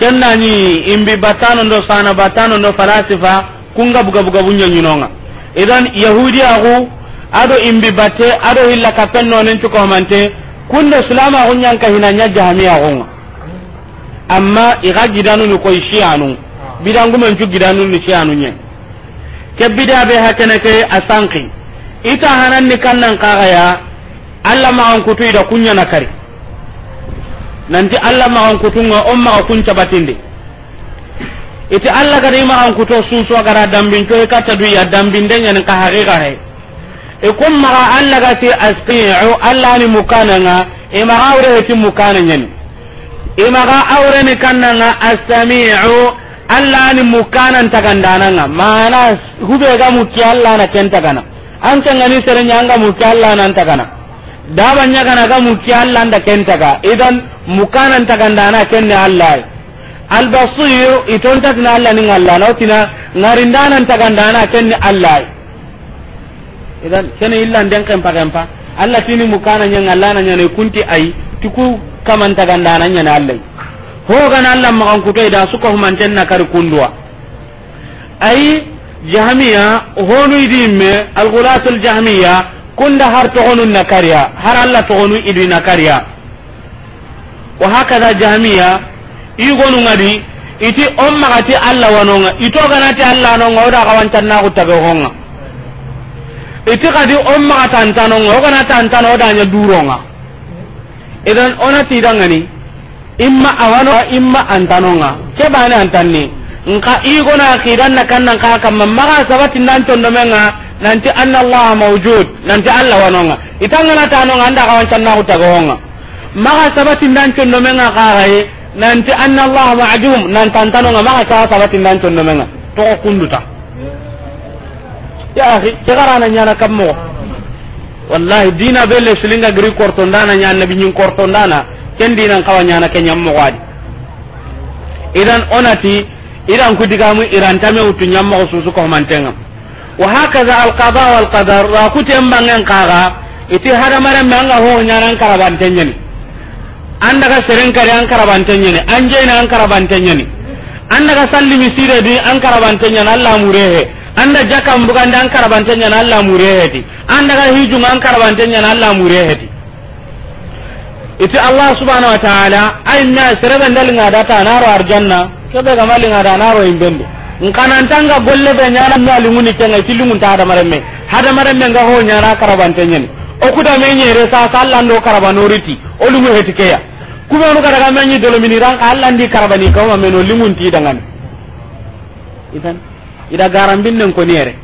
kenna ni imbi batano ndo sana batano ndo falasifa kunga buga buga bunya nyinonga idan yahudi agu ado imbi bate ado hilla kapenno nen tuko mante kunde sulama hunyan ka hinanya jahamiya gonga amma iga gidanu ni koy shianu bidangu men gidanu ni shianu nye ke bida be hakana ke asanki ita hanan ni kannan kaga ya Allah ma an kutu ida kunya nakari nanti allah magan kutunga on maga kuncabatindi iti allah gada imagan kuto a gara dambincoyi katta duya dambindeñani ka haqiqa he ikun maga allah gati astiu allah ni mukananga imaga awre heti mukana ñani ni awreni kannanga astamiu allah ni mukanan tagandananga mana hubega ga mukki allah na ken tagana an kengani serenya anga mukki allah nan tagana dabanya kana ga muki Allah kenta ga idan mukanan taganda na kenne Allah al basir iton ta tina Allah ni Allah na tina ngarindanan taganda na kenne Allah idan kene illa den kan pa Allah tini mukanan nya Allah na nya ne kunti ai tiku kaman taganda na nya na Allah ho gan Allah ma kan kutai da suka human tanna kar kundwa ai jahmiya honu idimme al ghulatul jahmiya kunda har togonu nakariya har allah togonu idu kariya wa hakada jahmiya igonu ngadi iti on magati allah wanonga ito ganati allah nonga oda kawantanna kutaga honga iti kadi on maga tantanonga ogana tantano nya duronga idan ona onati ni imma awano imma antanonga bana antanni nka igona na kannan ka kam maga sabati nan condomenga nanti anna allah mawjud nanti allah wanonga itangana tanonga anda kawan canna tagonga maka sabati dan ndomenga menga nanti anna allah ma'jum nan tantanonga maka sabati dan ndomenga to kunduta ya akhi kegarana nyana kammo wallahi dina belle silinga gri ndana nyana nabi nyin ndana ken dina kawa nyana kenyam mo wadi idan onati idan kudigamu irantame utu mo susu ko mantengam wa hakaza al qada wal qadar wa kutem bangen kaga iti hada mare manga ho nyaran karaban tenyeni anda ga seren kare an karaban tenyeni anje na an karaban tenyeni anda ga salli misire di an karaban tenyeni Allah murehe anda jaka mbukan dan karaban tenyeni Allah murehe di anda ga hijung an karaban tenyeni Allah murehe di iti Allah subhanahu wa ta'ala ay na sere bandal ngada ta naro arjanna kebe ga malinga da naro imbende nkanantanga golle ɓe ñanamno alinguni ti tillingun ta hadamaremme hadamaremme nga ho ñana karabante ñeni okuda me ñere sasa karaban oriti o lingu heti keya kumenu kadaga ran dolominiranka di karabani ma kawma men ti lingunti dangani idan ida garambinnen ko nyere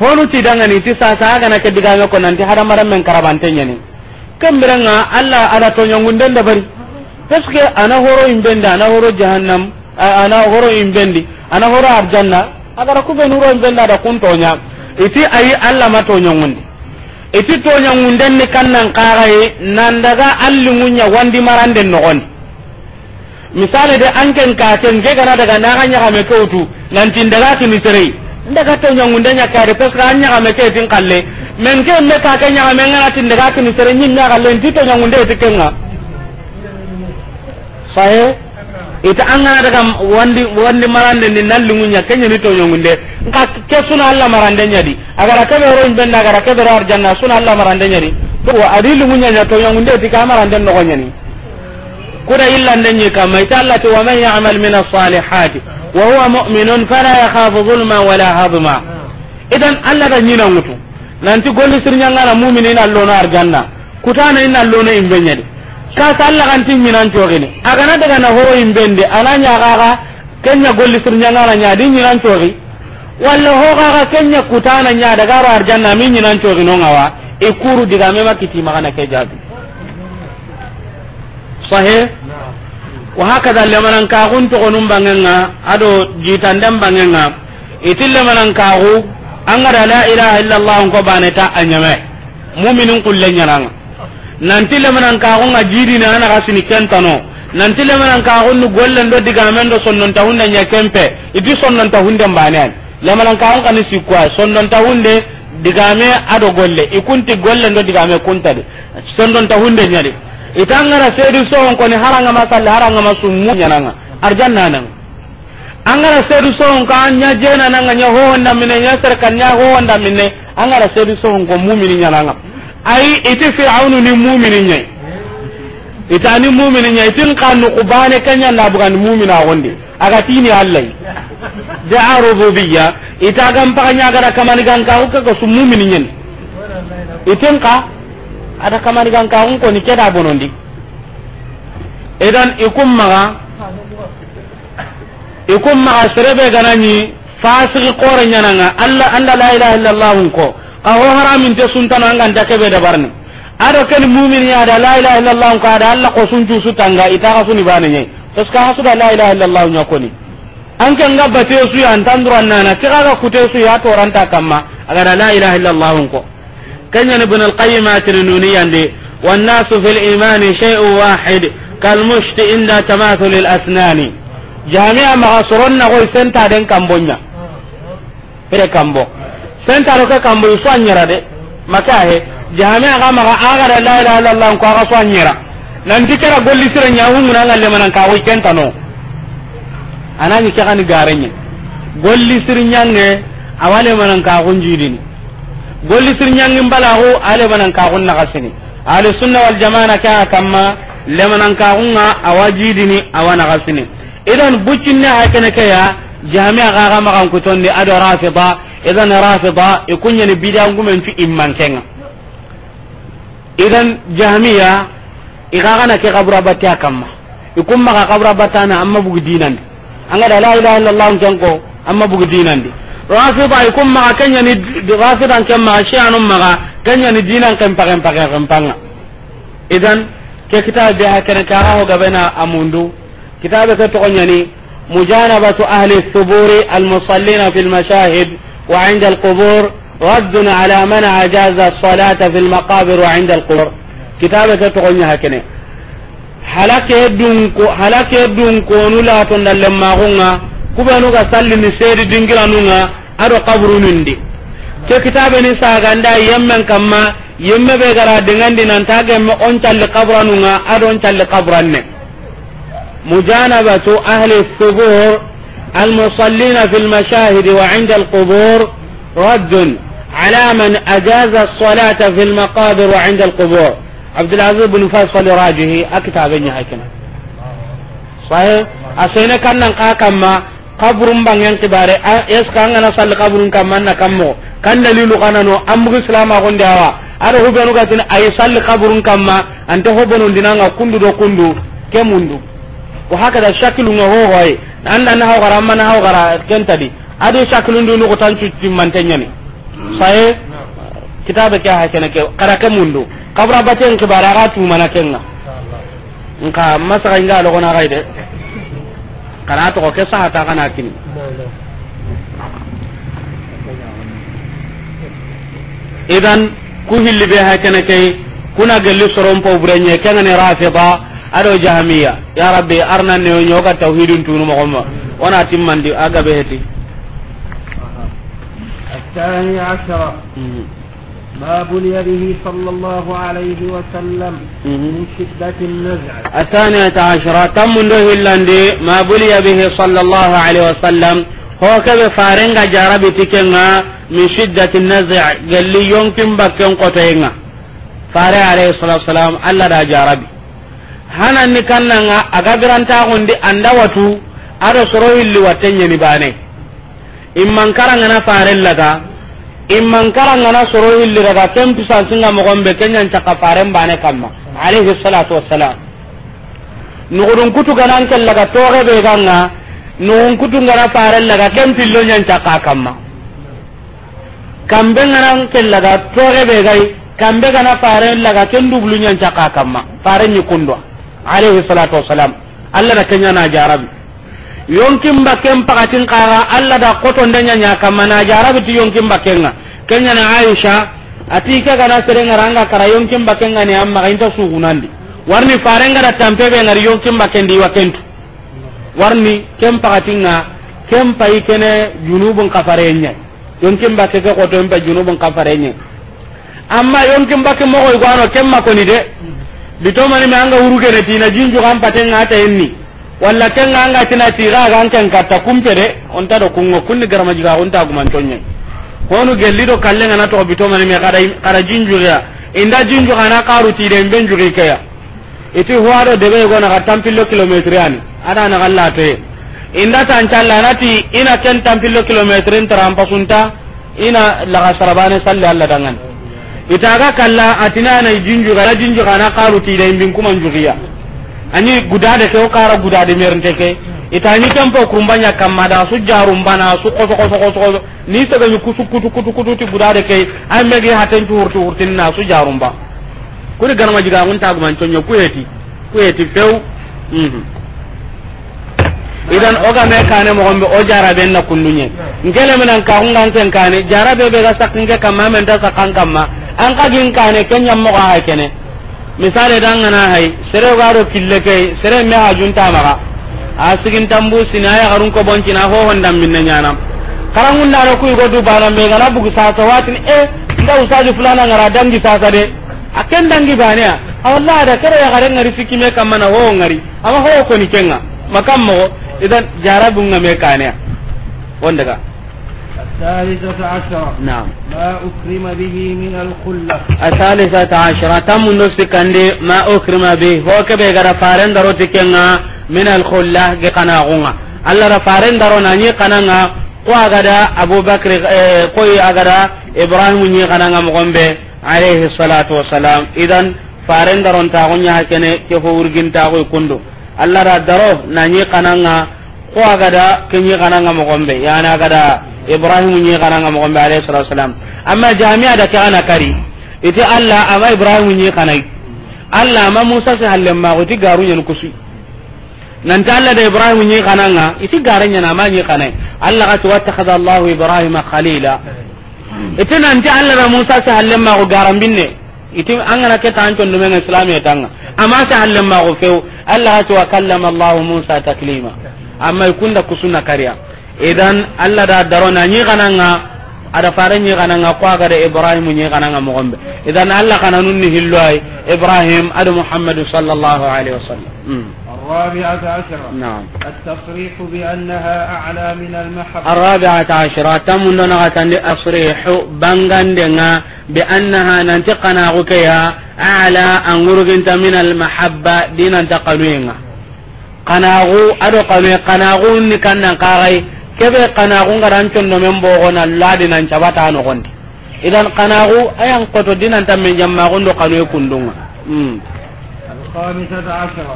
honu ti dangani ti ga na ke digame ko nanti hadamaremmen karabante ñeni kembirenga alla ada toñongunden dabari parce que ana horo imbenda ana horo jahannam ana horo imbendi ana hora arjanna agara ku be nuron bella da kun tonya iti ayi alla ma tonya ngundi iti tonya ngunden ni kannan qaraye nan daga allingunya wandi maranden no gondi misali de anken ka ken ge gana daga na ganya ga mekeutu nan tin daga ti misri daga tonya ngunden ya kare pes ga anya ga meke tin kalle men ke me ka kanya ga men ngana tin daga ti misri nyin nya ga len ti tonya ngunde ti kenga sahe ita an gana daga wandi wandi marande ni nallungu nya kenya ni to nyongunde nka ke suna alla marande nya di agara ke ro in benda agara ke ro arjanna suna alla marande nya di to wa adilu munya nya to nyongunde ti ka marande no gonya ni kuda illa ndenye kama ita alla to wa man ya'mal min as-salihati wa huwa mu'minun fala yakhafu zulma wala hadma idan alla da nyina mutu nanti golli sirnya ngara mu'minina allona arjanna kutana inna allona imbenya di ka salla kan tin minan cogini agana daga na ho imbende ananya gaga kenya golli surnya ngana nya di minan cogi walla ho gaga kenya kutana nya daga ro arjanna min minan cogi no ngawa e kuru diga me makiti magana ke jabi sahe wa hakada lemanan ka gun to gonum bangenga ado jitandam bangenga itille manan ka gu angara la ilaha illallah ko baneta anyame mu'minun kullenyananga nanti lemanan kaxunga jiidini anaxa sini kentano nanti lemanan kaxunni gollen do digamen do sonnonta hunde ña kempe iti sonnonta hunde mbane ani lemanan kaxun kani sikkuwa sonnonta hunde digame ado golle ikunti gollen do digame kuntadi sonnonta hunde ñadi itangara seedi sohon koni harangama salle harangama summu ñananga arjannananga angara seedi sohon ka mine jenananga ña howondamine ña serkan ña howondamine angara seedi sohon ko mumini ñananga ay ite fir'aunu ni mu'minin nye ita ni mu'minin nyai tin kanu kubane kanya na bukan mu'mina gonde aga tini de da arububiyya ita gam pakanya gara kamani gan ka hukka ko mu'minin nyen itin ka ada kamani gan ka ko ni keda bonondi idan ikum maga ikum maga serebe ganani fasiki kore nyananga alla anda la ilaha illallah ko aho haramin te suntano kebe keɓe dabarni ado ken mumin da la ilaha illallah ko da allah ko suncu sutanga ita xa suni bane ñayi parce que xa suda la ilaha illallah ni an kan ga bate suya antandurannana ti te su suya a ranta kamma da la ilaha illallah ko keñani bne alqayim atini nuniyandi والناس في الإيمان شيء inda كالمشت عند تماثل jami'a جميع ما غصرنا غيسنتا دين كامبونيا pere كامبو sentaro ka kambo so anyera de maka he jahame aga maga aga da la ilaha illallah ko aga so anyera nan dikara golli sira nyahu mun anga le manan ka wi kentano anani ke kan garenye golli sira nyange awale manan ka ni golli sira nyange mbalaho ale manan ka gunna gasini ale sunna wal jamaa ka kamma le manan ka gunga awajidini awana gasini idan bucinne hakene ke ya jahame aga maga ko adara fi ba. idan rafida ikunyani bid'a ngumen fi imman kenga idan jahmiya igagana ke kabura batte akamma ikumma ka kabura batana amma bugu dinandi anga da la ilaha illallah janko amma bugu dinandi rafida ikumma ka kenyani rafida kemma shi'anum maga ni dinan kan pagan pagan rampanga idan ke kitabe ha kan ka ho gabena amundu kitabe ka to nyani mujanabatu ahli thuburi al musallina fil mashahid وعند القبور رد على من أجاز الصلاة في المقابر وعند القبور كتابة تغني هكذا ado qabru nundi ke kitabe kamma yemme be gara dingandi ado on challe ahli المصلين في المشاهد وعند القبور رد على من أجاز الصلاة في المقابر وعند القبور عبد العزيز بن فيصل راجه أكتابين هكذا صحيح أصينا كان نقا ما قبر بانين كباري يسكا أنا صلي قبر كما نكمو كان دليل نو أمغ إسلام أقول دعوة ada hubenu gatin ay salli قبر kamma anta hobenu dinanga kundu do kundu kemundu wa hakada وهكذا الشكل ho hoye anda na hawgara amma na hawgara kenta di adi shaklun du nugo tan cuci mantenya ni sai kitabe ke ha kana ke kara ke mundu kabra baten ke baraga tu mana kenga nka masaka inga lo na gaide kana to ke sa ta kana kini idan ku hilli be ha kana ke kuna galli soron po buranye kana ne rafida ado jahamiya ya rabbi arna ne nyoga tauhidun tunu mo gomma wana timmandi aga be heti الثاني عشر باب اليده صلى الله عليه وسلم من شدة النزع الثانية عشرة تم له اللندي ما بلي به صلى الله عليه وسلم هو كبه فارنغا جاربي تكنا من شدة النزع قال لي يمكن بكين قطعنا فاري عليه الصلاة والسلام ألا دا جاربي hananni kannanga aga birantagondi anda watu aɗo soro hilli watte ñeni bane ngana faren laga ngana soro hilli raga ken pisansinga mogonɓe kenñancaka faren bane kamma alayhi salatu wassalam nuguɗunkutuganan ken laga toxeɓe ganga ngana faren laga ken pillo ñancaka kamma kambe ngana ken laga toxeɓe gay kambe gana faren laga ken dublu ñancaka kamma faren ñikundwa alayhi salatu wassalam allah da kenya na jarabi yonkin bakken pakatin kara allah da koton da nya kama na jarabi ti yonkin na aisha ati ka gana serenga ranga kara yonkin ne amma inta sugunandi warni farenga da yonkin di wakentu warni kem kem pai kene junubun kafarenya yonkin junubun kafarenya amma yonkin mo de litomani me anga urugene tina jinjuga an patenga ata enni walla kenga anga tina tigaga an ken katta kumpede onta do kungo kunni garamajiga onta gumantonye honu gelli do kallenga na togo bitomani me kada kada jinjuga inda jinjuga na karu tide ben jugi kaya iti huwado debe na ka tampillo kilometri an ada na galla to inda tancalla nati ina ken tampillo kilometri ntarampa sunta ina laga sarabane salli alla dangan ita ga kalla atina na jinju na jinju na karu ti da imbin kuma njugiya ani da ke o kara gudade mernte ke ni kampo kurumbanya kamada su jarumbana su koso koso koso ni ga ni su kutu kutu kutu ti da ke me ga hatan tu hurtu hurtin na su jarumba kuri garma jiga mun ta guman tonyo ku kuyeti feu mhm idan oga me kane mo gombe o jarabe na kunnunye ngele menan ka hungan ten kane jarabe be ga sakinge kamma men da sakan kamma an ka gin kane kenya mo ga kene misale dan ngana hay sere garo kille kay sere me ha junta ma a sigin tambu sinaya garun ko bonci na ho honda minna nyana karan da ro go du bana me gana bugu sa sa watin e eh, nda usaju fulana ngara dangi sa sa de aken dangi bane a Allah da kare ya gare ngari fiki me kam mana ho ngari ama ho ko ni kenga makam mo idan jarabun ngame kane wonda daga الثالثة عشرة نعم ما أكرم به من الخلة الثالثة عشرة تم نسك عندي ما أكرم به هو كبه غدا فارن درو تكينا من الخلة الله رفارن درو ناني ibrahim ni kananga idan faren daron ta a hakene ke ho urgin ta go kundu allah ra daro yana ibrahim nyi kananga mo gombe alayhi salatu wasalam amma jami'a da kana kari iti allah amma ibrahim ni kana allah ma musa se halle ma ko tigaru garu nyen kusi nan ta allah da ibrahim kana nga iti garanya na ma ni kana allah ka tawattakhadha allah ibrahim khalila iti nan ta allah da musa se halle ma ko garambinne iti angana ke tan ton dumen islam ya tanga amma sai halle ma ko feu allah ka wa kallama allah musa taklima amma ikunda kusuna kariya idan allah da darona ni kananga ada fare ni kananga ko aga ibrahim ni kananga mo idan allah kana nun ni hillo ay ibrahim adu muhammad sallallahu alaihi wasallam الرابعة عشرة نعم التصريح بأنها أعلى من المحر الرابعة عشرة تم التصريح بانغاندنا بأنها ننتقنا غكيها أعلى أنغرغنت من المحبة دين انتقلوينها قناغو أدو قناغو إني قاري kebe kanagu ngaran condo men bogona ladi nan cabata no gondi idan kanagu ayan koto dinan tan men jamma gondo kanu kundunga mm الخامسة عشرة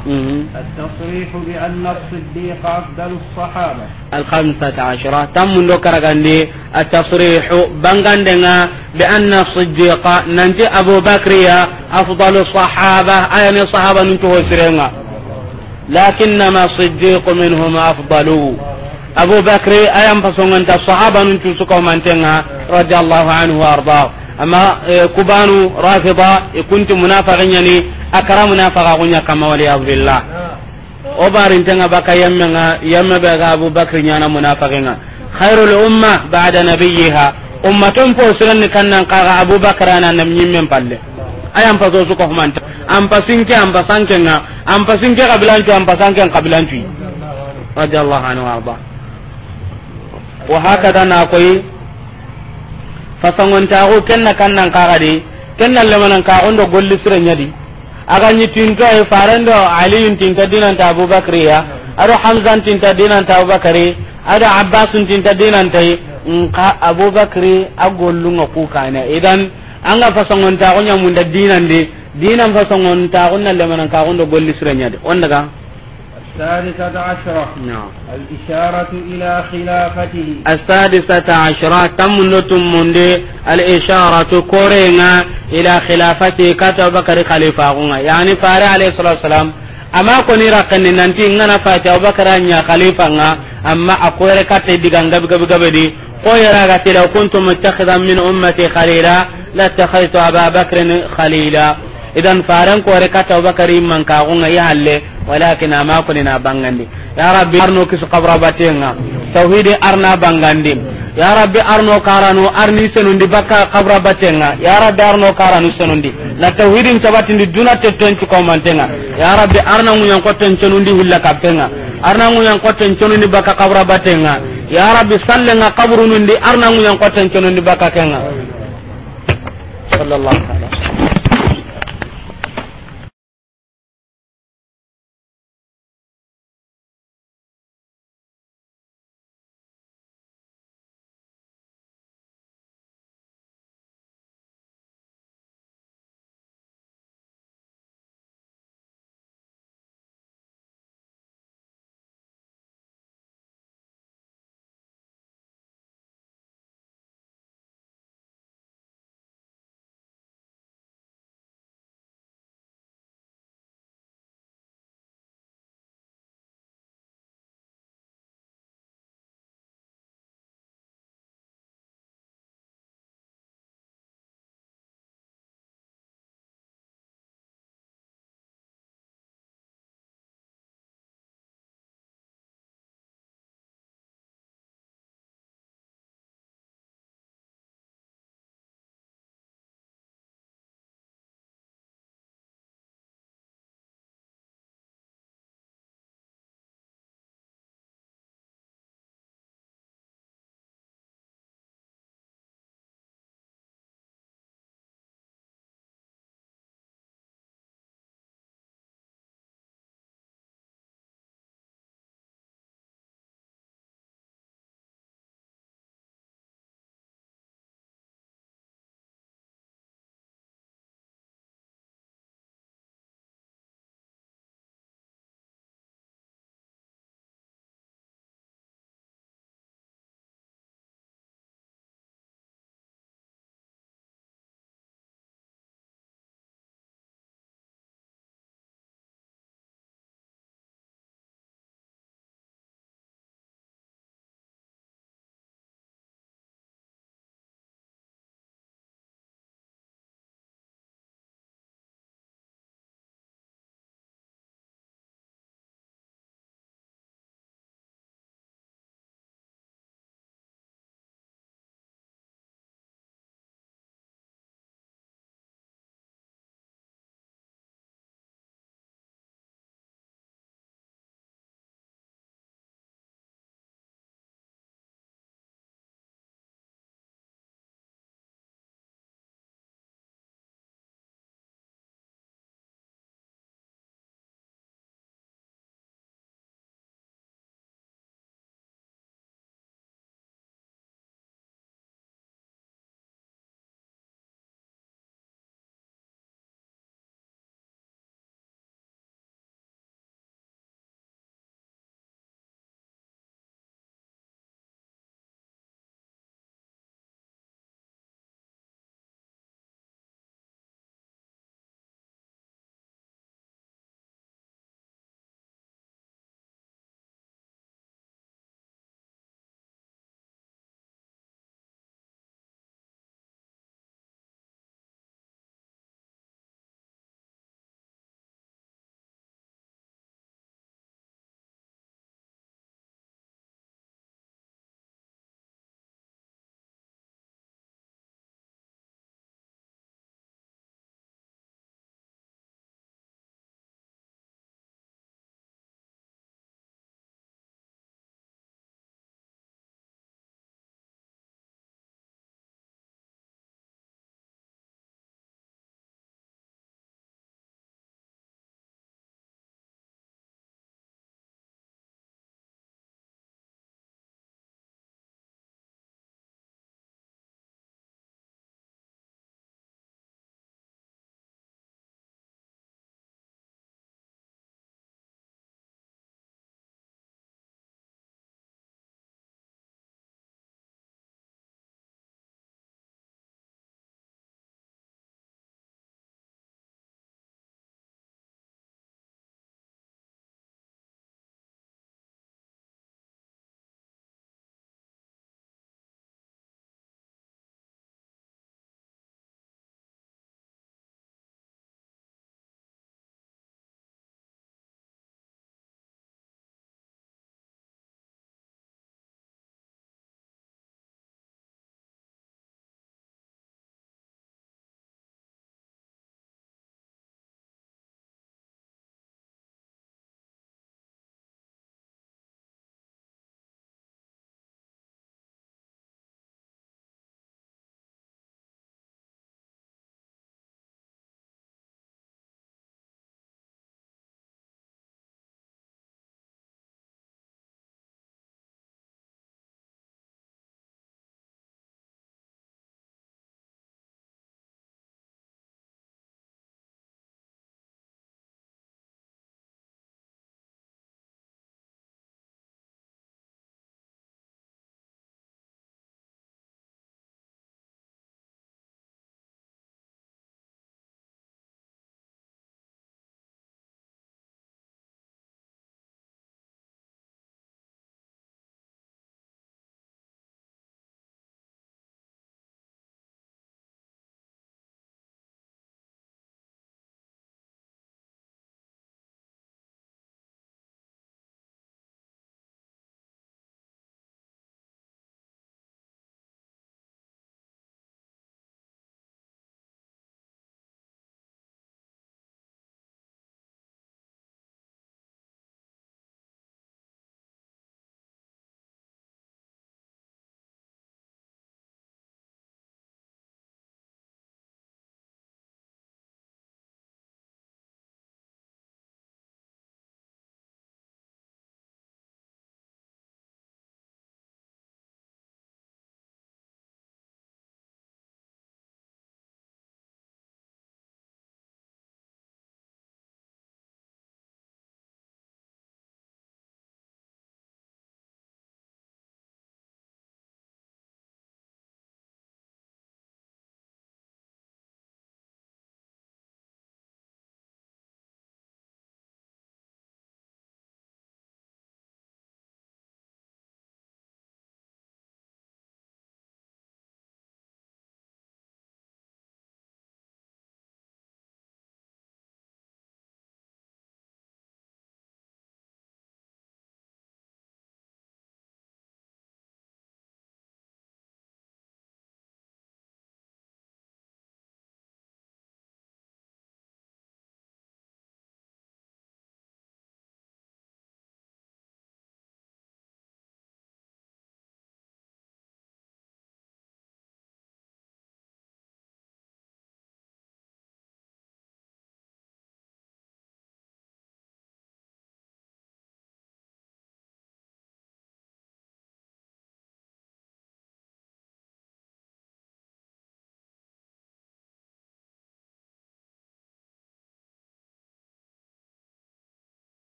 التصريح بأن الصديق أفضل الصحابة الخامسة عشرة تم ذكر التصريح بانغاندنا بأن الصديق ننتي أبو بكر أفضل الصحابة أين الصحابة ننتهي سرنا لكنما الصديق منهم أفضل abu bakri ayam pasongonta sahaba nun cu suka mantenga radhiyallahu anhu warda amma eh, kubanu rafida ikunti munafiqinya ni akara munafiqa kunya kama wali billah o barin tenga baka yamma yamma ba ga abu bakri nyana munafiqinga khairul umma ba'da nabiyha ummatun po kan kannan kaga abu bakra na nam nyimmen palle ayam paso suka humanta am pasinke am pasanke nga am pasinke tu am pasanke tu radhiyallahu anhu warda wa hakada na ta fasangontaxu kenna kannan gadi kenna lemanan kaxundo golli sire nyadi aga ñitinto ay e farendo aliyun tinta dinanta abubakriya aɗo hamsan tinta dinanta abubakari aɗo abbasun tinta dinantayi nka mm, abubakri a gollunga kana idan anga fasangontaxu ñamunda dinandi dinan fasangontaxunna lemanan kaxundo golli sire nyadi on daga السادسة عشرة نعم الإشارة إلى خلافته السادسة عشرة تم نتم من الإشارة كورينا إلى خلافته كتب بكر خليفة يعني فارع عليه الصلاة والسلام أما كوني رقن ننتي نغنى فاتة بكر أن خليفة أما أقول كتب بكر قبل قبل قبل قوي لو كنت متخذا من أمتي خليلا لاتخذت أبا بكر خليلا idan faran kore ka tauba karim man ka gunga ya halle walakin ama ko na bangandi ya rabbi arno kis qabra batenga tauhidi arna bangandi ya rabbi arno karano arni senundi bakka qabra batenga ya rabbi arno karano senundi na tauhidin tabatindi duna tetten ci ko mantenga ya rabbi arna munyan ko ten cenundi hulla kapenga arna munyan ko ten cenundi bakka qabra batenga ya rabbi sallenga qabrunundi arna munyan ko ten cenundi bakka kenga sallallahu alaihi wasallam